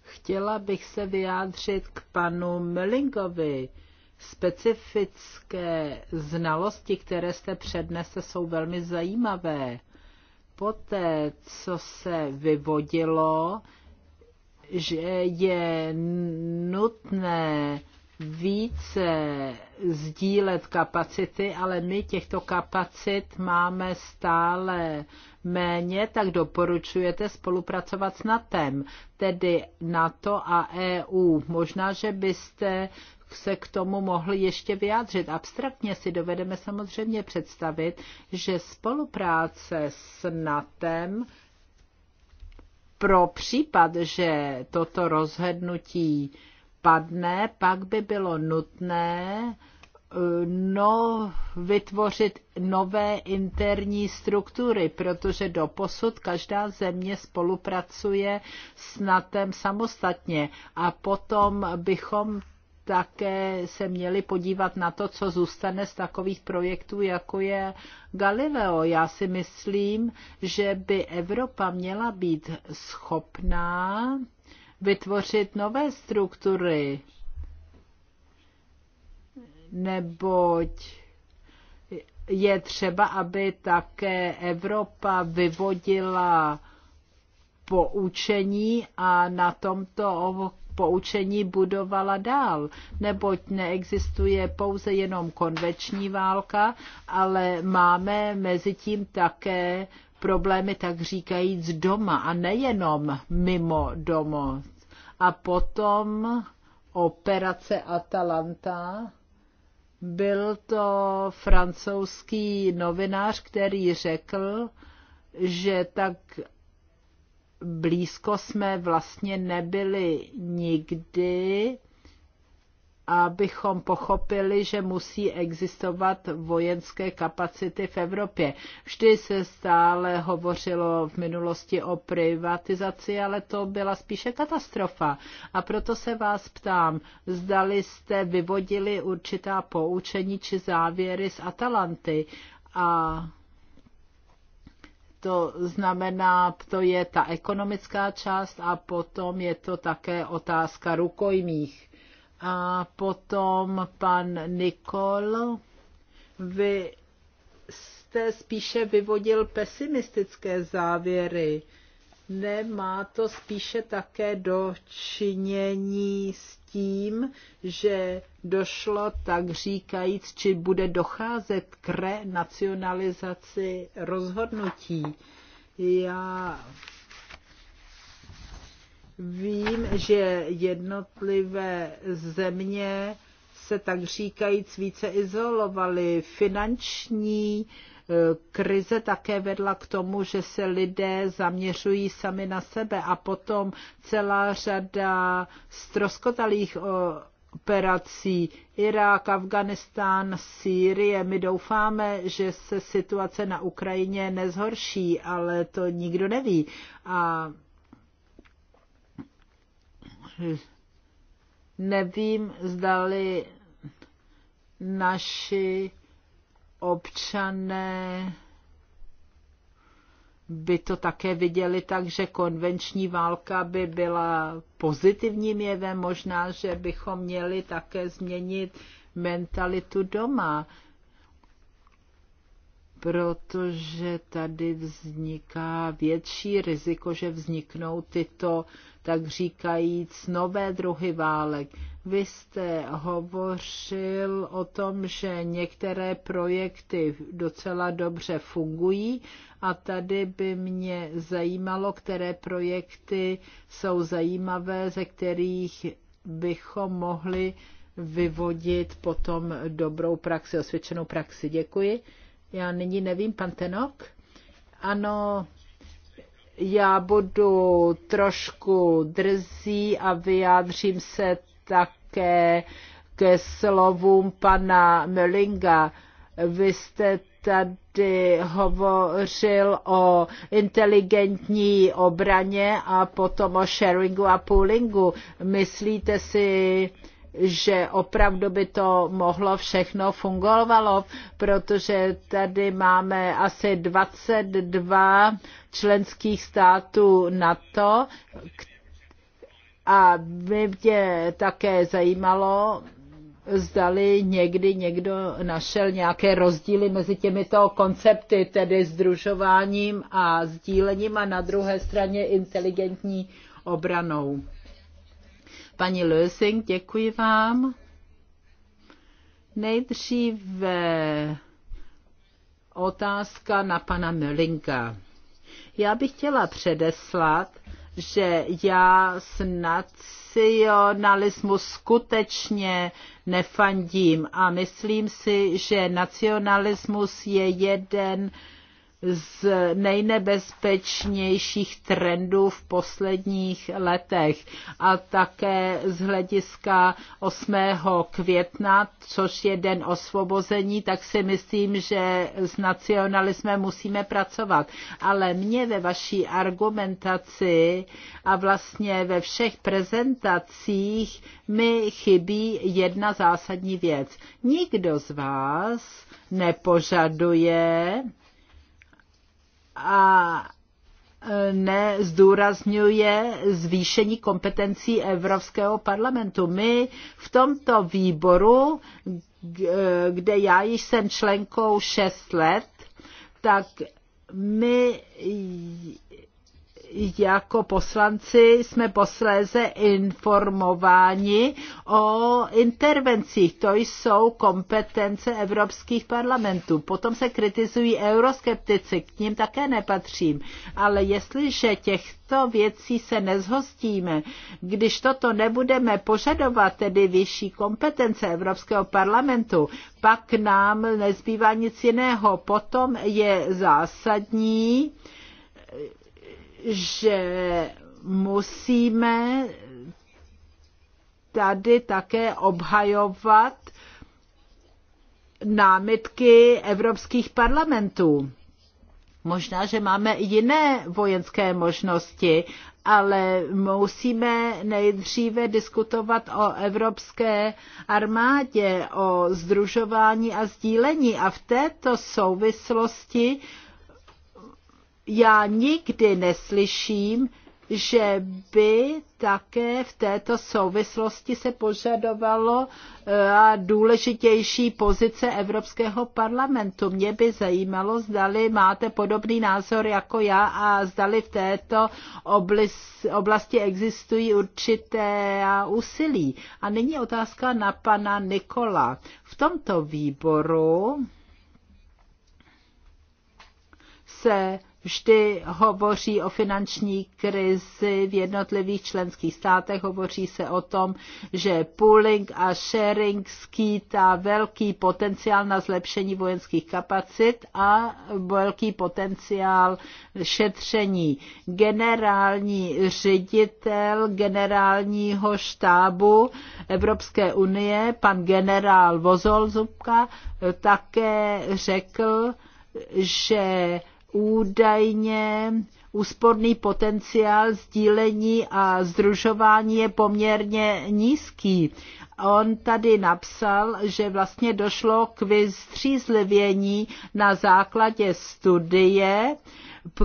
S2: Chtěla bych se vyjádřit k panu Mlingovi. Specifické znalosti, které jste přednese, jsou velmi zajímavé. Poté, co se vyvodilo, že je nutné více sdílet kapacity, ale my těchto kapacit máme stále méně, tak doporučujete spolupracovat s NATEM, tedy NATO a EU. Možná, že byste se k tomu mohli ještě vyjádřit. Abstraktně si dovedeme samozřejmě představit, že spolupráce s NATEM pro případ, že toto rozhodnutí padne, pak by bylo nutné eh, no, vytvořit nové interní struktury, protože do posud každá země spolupracuje s NATO samostatně a potom bychom také se měli podívat na to, co zůstane z takových projektů, jako je Galileo. Já si myslím, že by Evropa měla být schopná vytvořit nové struktury, neboť je třeba, aby také Evropa vyvodila poučení a na tomto poučení budovala dál, neboť neexistuje pouze jenom konveční válka, ale máme mezi tím také problémy, tak říkajíc, doma a nejenom mimo domo. A potom operace Atalanta. Byl to francouzský novinář, který řekl, že tak blízko jsme vlastně nebyli nikdy, abychom pochopili, že musí existovat vojenské kapacity v Evropě. Vždy se stále hovořilo v minulosti o privatizaci, ale to byla spíše katastrofa. A proto se vás ptám, zdali jste vyvodili určitá poučení či závěry z Atalanty a to znamená, to je ta ekonomická část a potom je to také otázka rukojmích. A potom pan Nikol, vy jste spíše vyvodil pesimistické závěry ne, má to spíše také dočinění s tím, že došlo, tak říkajíc, či bude docházet k renacionalizaci rozhodnutí. Já vím, že jednotlivé země se tak říkajíc více izolovaly. Finanční uh, E, krize také vedla k tomu, že se lidé zaměřují sami na sebe a potom celá řada stroskotalých e, operací Irák, Afganistán, Sýrie. My doufáme, že se situace na Ukrajině nezhorší, ale to nikdo neví. A nevím, zdali naši občané by to také viděli tak, že konvenční válka by byla pozitivním jevem, možná, že bychom měli také změnit mentalitu doma, protože tady vzniká větší riziko, že vzniknou tyto, tak říkajíc, nové druhy válek. Vy jste hovořil o tom, že některé projekty docela dobře fungují a tady by mě zajímalo, které projekty jsou zajímavé, ze kterých bychom mohli vyvodit potom dobrou praxi, osvědčenou praxi. Děkuji. Já nyní nevím, pan Tenok? Ano, já budu trošku drzí a vyjádřím se také ke slovům pana Möllinga. Vy jste tady hovořil o inteligentní obraně a potom o sharingu a poolingu. Myslíte si, že opravdu by to mohlo všechno fungovalo, protože tady máme asi 22 členských států NATO, a by mě také zajímalo, zdali někdy někdo našel nějaké rozdíly mezi těmito koncepty, tedy združováním a sdílením a na druhé straně inteligentní obranou. Paní Lösing, děkuji vám. Nejdříve otázka na pana Mölinka. Já bych chtěla předeslat, že já s nacionalismu skutečně nefandím a myslím si, že nacionalismus je jeden uh, z nejnebezpečnějších trendů v posledních letech a také z hlediska 8. května, což je den osvobození, tak si myslím, že s nacionalismem musíme pracovat. Ale mě ve vaší argumentaci a vlastně ve všech prezentacích mi chybí jedna zásadní věc. Nikdo z vás nepožaduje, a e, nezdůrazňuje zvýšení kompetencí Evropského parlamentu. My v tomto výboru, e, kde já již jsem členkou 6 let, tak my jako poslanci jsme posléze informováni o intervencích. To jsou kompetence evropských parlamentů. Potom se kritizují euroskeptici, k ním také nepatřím. Ale jestliže těchto věcí se nezhostíme, když toto nebudeme požadovat, tedy vyšší kompetence Evropského parlamentu, pak nám nezbývá nic jiného. Potom je zásadní, že musíme tady také obhajovat námitky evropských parlamentů. Možná, že máme jiné vojenské možnosti, ale musíme nejdříve diskutovat o evropské armádě, o združování a sdílení. A v této souvislosti já nikdy neslyším, že by také v této souvislosti se požadovalo eh, a důležitější pozice Evropského parlamentu. Mě by zajímalo, zdali máte podobný názor jako já a zdali v této oblasti existují určité úsilí. A nyní otázka na pana Nikola. V tomto výboru se vždy hovoří o finanční krizi v jednotlivých členských státech. Hovoří se o tom, že pooling a sharing skýtá velký potenciál na zlepšení vojenských kapacit a velký potenciál šetření. Generální ředitel generálního štábu Evropské unie, pan generál Vozolzubka, také řekl, že údajně úsporný potenciál sdílení a združování je poměrně nízký. On tady napsal, že vlastně došlo k vystřízlivění na základě studie,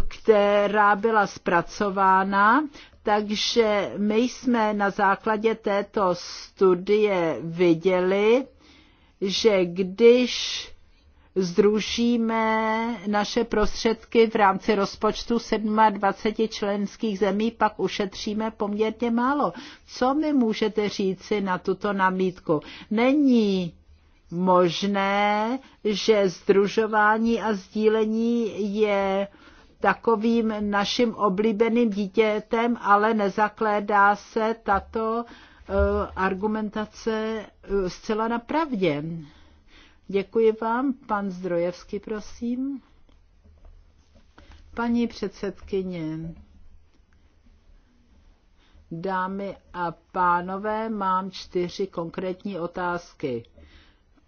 S2: která byla zpracována, takže my jsme na základě této studie viděli, že když združíme naše prostředky v rámci rozpočtu 27 členských zemí, pak ušetříme poměrně málo. Co mi můžete říci na tuto namítku? Není možné, že združování a sdílení je takovým naším oblíbeným dítětem, ale nezakládá se tato eh, argumentace eh, zcela na pravdě. Děkuji vám. Pan Zdrojevský, prosím. Paní předsedkyně, dámy a pánové, mám čtyři konkrétní otázky.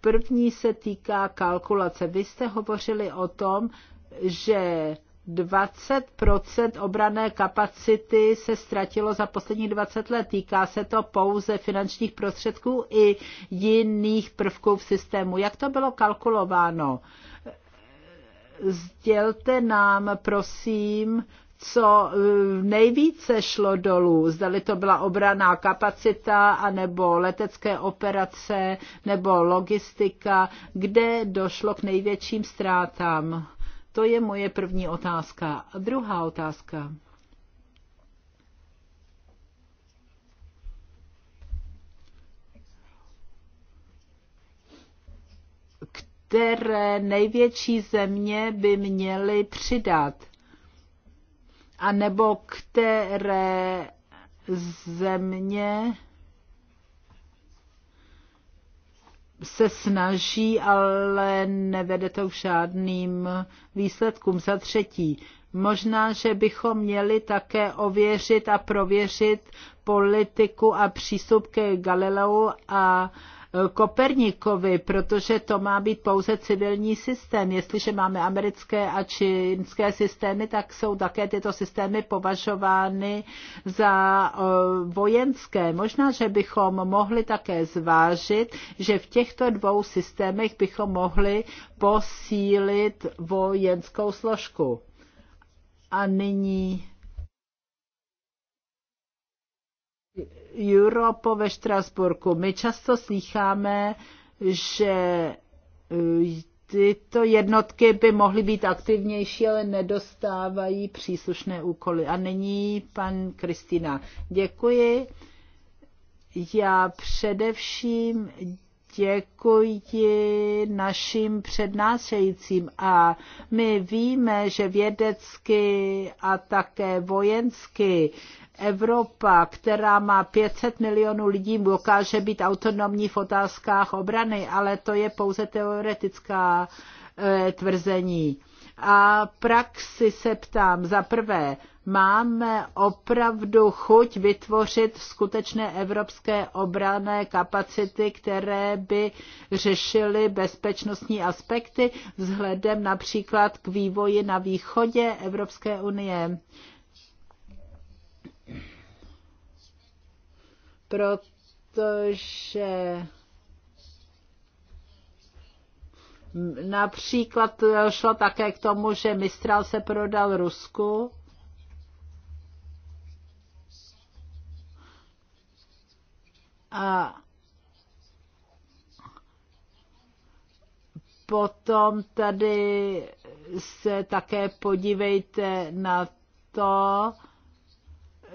S2: První se týká kalkulace. Vy jste hovořili o tom, že 20 obrané kapacity se ztratilo za posledních 20 let. Týká se to pouze finančních prostředků i jiných prvků v systému. Jak to bylo kalkulováno? Sdělte nám, prosím, co eh, nejvíce šlo dolů, zdali to byla obraná kapacita, anebo letecké operace, nebo logistika, kde došlo k největším ztrátám to je moje první otázka. A druhá otázka. Které největší země by měly přidat? A nebo které země se snaží, ale nevede to k žádným výsledkům. Za třetí, možná, že bychom měli také ověřit a prověřit politiku a přístup ke Galileu a uh, Kopernikovi, protože to má být pouze civilní systém. Jestliže máme americké a čínské systémy, tak jsou také tyto systémy považovány za vojenské. Možná, že bychom mohli také zvážit, že v těchto dvou systémech bychom mohli posílit vojenskou složku. A nyní Europo ve Štrasburku. My často slycháme, že eh, tyto jednotky by mohly být aktivnější, ale nedostávají příslušné úkoly. A není pan Kristina. Děkuji. Já především děkuji našim přednášejícím a my víme, že vědecky a také vojensky Evropa, která má 500 milionů lidí, dokáže být autonomní v otázkách obrany, ale to je pouze teoretická e, tvrzení. A praxi se ptám, za prvé, máme opravdu chuť vytvořit skutečné evropské obrané kapacity, které by řešily bezpečnostní aspekty vzhledem například k vývoji na východě Evropské unie. protože například šlo také k tomu, že Mistral se prodal Rusku. A potom tady se také podívejte na to,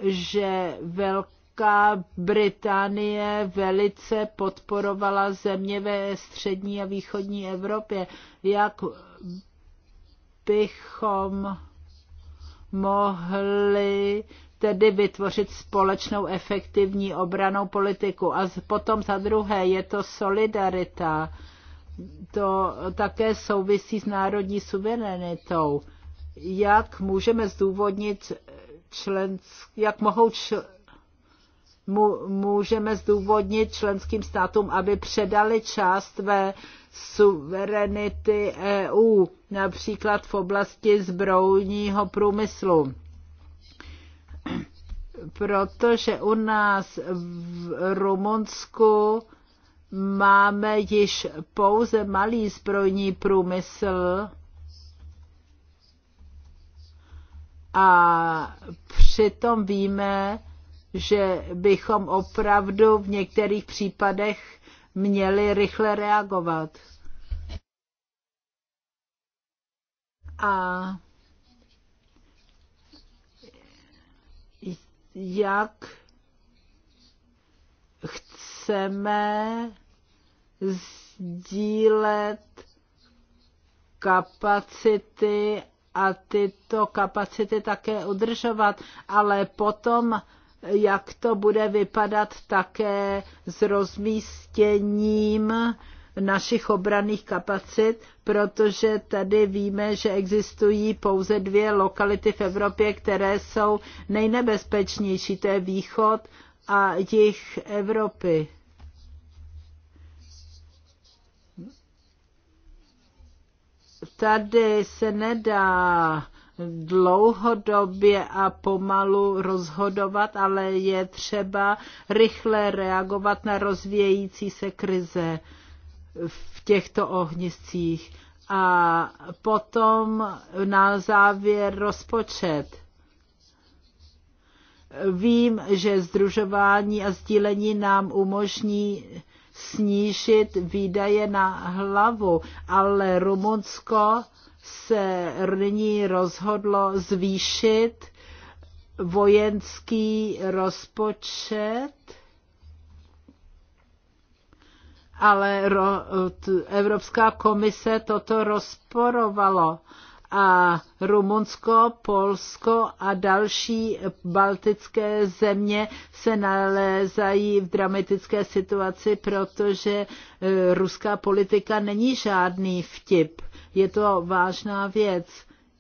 S2: že velká Velká Británie velice podporovala země ve střední a východní Evropě. Jak bychom mohli tedy vytvořit společnou efektivní obranou politiku. A potom za druhé je to solidarita. To také souvisí s národní suverenitou. Jak můžeme zdůvodnit člen, jak mohou čl, můžeme zdůvodnit členským státům, aby předali část ve suverenity EU, například v oblasti zbrojního průmyslu. Protože u nás v Rumunsku máme již pouze malý zbrojní průmysl a přitom víme, že bychom opravdu v některých případech měli rychle reagovat. A jak chceme sdílet kapacity a tyto kapacity také udržovat, ale potom jak to bude vypadat také s rozmístěním našich obraných kapacit, protože tady víme, že existují pouze dvě lokality v Evropě, které jsou nejnebezpečnější. To je východ a jich Evropy. Tady se nedá dlouhodobě a pomalu rozhodovat, ale je třeba rychle reagovat na rozvějící se krize v těchto ohniscích. A potom na závěr rozpočet. Vím, že združování a sdílení nám umožní snížit výdaje na hlavu, ale Rumunsko se nyní rozhodlo zvýšit vojenský rozpočet, ale Evropská komise toto rozporovalo a Rumunsko, Polsko a další baltické země se nalézají v dramatické situaci, protože e, ruská politika není žádný vtip je to vážná věc.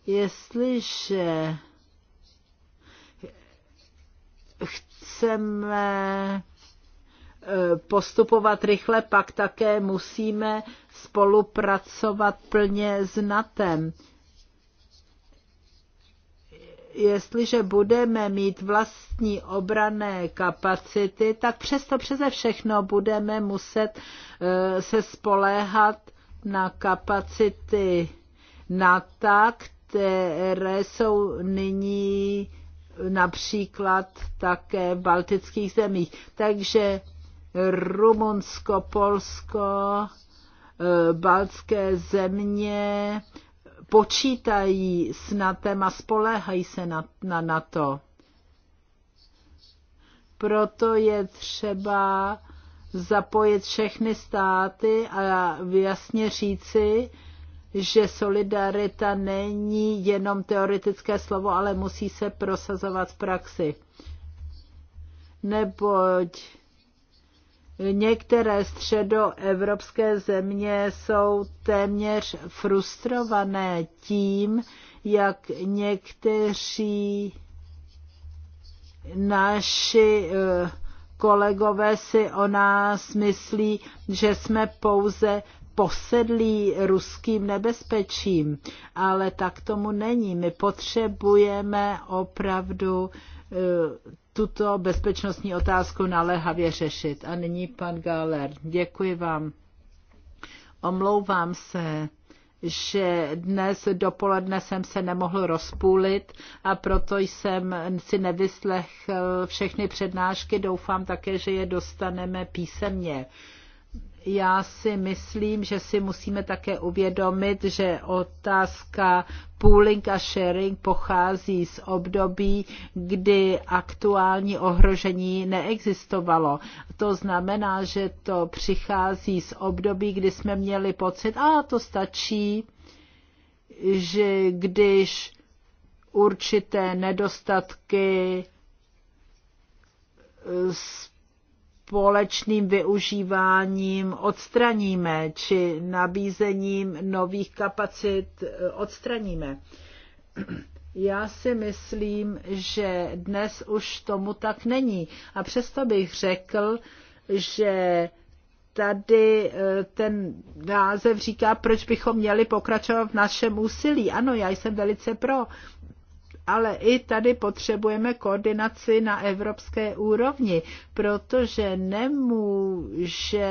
S2: Jestliže chceme e, postupovat rychle, pak také musíme spolupracovat plně s NATEM. Jestliže budeme mít vlastní obrané kapacity, tak přesto přeze všechno budeme muset e, se spoléhat na kapacity NATO, které jsou nyní například také v baltických zemích. Takže Rumunsko, Polsko, eh, baltské země počítají s NATO a spoléhají se na, na NATO. Proto je třeba zapojit všechny státy a jasně říci, že solidarita není jenom teoretické slovo, ale musí se prosazovat v praxi. Neboť některé středoevropské země jsou téměř frustrované tím, jak někteří naši uh, kolegové si o nás myslí, že jsme pouze posedlí ruským nebezpečím, ale tak tomu není. My potřebujeme opravdu eh, tuto bezpečnostní otázku naléhavě řešit. A nyní pan Galer, děkuji vám. Omlouvám se že dnes dopoledne jsem se nemohl rozpůlit a proto jsem si nevyslechl všechny přednášky. Doufám také, že je dostaneme písemně já si myslím, že si musíme také uvědomit, že otázka pooling a sharing pochází z období, kdy aktuální ohrožení neexistovalo. To znamená, že to přichází z období, kdy jsme měli pocit, a to stačí, že když určité nedostatky společným využíváním odstraníme, či nabízením nových kapacit eh, odstraníme. Já si myslím, že dnes už tomu tak není. A přesto bych řekl, že tady eh, ten název říká, proč bychom měli pokračovat v našem úsilí. Ano, já jsem velice pro ale i tady potřebujeme koordinaci na evropské úrovni, protože nemůže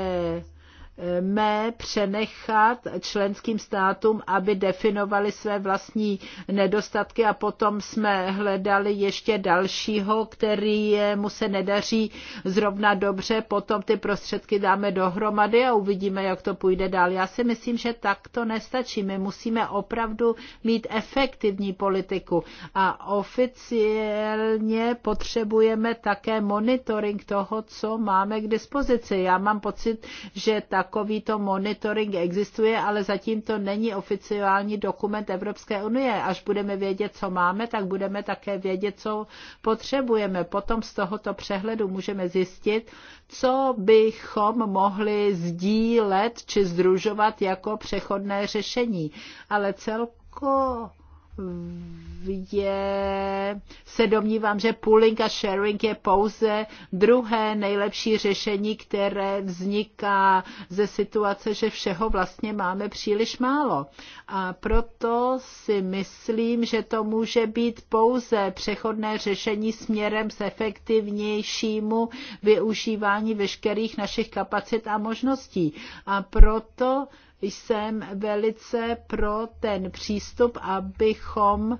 S2: mé přenechat členským státům, aby definovali své vlastní nedostatky a potom jsme hledali ještě dalšího, který mu se nedaří zrovna dobře, potom ty prostředky dáme dohromady a uvidíme, jak to půjde dál. Já si myslím, že tak to nestačí. My musíme opravdu mít efektivní politiku a oficiálně potřebujeme také monitoring toho, co máme k dispozici. Já mám pocit, že ta takovýto monitoring existuje, ale zatím to není oficiální dokument Evropské unie. Až budeme vědět, co máme, tak budeme také vědět, co potřebujeme. Potom z tohoto přehledu můžeme zjistit, co bychom mohli sdílet či združovat jako přechodné řešení. Ale celko je, se domnívám, že pooling a sharing je pouze druhé nejlepší řešení, které vzniká ze situace, že všeho vlastně máme příliš málo. A proto si myslím, že to může být pouze přechodné řešení směrem s efektivnějšímu využívání veškerých našich kapacit a možností. A proto jsem velice pro ten přístup, abychom e,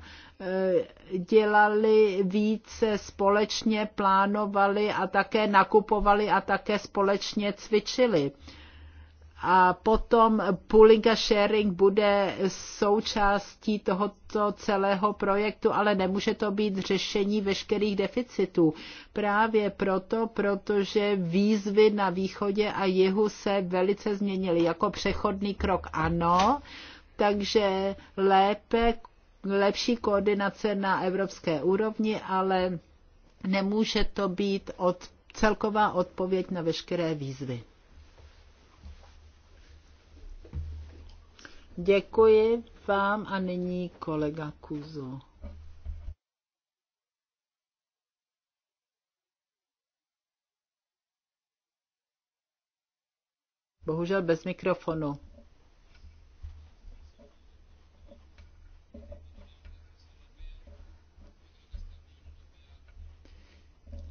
S2: dělali více společně, plánovali a také nakupovali a také společně cvičili a potom pooling a sharing bude součástí tohoto celého projektu, ale nemůže to být řešení veškerých deficitů. Právě proto, protože výzvy na východě a jihu se velice změnily. Jako přechodný krok ano, takže lépe, lepší koordinace na evropské úrovni, ale nemůže to být od, celková odpověď na veškeré výzvy. Děkuji vám a nyní kolega Kuzo. Bohužel bez mikrofonu.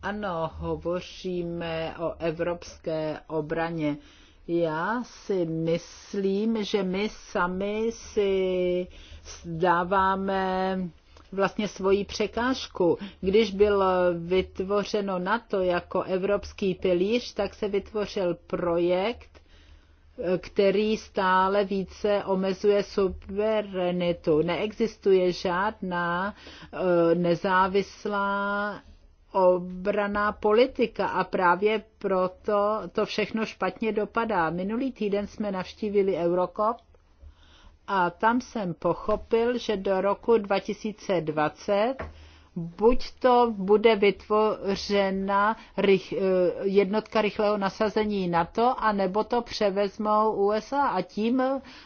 S2: Ano, hovoříme o evropské obraně. Já si myslím, že my sami si dáváme vlastně svoji překážku. Když bylo vytvořeno NATO jako evropský pilíř, tak se vytvořil projekt, který stále více omezuje suverenitu. Neexistuje žádná e, nezávislá obraná politika a právě proto to všechno špatně dopadá. Minulý týden jsme navštívili Eurocop a tam jsem pochopil, že do roku 2020 buď to bude vytvořena rych, eh, jednotka rychlého nasazení NATO, anebo to převezmou USA a tím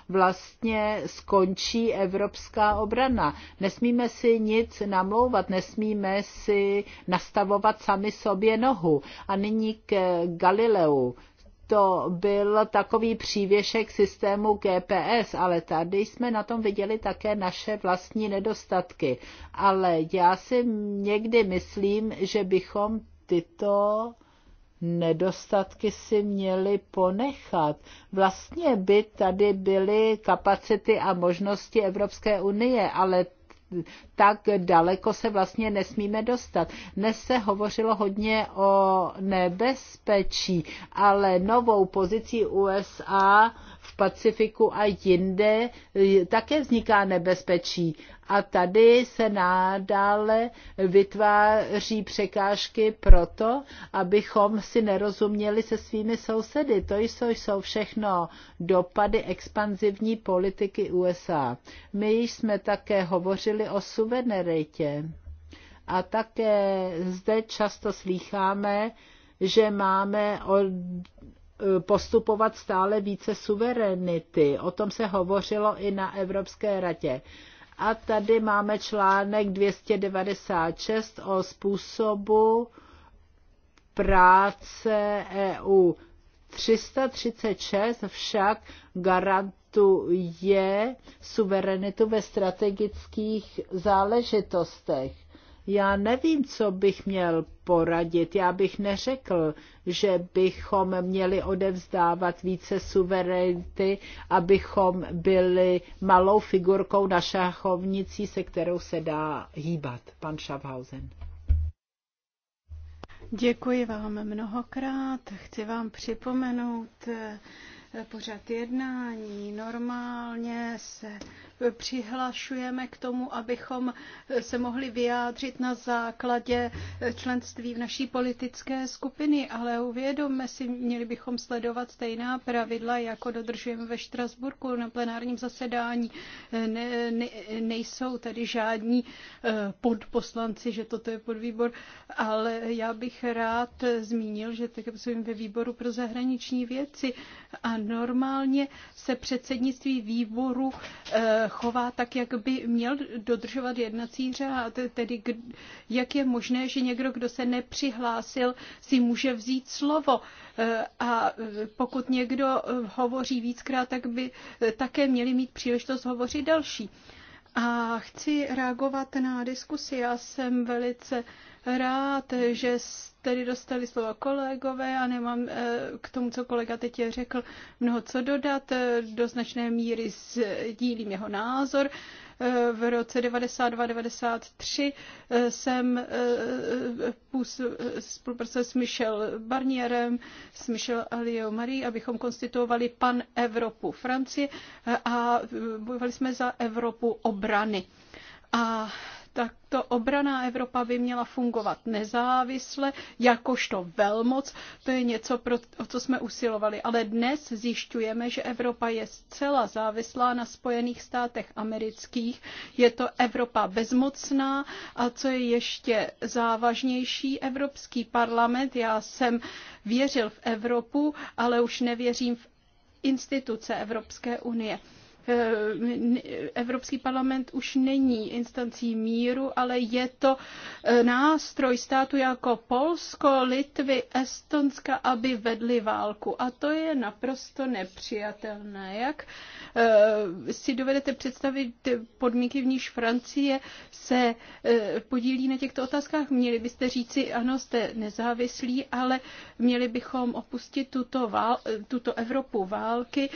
S2: vlastně skončí evropská obrana. Nesmíme si nic namlouvat, nesmíme si nastavovat sami sobě nohu. A nyní k Galileu to byl takový přívěšek systému GPS, ale tady jsme na tom viděli také naše vlastní nedostatky. Ale já si někdy myslím, že bychom tyto nedostatky si měli ponechat. Vlastně by tady byly kapacity a možnosti Evropské unie, ale tak daleko se vlastně nesmíme dostat. Dnes se hovořilo hodně o nebezpečí, ale novou pozici USA Pacifiku a jinde eh, také vzniká nebezpečí. A tady se nadále vytváří překážky proto, abychom si nerozuměli se svými sousedy. To jsou, jsou všechno dopady expanzivní politiky USA. My jsme také hovořili o suverenitě. A také zde často slýcháme, že máme od Eh, postupovat stále více suverenity. O tom se hovořilo i na Evropské radě. A tady máme článek 296 o způsobu práce EU. 336 však garantuje suverenitu ve strategických záležitostech. Já nevím, co bych měl poradit. Já bych neřekl, že bychom měli odevzdávat více suverenity, abychom byli malou figurkou na šachovnici, se kterou se dá hýbat. Pan Schaffhausen.
S3: Děkuji vám mnohokrát. Chci vám připomenout eh, pořad jednání. Normálně se přihlašujeme k tomu, abychom se mohli vyjádřit na základě členství v naší politické skupiny, ale uvědomme si, měli bychom sledovat stejná pravidla, jako dodržujeme ve Štrasburku na plenárním zasedání. Ne, ne, nejsou tady žádní eh, podposlanci, že toto je podvýbor, ale já bych rád zmínil, že tak jsem ve výboru pro zahraniční věci a normálně se předsednictví výboru eh, chová tak, jak by měl dodržovat jednací řád. Tedy jak je možné, že někdo, kdo se nepřihlásil, si může vzít slovo. Eh, a pokud někdo eh, hovoří víckrát, tak by eh, také měli mít příležitost hovořit další. A chci reagovat na diskusi. Já jsem velice rád, že tedy dostali slovo kolegové a nemám eh, k tomu, co kolega teď je řekl, mnoho co dodat. Eh, do značné míry sdílím jeho názor. Eh, v roce 92-93 jsem spolupracoval s Michel Barnierem, s Michel Alio Marie, abychom konstituovali pan Evropu Francie a bojovali jsme za Evropu obrany. A tak to obraná Evropa by měla fungovat nezávisle, jakožto velmoc. To je něco, pro, o co jsme usilovali. Ale dnes zjišťujeme, že Evropa je zcela závislá na Spojených státech amerických. Je to Evropa bezmocná a co je ještě závažnější, Evropský parlament. Já jsem věřil v Evropu, ale už nevěřím v instituce Evropské unie. Eh, Evropský parlament už není instancí míru, ale je to eh, nástroj státu jako Polsko, Litvy, Estonska, aby vedli válku. A to je naprosto nepřijatelné. Jak eh, si dovedete představit podmínky, v níž Francie se podílí na těchto otázkách? Měli byste říci, ano, jste nezávislí, ale měli bychom opustit tuto, vál, tuto Evropu války,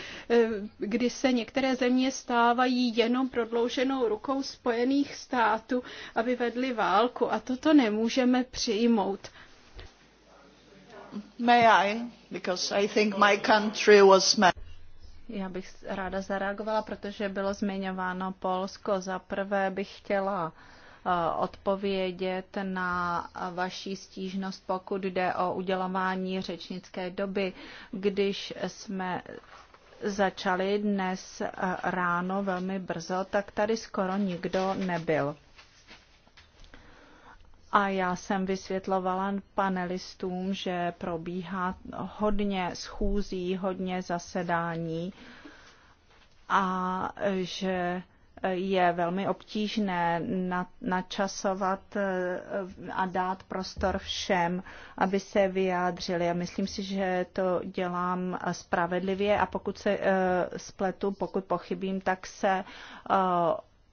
S3: kdy se některé země stávají jenom prodlouženou rukou Spojených států, aby vedli válku. A toto nemůžeme přijmout.
S1: May I? Because I think my country was mad. Já bych ráda zareagovala, protože bylo zmiňováno Polsko. Za prvé bych chtěla eh, odpovědět na vaší stížnost, pokud jde o udělování řečnické doby, když jsme začali dnes eh, ráno velmi brzo, tak tady skoro nikdo nebyl. A já jsem vysvětlovala panelistům, že probíhá hodně schůzí, hodně zasedání a že je velmi obtížné načasovat eh, a dát prostor všem, aby se vyjádřili. A myslím si, že to dělám spravedlivě a pokud se eh, spletu, pokud pochybím, tak se eh,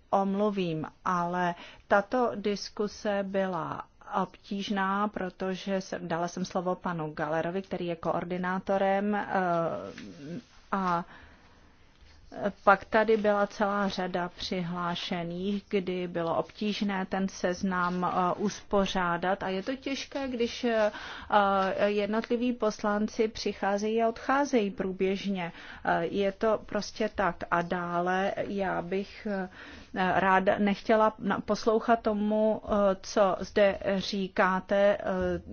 S1: omluvím. Ale tato diskuse byla obtížná, protože jsem, dala jsem slovo panu Galerovi, který je koordinátorem a pak tady byla celá řada přihlášených, kdy bylo obtížné ten seznam uh, uspořádat a je to těžké, když uh, jednotliví poslanci přicházejí a odcházejí průběžně. Uh, je to prostě tak. A dále já bych ráda nechtěla poslouchat tomu, eh, co zde říkáte eh,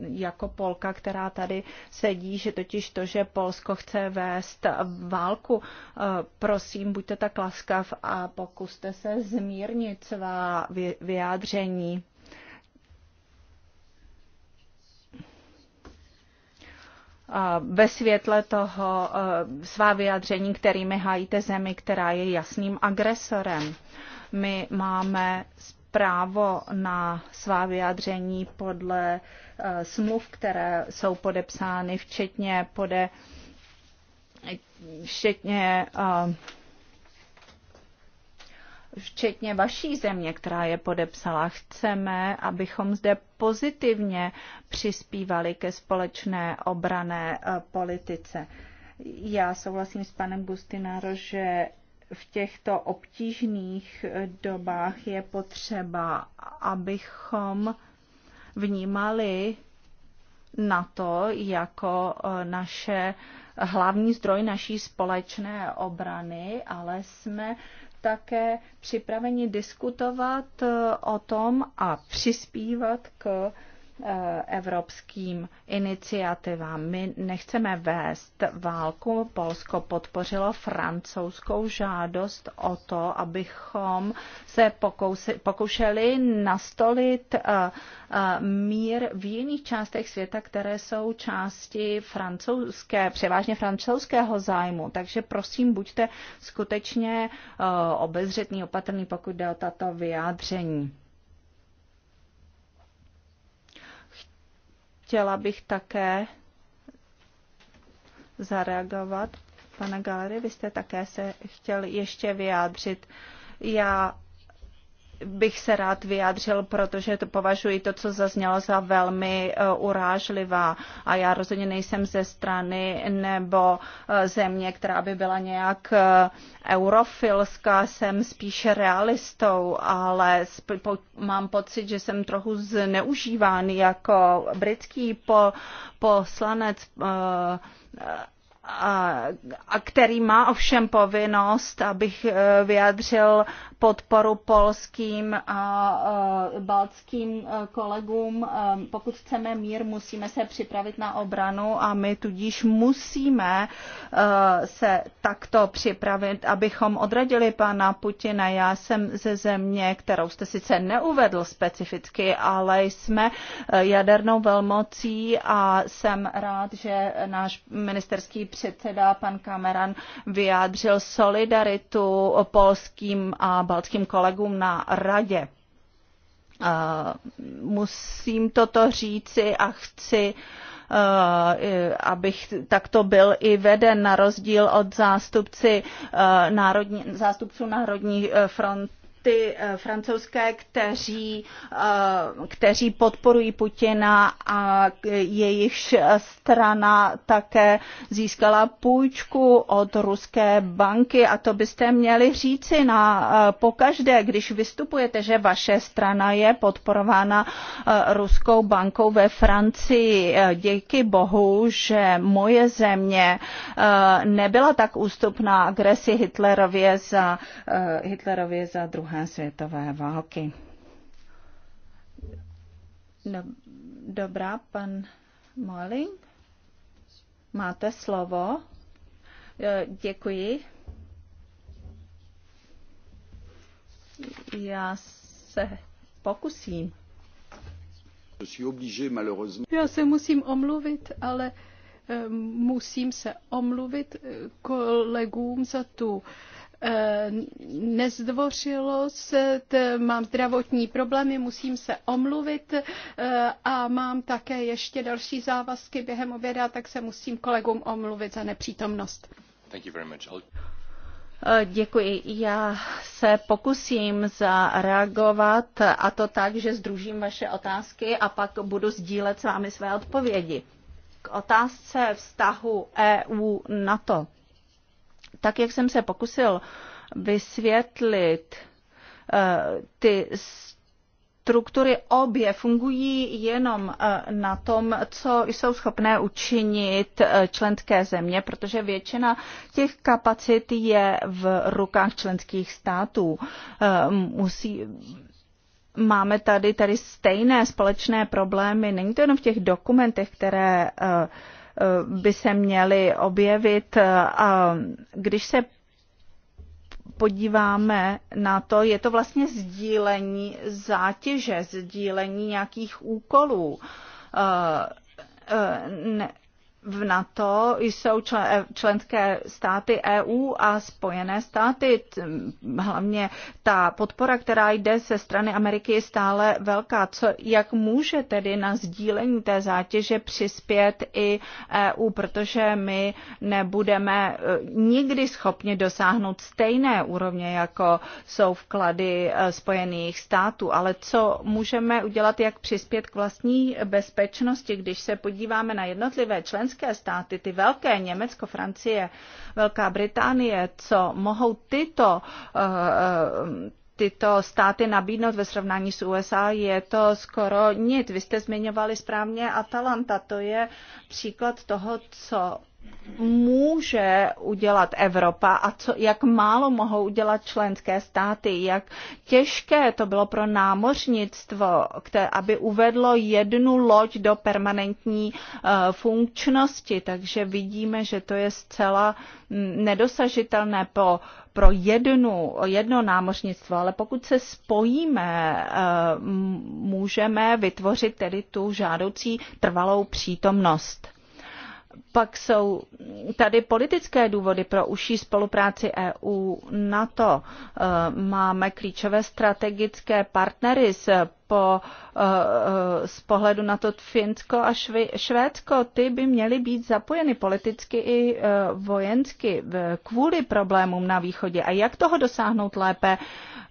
S1: jako Polka, která tady sedí, že totiž to, že Polsko chce vést válku. Eh, prosím, buďte tak laskav a pokuste se zmírnit svá vyjádření. ve světle toho svá vyjádření, kterými hájíte zemi, která je jasným agresorem. My máme právo na svá vyjádření podle eh, smluv, které jsou podepsány, včetně pode, včetně eh, včetně vaší země, která je podepsala. Chceme, abychom zde pozitivně přispívali ke společné obrané eh, politice. Já souhlasím s panem Bustinaro, že v těchto obtížných eh, dobách je potřeba, abychom vnímali na to jako eh, naše hlavní zdroj naší společné obrany, ale jsme také připraveni diskutovat eh, o tom a přispívat k Eh, evropským iniciativám. My nechceme vést válku. Polsko podpořilo francouzskou žádost o to, abychom se pokousi, pokoušeli nastolit eh, eh, mír v jiných částech světa, které jsou části francouzské, převážně francouzského zájmu. Takže prosím, buďte skutečně obezřetný, opatrný, pokud jde o tato vyjádření. Chtěla bych také zareagovat. Pane Galery, vy jste také se chtěl ještě vyjádřit. Já bych se rád vyjádřil, protože to považuji to, co zaznělo za velmi eh, urážlivá a já rozhodně nejsem ze strany nebo eh, země, která by byla nějak eh, eurofilská, jsem spíše realistou, ale mám pocit, že jsem trochu zneužíván jako britský po- poslanec a který má ovšem povinnost, abych eh, vyjádřil podporu polským a baltským eh, kolegům. Eh, pokud chceme mír, musíme se připravit na obranu a my tudíž musíme se takto připravit, abychom odradili pana Putina. Já jsem ze země, kterou jste sice neuvedl specificky, ale jsme jadernou velmocí a jsem rád, že náš ministerský předseda pan Kameran vyjádřil solidaritu polským a baltským kolegům na radě. Musím toto říci a chci abych takto byl i veden na rozdíl od zástupci národní, zástupců Národní front ty eh, francouzské, kteří, eh, kteří podporují Putina a jejich strana také získala půjčku od ruské banky a to byste měli říci na eh, pokaždé, když vystupujete, že vaše strana je podporována ruskou bankou ve Francii. Díky bohu, že moje země nebyla tak ústupná agresi Hitlerově za, Hitlerově za druhé druhé světové války. Dobrá, pan Molling, máte slovo. E, děkuji.
S3: Já se pokusím. Já se musím omluvit, ale e, musím se omluvit e, kolegům za tu Eh, nezdvořilost, mám zdravotní problémy, musím se omluvit eh, a mám také ještě další závazky během oběda, tak se musím kolegům omluvit za nepřítomnost. Eh, děkuji. Já se pokusím
S1: zareagovat a to tak, že združím vaše otázky a pak budu sdílet s vámi své odpovědi. K otázce vztahu EU-NATO tak jak jsem se pokusil vysvětlit, eh, ty struktury obě fungují jenom eh, na tom, co jsou schopné učinit eh, členské země, protože většina těch kapacit je v rukách členských států. Musí, máme tady, tady stejné společné problémy. Není to jenom v těch dokumentech, které uh, by se měly objevit. A když se podíváme na to, je to vlastně sdílení zátěže, sdílení nějakých úkolů. Eh, eh, ne, v NATO jsou členské státy EU a Spojené státy. Hlavně ta podpora, která jde ze strany Ameriky, je stále velká. Co, jak může tedy na sdílení té zátěže přispět i EU, protože my nebudeme eh, nikdy schopni dosáhnout stejné úrovně, jako jsou vklady eh, Spojených států. Ale co můžeme udělat, jak přispět k vlastní bezpečnosti, když se podíváme na jednotlivé členské členské státy, ty velké, Německo, Francie, Velká Británie, co mohou tyto eh, eh, tyto státy nabídnout ve srovnání s USA, je to skoro nic. Vy jste zmiňovali správně Atalanta, to je příklad toho, co může udělat Evropa a co, jak málo mohou udělat členské státy, jak těžké to bylo pro námořnictvo, které, aby uvedlo jednu loď do permanentní uh, funkčnosti. Takže vidíme, že to je zcela nedosažitelné po, pro jednu, jedno námořnictvo, ale pokud se spojíme, uh, můžeme vytvořit tedy tu žádoucí trvalou přítomnost pak jsou tady politické důvody pro užší spolupráci EU NATO. Eh, máme klíčové strategické partnery z, po, eh, z pohledu na to Finsko a Švédsko. Ty by měly být zapojeny politicky i eh, vojensky kvůli problémům na východě. A jak toho dosáhnout lépe?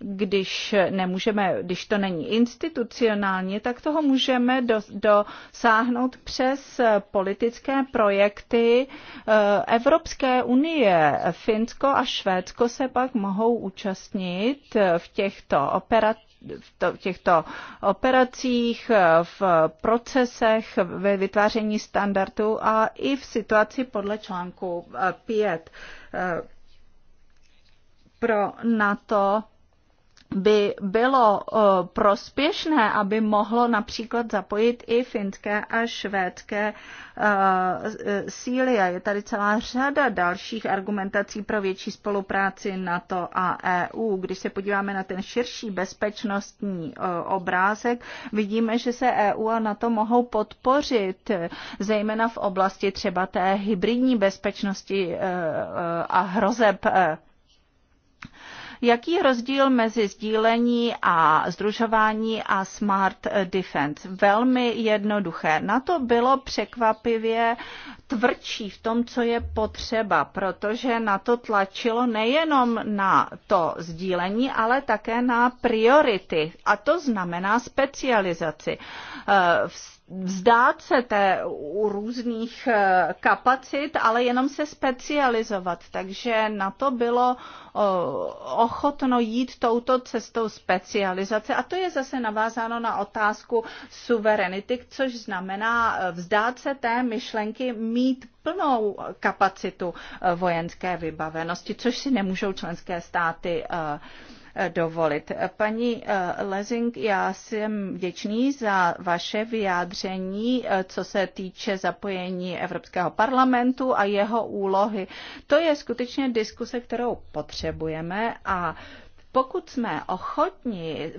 S1: když nemůžeme, když to není institucionálně, tak toho můžeme dosáhnout přes politické projekty projekty eh, Evropské unie. Finsko a Švédsko se pak mohou účastnit eh, v těchto operacích v těchto operacích, v procesech, ve vytváření standardů a i v situaci podle článku 5 eh, pro NATO by bylo eh, prospěšné, aby mohlo například zapojit i finské a švédské eh, síly. A je tady celá řada dalších argumentací pro větší spolupráci NATO a EU. Když se podíváme na ten širší bezpečnostní eh, obrázek, vidíme, že se EU a NATO mohou podpořit, zejména v oblasti třeba té hybridní bezpečnosti a hrozeb Jaký je rozdíl mezi sdílení a združování a smart defense? Velmi jednoduché. Na to bylo překvapivě tvrdší v tom, co je potřeba, protože na to tlačilo nejenom na to sdílení, ale také na priority. A to znamená specializaci. Eh, v vzdát se té u různých eh, kapacit, ale jenom se specializovat. Takže na to bylo eh, ochotno jít touto cestou specializace. A to je zase navázáno na otázku suverenity, což znamená eh, vzdát se té myšlenky mít plnou kapacitu vojenské vybavenosti, což si nemůžou členské státy uh, dovolit. Paní eh, Lezing, já jsem vděčný za vaše vyjádření, eh, co se týče zapojení Evropského parlamentu a jeho úlohy. To je skutečně diskuse, kterou potřebujeme a pokud jsme ochotni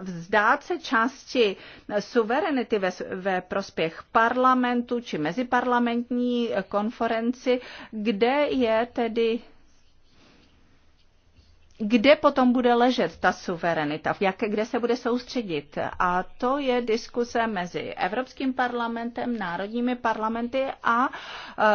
S1: vzdát se části suverenity ve, ve prospěch parlamentu či meziparlamentní konferenci, kde je tedy kde potom bude ležet ta suverenita, v jak, kde se bude soustředit. A to je diskuse mezi Evropským parlamentem, národními parlamenty a uh, eh,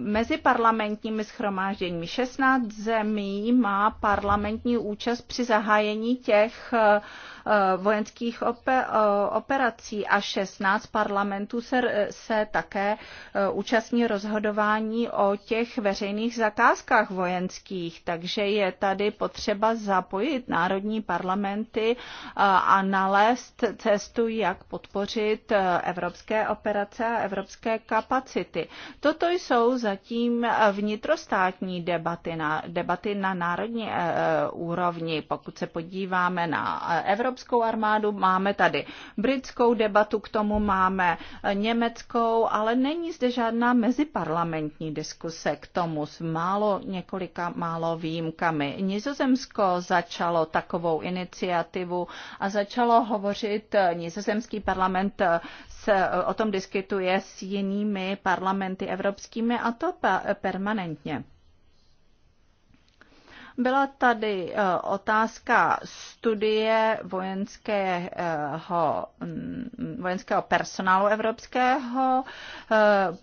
S1: mezi parlamentními schromážděními. 16 zemí má parlamentní účast při zahájení těch uh, Eh, vojenských eh, operací a 16 parlamentů se, se také eh, účastní rozhodování o těch veřejných zakázkách vojenských, takže je tady potřeba zapojit národní parlamenty a nalézt cestu, jak podpořit evropské operace a evropské kapacity. Toto jsou zatím vnitrostátní debaty na, debaty na národní úrovni. Pokud se podíváme na Evropu evropskou armádu, máme tady britskou debatu, k tomu máme německou, ale není zde žádná meziparlamentní diskuse k tomu s málo, několika málo výjimkami. Nizozemsko začalo takovou iniciativu a začalo hovořit nizozemský parlament se o tom diskutuje s jinými parlamenty evropskými a to permanentně. Byla tady eh, otázka studie vojenského, mm, vojenského personálu evropského eh,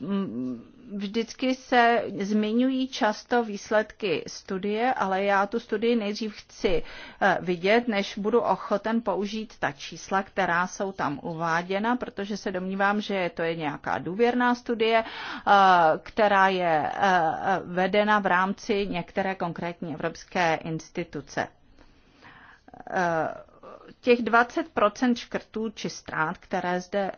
S1: vždycky se zmiňují často výsledky studie, ale já tu studii nejdřív chci eh, vidět, než budu ochoten použít ta čísla, která jsou tam uváděna, protože se domnívám, že to je nějaká důvěrná studie, eh, která je eh, vedena v rámci některé konkrétní evropské instituce těch 20 škrtů či ztrát, které zde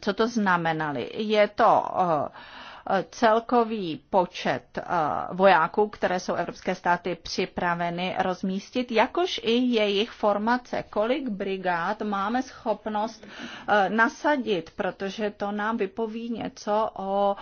S1: co to znamenali. Je to eh, celkový počet eh, vojáků, které jsou evropské státy připraveny rozmístit, jakož i jejich formace, kolik brigád máme schopnost eh, nasadit, protože to nám vypoví něco o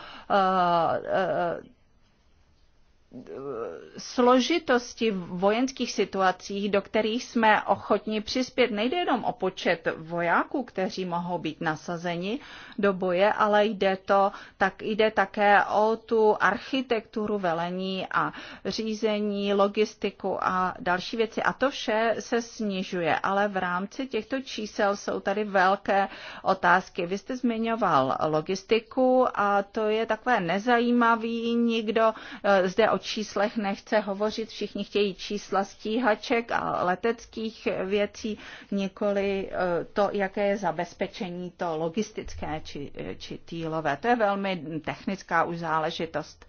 S1: složitosti v vojenských situacích, do kterých jsme ochotni přispět. Nejde jenom o počet vojáků, kteří mohou být nasazeni do boje, ale jde, to, tak jde také o tu architekturu velení a řízení, logistiku a další věci. A to vše se snižuje, ale v rámci těchto čísel jsou tady velké otázky. Vy jste zmiňoval logistiku a to je takové nezajímavý, nikdo eh, zde o číslech nechce hovořit, všichni chtějí čísla stíhaček a leteckých věcí, nikoli e, to, jaké je zabezpečení to logistické či, e, či týlové. To je velmi technická už záležitost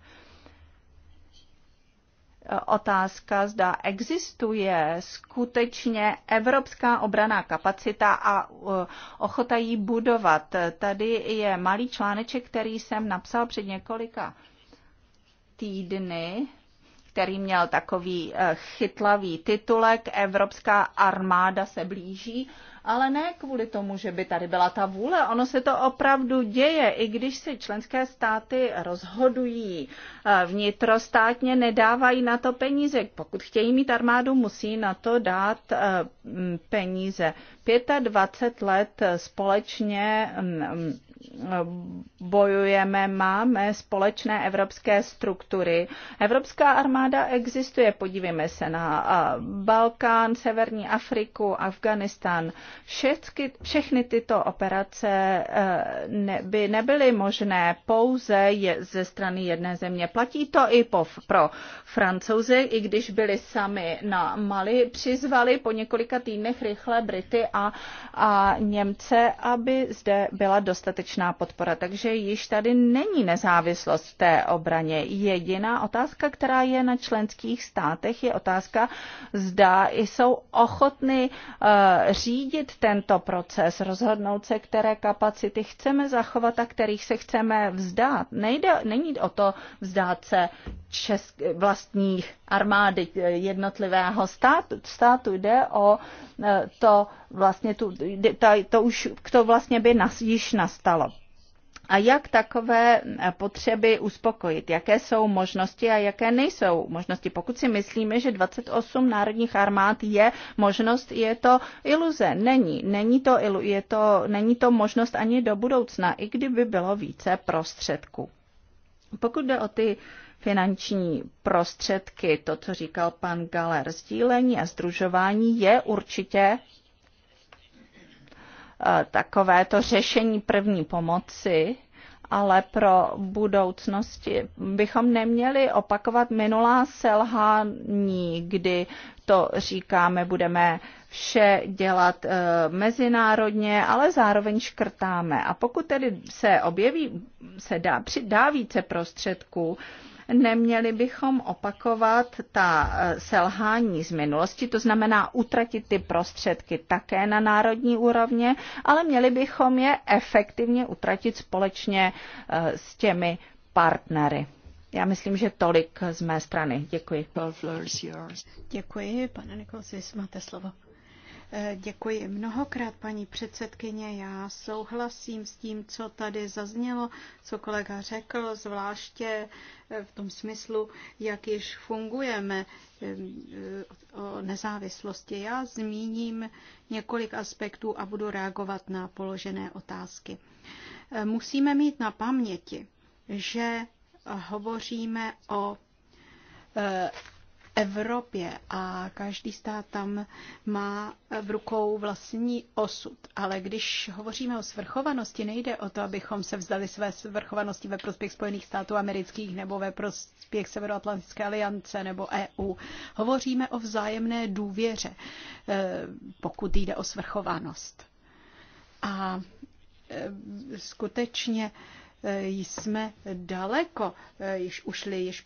S1: e, otázka, zda existuje skutečně evropská obraná kapacita a ochota ji budovat. Tady je malý článeček, který jsem napsal před několika týdny, který měl takový eh, chytlavý titulek Evropská armáda se blíží, ale ne kvůli tomu, že by tady byla ta vůle. Ono se to opravdu děje, i když si členské státy rozhodují eh, vnitrostátně, nedávají na to peníze. Pokud chtějí mít armádu, musí na to dát eh, peníze. 25 let společně mm, mm, bojujeme, máme společné evropské struktury. Evropská armáda existuje, podívejme se na Balkán, Severní Afriku, Afganistán. Všechny, všechny tyto operace e, ne, by nebyly možné pouze je, ze strany jedné země. Platí to i po, pro francouze, i když byli sami na Mali, přizvali po několika týdnech rychle Brity a, a Němce, aby zde byla dostatečná skutečná podpora, takže již tady není nezávislost v té obraně. Jediná otázka, která je na členských státech, je otázka, zda jsou ochotny eh, řídit tento proces, rozhodnout se, které kapacity chceme zachovat a kterých se chceme vzdát. Nejde, není o to vzdát se česk, vlastní armády jednotlivého státu. státu jde o e, to vlastně tu, to, to už to vlastně by nas, již nastalo. A jak takové e, potřeby uspokojit? Jaké jsou možnosti a jaké nejsou možnosti? Pokud si myslíme, že 28 národních armád je možnost, je to iluze. Není. Není to, ilu, je to, není to možnost ani do budoucna, i kdyby bylo více prostředků. Pokud jde o ty uh, finanční prostředky, to, co říkal pan Galer, sdílení a združování je určitě eh, takové to řešení první pomoci, ale pro budoucnosti bychom neměli opakovat minulá selhání, kdy to říkáme, budeme vše dělat eh, mezinárodně, ale zároveň škrtáme. A pokud tedy se objeví, se dá, přidá více prostředků, Neměli bychom opakovat ta e, selhání z minulosti, to znamená utratit ty prostředky také na národní úrovně, ale měli bychom je efektivně utratit společně e, s těmi partnery. Já myslím, že tolik z mé strany. Děkuji.
S3: Děkuji, pane Nikolsi, máte slovo. Eh, děkuji mnohokrát, paní předsedkyně. Já souhlasím s tím, co tady zaznělo, co kolega řekl, zvláště eh, v tom smyslu, jak již fungujeme eh, o nezávislosti. Já zmíním několik aspektů a budu reagovat na položené otázky. Musíme mít na paměti, že hovoříme o Evropě a každý stát tam má v rukou vlastní osud. Ale když hovoříme o svrchovanosti, nejde o to, abychom se vzdali své svrchovanosti ve prospěch Spojených států amerických nebo ve prospěch Severoatlantické aliance nebo EU. Hovoříme o vzájemné důvěře, eh, pokud jde o svrchovanost. A eh, skutečně eh, jsme daleko, již ušli již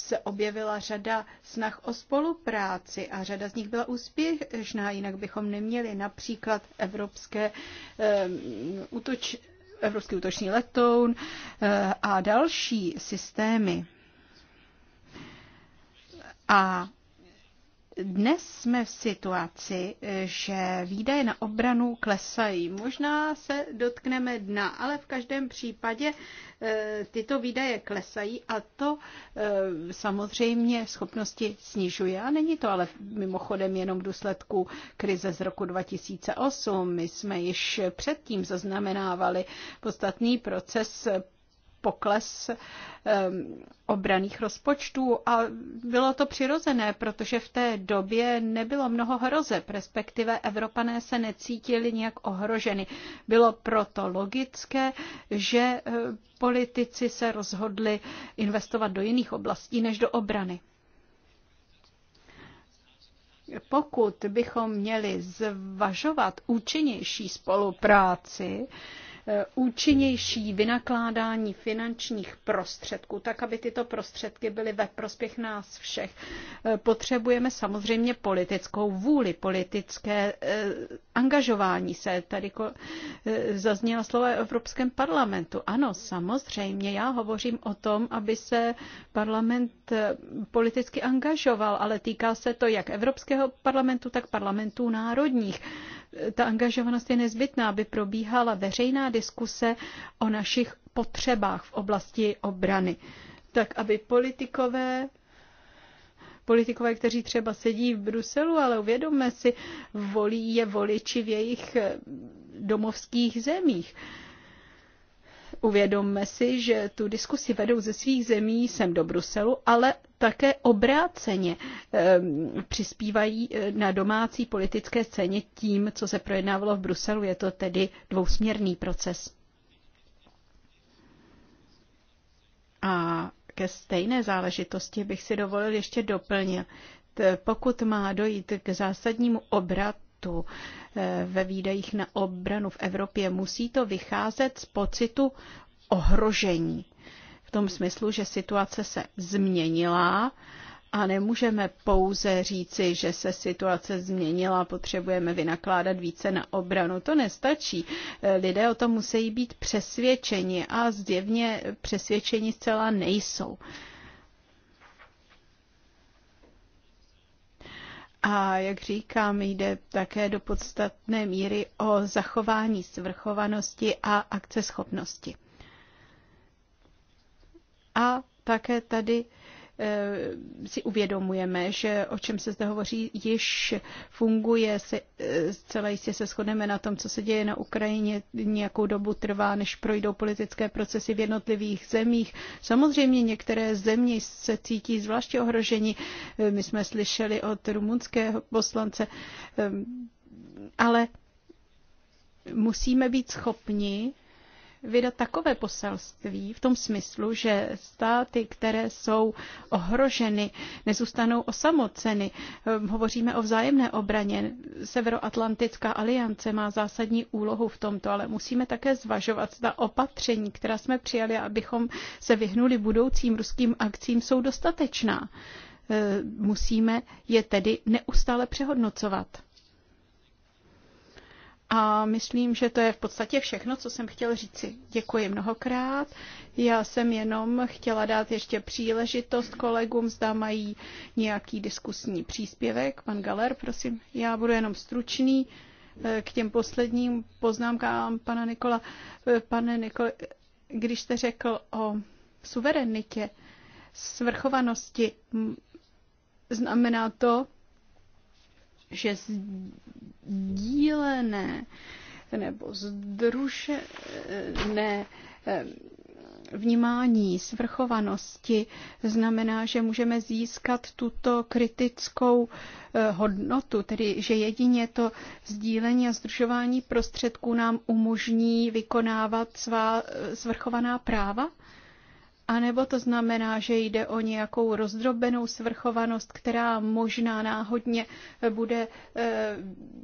S3: se objevila řada snah o spolupráci a řada z nich byla úspěšná, jinak bychom neměli například evropské eh, útoč, evropský útoční letoun eh, a další systémy. A dnes jsme v situaci, že výdaje na obranu klesají. Možná se dotkneme dna, ale v každém případě eh, tyto výdaje klesají a to eh, samozřejmě schopnosti snižuje. A není to ale mimochodem jenom v důsledku krize z roku 2008. My jsme již předtím zaznamenávali podstatný proces pokles ehm, obraných rozpočtů a bylo to přirozené, protože v té době nebylo mnoho hroze, respektive Evropané se necítili nějak ohroženy. Bylo proto logické, že eh, politici se rozhodli investovat do jiných oblastí než do obrany. Pokud bychom měli zvažovat účinnější spolupráci, Eh, účinnější vynakládání finančních prostředků, tak aby tyto prostředky byly ve prospěch nás všech. Eh, potřebujeme samozřejmě politickou vůli, politické eh, angažování se. Tady zazněla slova o Evropském parlamentu. Ano, samozřejmě, já hovořím o tom, aby se parlament politicky angažoval, ale týká se to jak Evropského parlamentu, tak parlamentů národních ta angažovanost je nezbytná, aby probíhala veřejná diskuse o našich potřebách v oblasti obrany. Tak, aby politikové politikové, kteří třeba sedí v Bruselu, ale uvědomme si, volí je voliči v jejich eh, domovských zemích. Uvědomme si, že tu diskusi vedou ze svých zemí sem do Bruselu, ale také obráceně ehm, přispívají eh, na domácí politické scéně tím, co se projednávalo v Bruselu. Je to tedy dvousměrný proces. A ke stejné záležitosti bych si dovolil ještě doplnit. Pokud má dojít k zásadnímu obrat limitu eh, ve výdajích na obranu v Evropě. Musí to vycházet z pocitu ohrožení. V tom smyslu, že situace se změnila a nemůžeme pouze říci, že se situace změnila, potřebujeme vynakládat více na obranu. To nestačí. Eh, lidé o tom musí být přesvědčeni a zjevně přesvědčeni zcela nejsou. A jak říkám, jde také do podstatné míry o zachování svrchovanosti a akceschopnosti. A také tady Eh, si uvědomujeme, že o čem se zde hovoří, již funguje, se, eh, celé jistě se shodneme na tom, co se děje na Ukrajině, nějakou dobu trvá, než projdou politické procesy v jednotlivých zemích. Samozřejmě některé země se cítí zvláště ohroženi. Eh, my jsme slyšeli od rumunského poslance, ale musíme být schopni vydat takové poselství v tom smyslu, že státy, které jsou ohroženy, nezůstanou osamoceny. Ehm, hovoříme o vzájemné obraně. Severoatlantická aliance má zásadní úlohu v tomto, ale musíme také zvažovat, zda opatření, která jsme přijali, abychom se vyhnuli budoucím ruským akcím, jsou dostatečná. Ehm, musíme je tedy neustále přehodnocovat. A myslím, že to je v podstatě všechno, co jsem chtěl říci. Děkuji mnohokrát. Já jsem jenom chtěla dát ještě příležitost kolegům, zda mají nějaký diskusní příspěvek. Pan Galer, prosím. Já budu jenom stručný eh, k těm posledním poznámkám pana Nikola. Eh, pane Nikol, když jste řekl o suverenitě, svrchovanosti, znamená to, že sdílené nebo združené eh, vnímání svrchovanosti znamená, že můžeme získat tuto kritickou eh, hodnotu, tedy že jedině to sdílení a združování prostředků nám umožní vykonávat svá eh, svrchovaná práva? A nebo to znamená, že jde o nějakou rozdrobenou svrchovanost, která možná náhodně bude eh,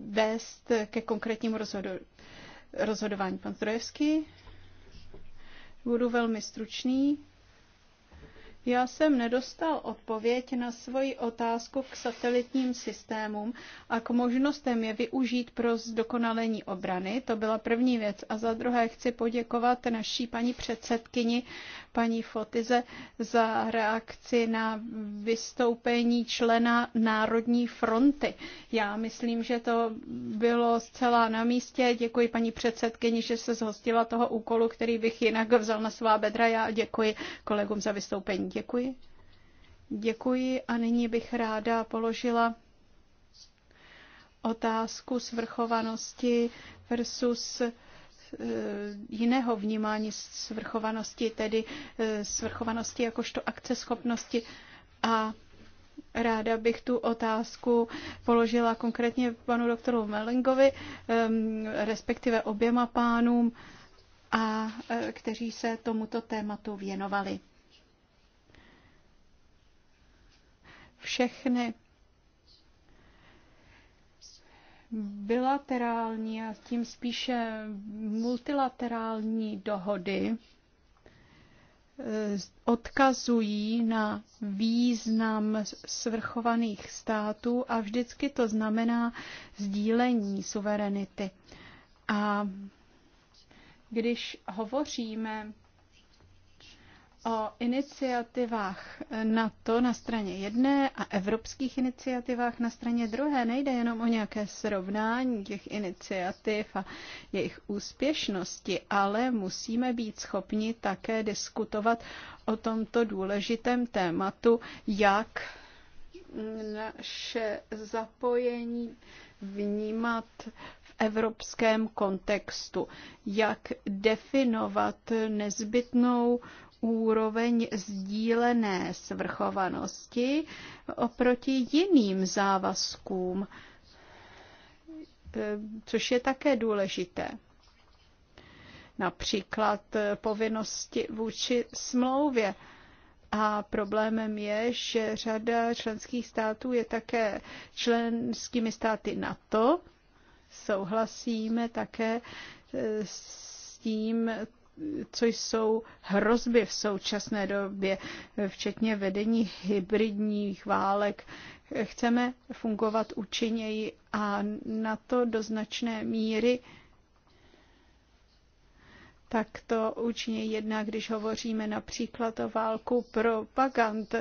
S3: vést ke konkrétnímu rozhodu- rozhodování. Pan Zdrojevský, budu velmi stručný. Já jsem nedostal odpověď na svoji otázku k satelitním systémům a k možnostem je využít pro zdokonalení obrany. To byla první věc. A za druhé chci poděkovat naší paní předsedkyni, paní Fotize, za reakci na vystoupení člena Národní fronty. Já myslím, že to bylo zcela na místě. Děkuji paní předsedkyni, že se zhostila toho úkolu, který bych jinak vzal na svá bedra. Já děkuji kolegům za vystoupení. Děkuji. Děkuji a nyní bych ráda položila otázku svrchovanosti versus e, jiného vnímání svrchovanosti, tedy e, svrchovanosti jakožto akceschopnosti. A ráda bych tu otázku položila konkrétně panu doktoru Melingovi, respektive oběma pánům, a e, kteří se tomuto tématu věnovali. všechny. Bilaterální a tím spíše multilaterální dohody eh, odkazují na význam svrchovaných států a vždycky to znamená sdílení suverenity. A když hovoříme o iniciativách NATO na straně jedné a evropských iniciativách na straně druhé. Nejde jenom o nějaké srovnání těch iniciativ a jejich úspěšnosti, ale musíme být schopni také diskutovat o tomto důležitém tématu, jak naše zapojení vnímat v evropském kontextu, jak definovat nezbytnou úroveň sdílené svrchovanosti oproti jiným závazkům, e, což je také důležité. Například povinnosti vůči smlouvě. A problémem je, že řada členských států je také členskými státy NATO. Souhlasíme také e, s tím, co jsou hrozby v současné době, včetně vedení hybridních válek. Chceme fungovat účinněji a na to do značné míry tak to učiní jedná, když hovoříme například o válku propagand.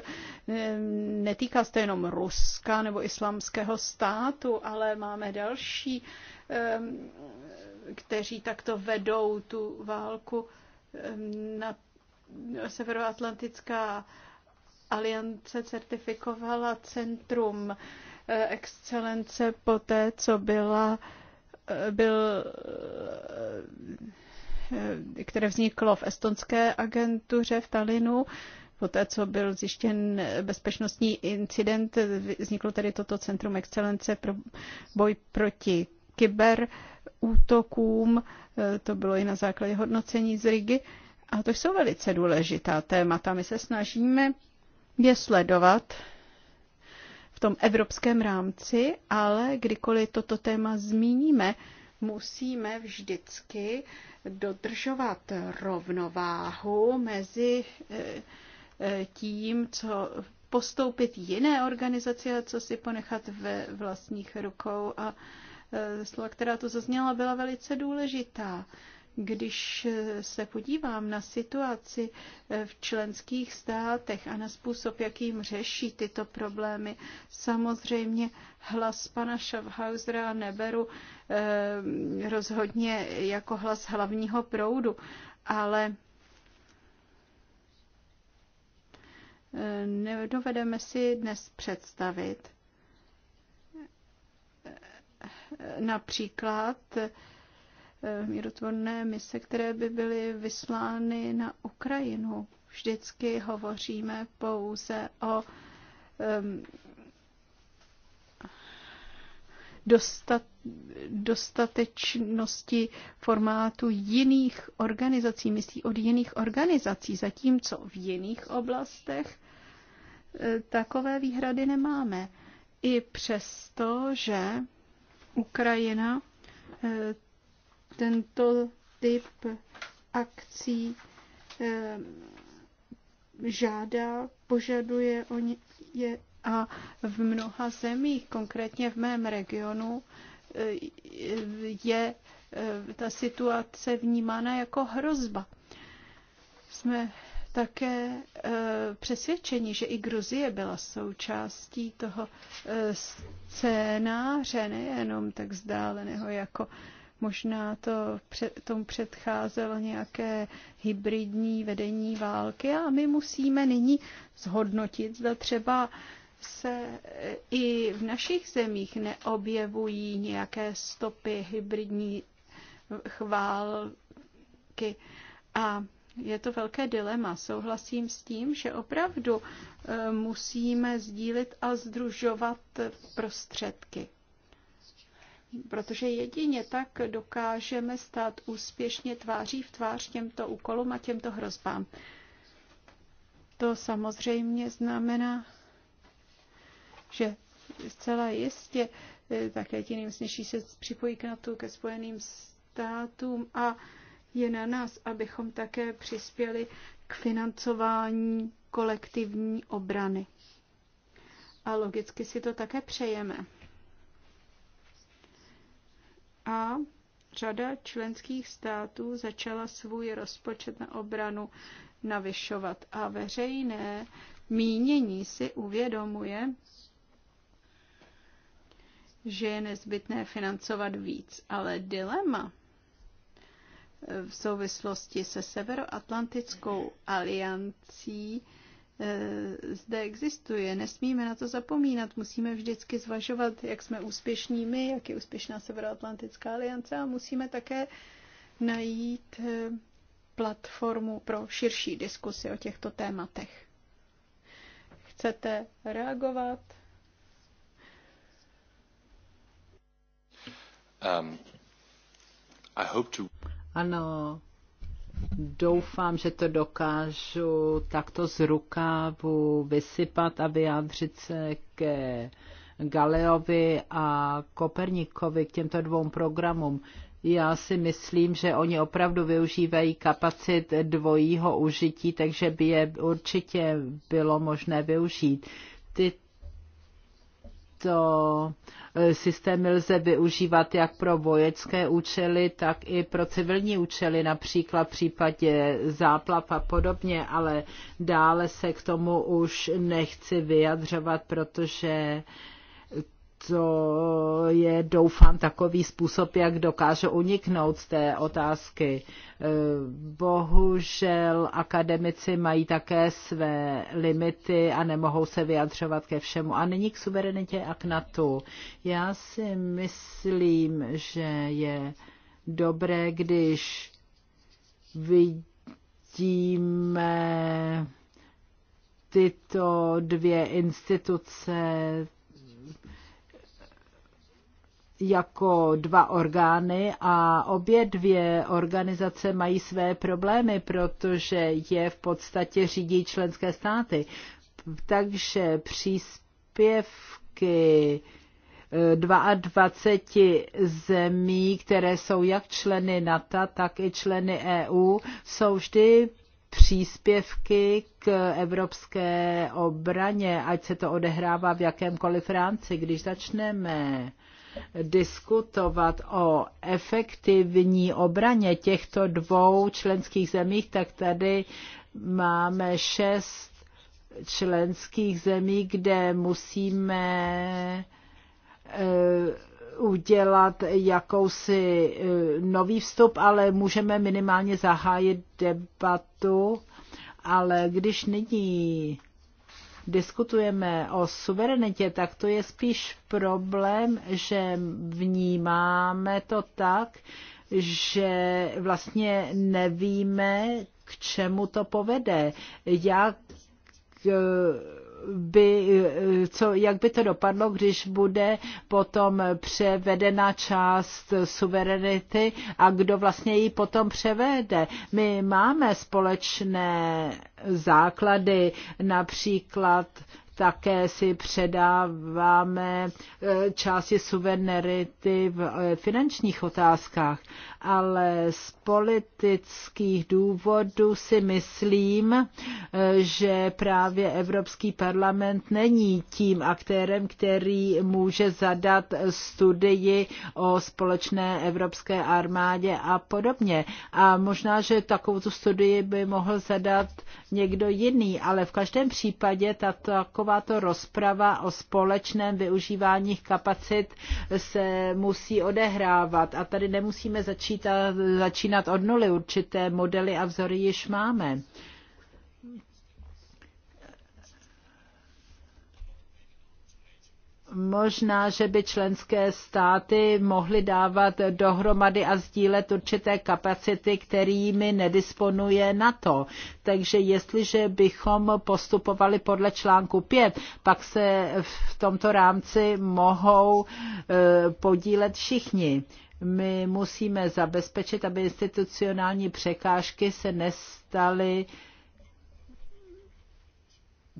S3: Netýká se jenom Ruska nebo islamského státu, ale máme další kteří takto vedou tu válku na Severoatlantická aliance certifikovala centrum eh, excelence po té, co byla, eh, byl, eh, které vzniklo v estonské agentuře v Talinu, té, co byl zjištěn bezpečnostní incident, vzniklo tedy toto Centrum excelence pro boj proti kyber útokům, eh, to bylo i na základě hodnocení z Rigy. A to jsou velice důležitá témata. My se snažíme je sledovat v tom evropském rámci, ale kdykoliv toto téma zmíníme, musíme vždycky dodržovat rovnováhu mezi eh, eh, tím, co postoupit jiné organizace a co si ponechat ve vlastních rukou a Eh, slova, která tu zazněla, byla velice důležitá. Když eh, se podívám na situaci eh, v členských státech a na způsob, jakým řeší tyto problémy, samozřejmě hlas pana Schaffhausera neberu rozhodně jako hlas hlavního proudu, ale nedovedeme si dnes představit, například eh, mírotvorné mise, které by byly vyslány na Ukrajinu. Vždycky hovoříme pouze o um, dostat, dostatečnosti formátu jiných organizací, myslí od jiných organizací, zatímco v jiných oblastech eh, takové výhrady nemáme. I přesto, že Ukrajina eh, tento typ akcí eh, žádá, požaduje o je a v mnoha zemích, konkrétně v mém regionu, eh, je ta situace vnímána jako hrozba. Jsme také e, přesvědčení, že i Gruzie byla součástí toho e, scénáře, nejenom tak zdáleného, jako Možná to před, tomu předcházelo nějaké hybridní vedení války a my musíme nyní zhodnotit, zda třeba se e, i v našich zemích neobjevují nějaké stopy hybridní války. A je to velké dilema. Souhlasím s tím, že opravdu e, musíme sdílit a združovat prostředky. Protože jedině tak dokážeme stát úspěšně tváří v tvář těmto úkolům a těmto hrozbám. To samozřejmě znamená, že zcela jistě e, také ti nejmocnější se připojí k NATO, ke Spojeným státům a je na nás, abychom také přispěli k financování kolektivní obrany. A logicky si to také přejeme. A řada členských států začala svůj rozpočet na obranu navyšovat. A veřejné mínění si uvědomuje, že je nezbytné financovat víc. Ale dilema v souvislosti se Severoatlantickou aliancí eh, zde existuje. Nesmíme na to zapomínat. Musíme vždycky zvažovat, jak jsme úspěšní my, jak je úspěšná Severoatlantická aliance a musíme také najít eh, platformu pro širší diskusy o těchto tématech. Chcete reagovat?
S2: Um, I hope to... Ano, doufám, že to dokážu takto z rukávu vysypat a vyjádřit se ke Galeovi a Koperníkovi k těmto dvou programům. Já si myslím, že oni opravdu využívají kapacit dvojího užití, takže by je určitě bylo možné využít. Ty tyto e, systémy lze využívat jak pro vojenské účely, tak i pro civilní účely, například v případě záplav a podobně, ale dále se k tomu už nechci vyjadřovat, protože to je, doufám, takový způsob, jak dokáže uniknout z té otázky. E, bohužel akademici mají také své limity a nemohou se vyjadřovat ke všemu. A nyní k suverenitě a k NATO. Já si myslím, že je dobré, když vidíme tyto dvě instituce jako dva orgány a obě dvě organizace mají své problémy, protože je v podstatě řídí členské státy. Takže příspěvky 22 eh, zemí, které jsou jak členy NATO, tak i členy EU, jsou vždy příspěvky k evropské obraně, ať se to odehrává v jakémkoliv rámci. Když začneme diskutovat o efektivní obraně těchto dvou členských zemích, tak tady máme šest členských zemí, kde musíme e, udělat jakousi e, nový vstup, ale můžeme minimálně zahájit debatu. Ale když nyní diskutujeme o suverenitě, tak to je spíš problém, že vnímáme to tak, že vlastně nevíme, k čemu to povede, jak eh, by, co, jak by to dopadlo, když bude potom převedena část suverenity a kdo vlastně ji potom převede. My máme společné základy, například také si předáváme e, části suverenity v e, finančních otázkách, ale z politických důvodů si myslím, e, že právě Evropský parlament není tím aktérem, který může zadat studii o společné evropské armádě a podobně. A možná, že takovou studii by mohl zadat někdo jiný, ale v každém případě tato taková takováto rozprava o společném využívání kapacit se musí odehrávat. A tady nemusíme začít, začínat od nuly. Určité modely a vzory již máme. Možná, že by členské státy mohly dávat dohromady a sdílet určité kapacity, kterými nedisponuje NATO. Takže jestliže bychom postupovali podle článku 5, pak se v tomto rámci mohou e, podílet všichni. My musíme zabezpečit, aby institucionální překážky se nestaly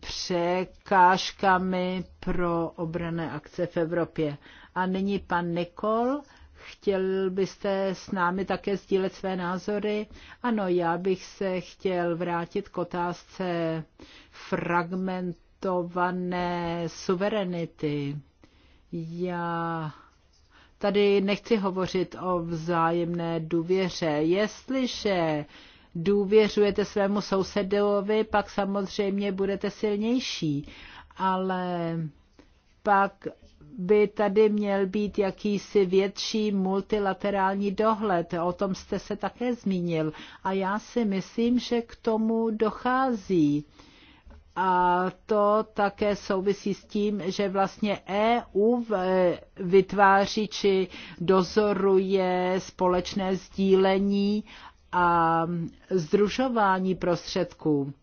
S2: překážkami pro obrané akce v Evropě. A nyní pan Nikol, chtěl byste s námi také sdílet své názory? Ano, já bych se chtěl vrátit k otázce fragmentované suverenity. Já tady nechci hovořit o vzájemné důvěře. Jestliže důvěřujete svému sousedovi, pak samozřejmě budete silnější. Ale pak by tady měl být jakýsi větší multilaterální dohled. O tom jste se také zmínil. A já si myslím, že k tomu dochází. A to také souvisí s tím, že vlastně EU e, vytváří či dozoruje společné sdílení a mm, združování prostředků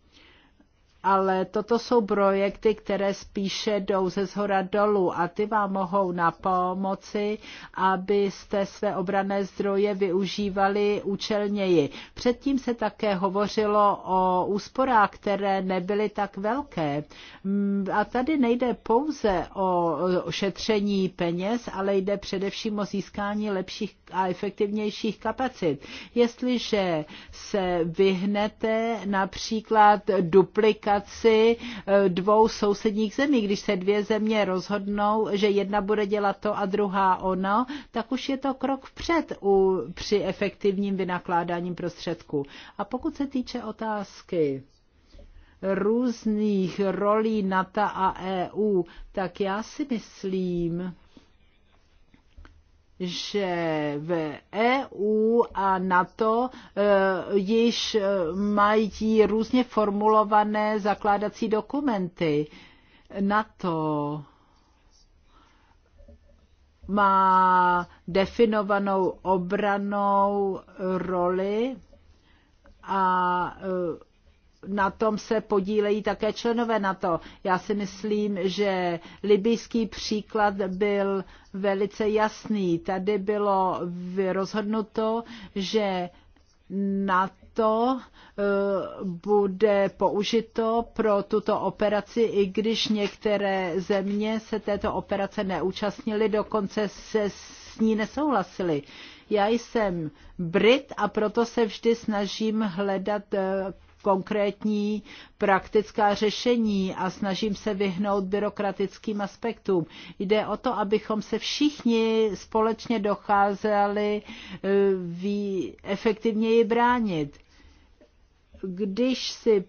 S2: ale toto jsou projekty, které spíše jdou ze zhora dolů a ty vám mohou na pomoci, abyste své obrané zdroje využívali účelněji. Předtím se také hovořilo o úsporách, které nebyly tak velké. Mm, a tady nejde pouze o šetření peněz, ale jde především o získání lepších a efektivnějších kapacit. Jestliže se vyhnete například duplikátům komunikaci eh, dvou sousedních zemí. Když se dvě země rozhodnou, že jedna bude dělat to a druhá ono, tak už je to krok vpřed u, při efektivním vynakládání prostředků. A pokud se týče otázky, různých rolí NATO a EU, tak já si myslím, že v EU a NATO eh, již eh, mají různě formulované zakládací dokumenty. NATO má definovanou obranou roli a eh, na tom se podílejí také členové NATO. Já si myslím, že libýský příklad byl velice jasný. Tady bylo rozhodnuto, že na to eh, bude použito pro tuto operaci, i když některé země se této operace neúčastnily, dokonce se s ní nesouhlasily. Já jsem Brit a proto se vždy snažím hledat eh, konkrétní praktická řešení a snažím se vyhnout byrokratickým aspektům. Jde o to, abychom se všichni společně docházeli eh, efektivněji bránit. Když si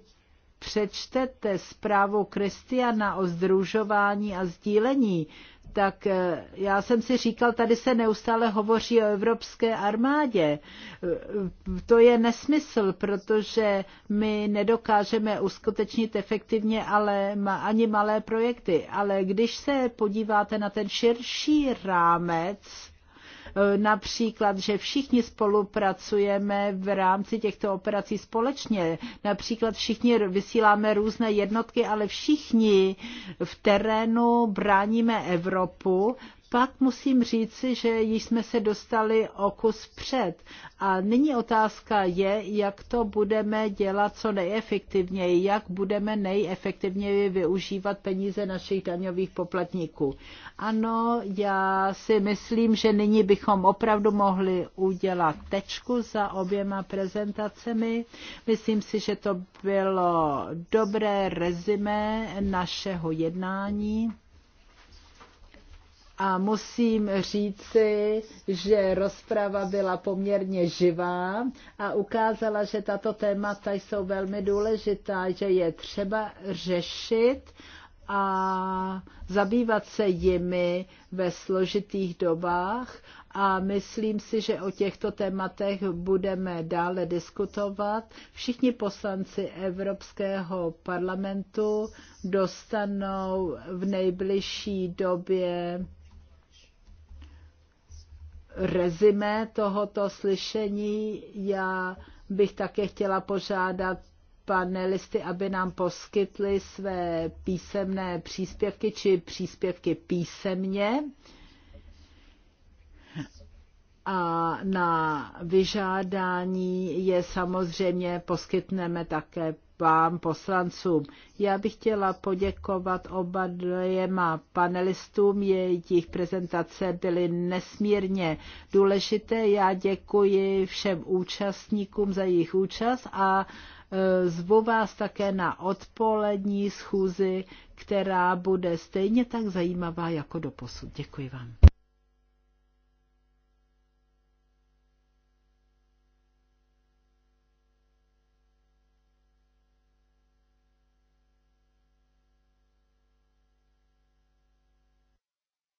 S2: přečtete zprávu Kristiana o združování a sdílení, tak eh, já jsem si říkal, tady se neustále hovoří o evropské armádě. Eh, to je nesmysl, protože my nedokážeme uskutečnit efektivně ale ani malé projekty. Ale když se podíváte na ten širší rámec, Eh, například, že všichni spolupracujeme v rámci těchto operací společně. Například všichni vysíláme různé jednotky, ale všichni v terénu bráníme Evropu pak musím říci, že již jsme se dostali o kus před. A nyní otázka je, jak to budeme dělat co nejefektivněji, jak budeme nejefektivněji využívat peníze našich daňových poplatníků. Ano, já si myslím, že nyní bychom opravdu mohli udělat tečku za oběma prezentacemi. Myslím si, že to bylo dobré rezime našeho jednání a musím říci, že rozprava byla poměrně živá a ukázala, že tato témata jsou velmi důležitá, že je třeba řešit a zabývat se jimi ve složitých dobách a myslím si, že o těchto tématech budeme dále diskutovat. Všichni poslanci Evropského parlamentu dostanou v nejbližší době rezime tohoto slyšení. Já bych také chtěla požádat panelisty, aby nám poskytli své písemné příspěvky či příspěvky písemně a na vyžádání je samozřejmě poskytneme také vám poslancům. Já bych chtěla poděkovat oba dvěma panelistům, jejich prezentace byly nesmírně důležité. Já děkuji všem účastníkům za jejich účast a e, zvu vás také na odpolední schůzi, která bude stejně tak zajímavá jako doposud. Děkuji vám.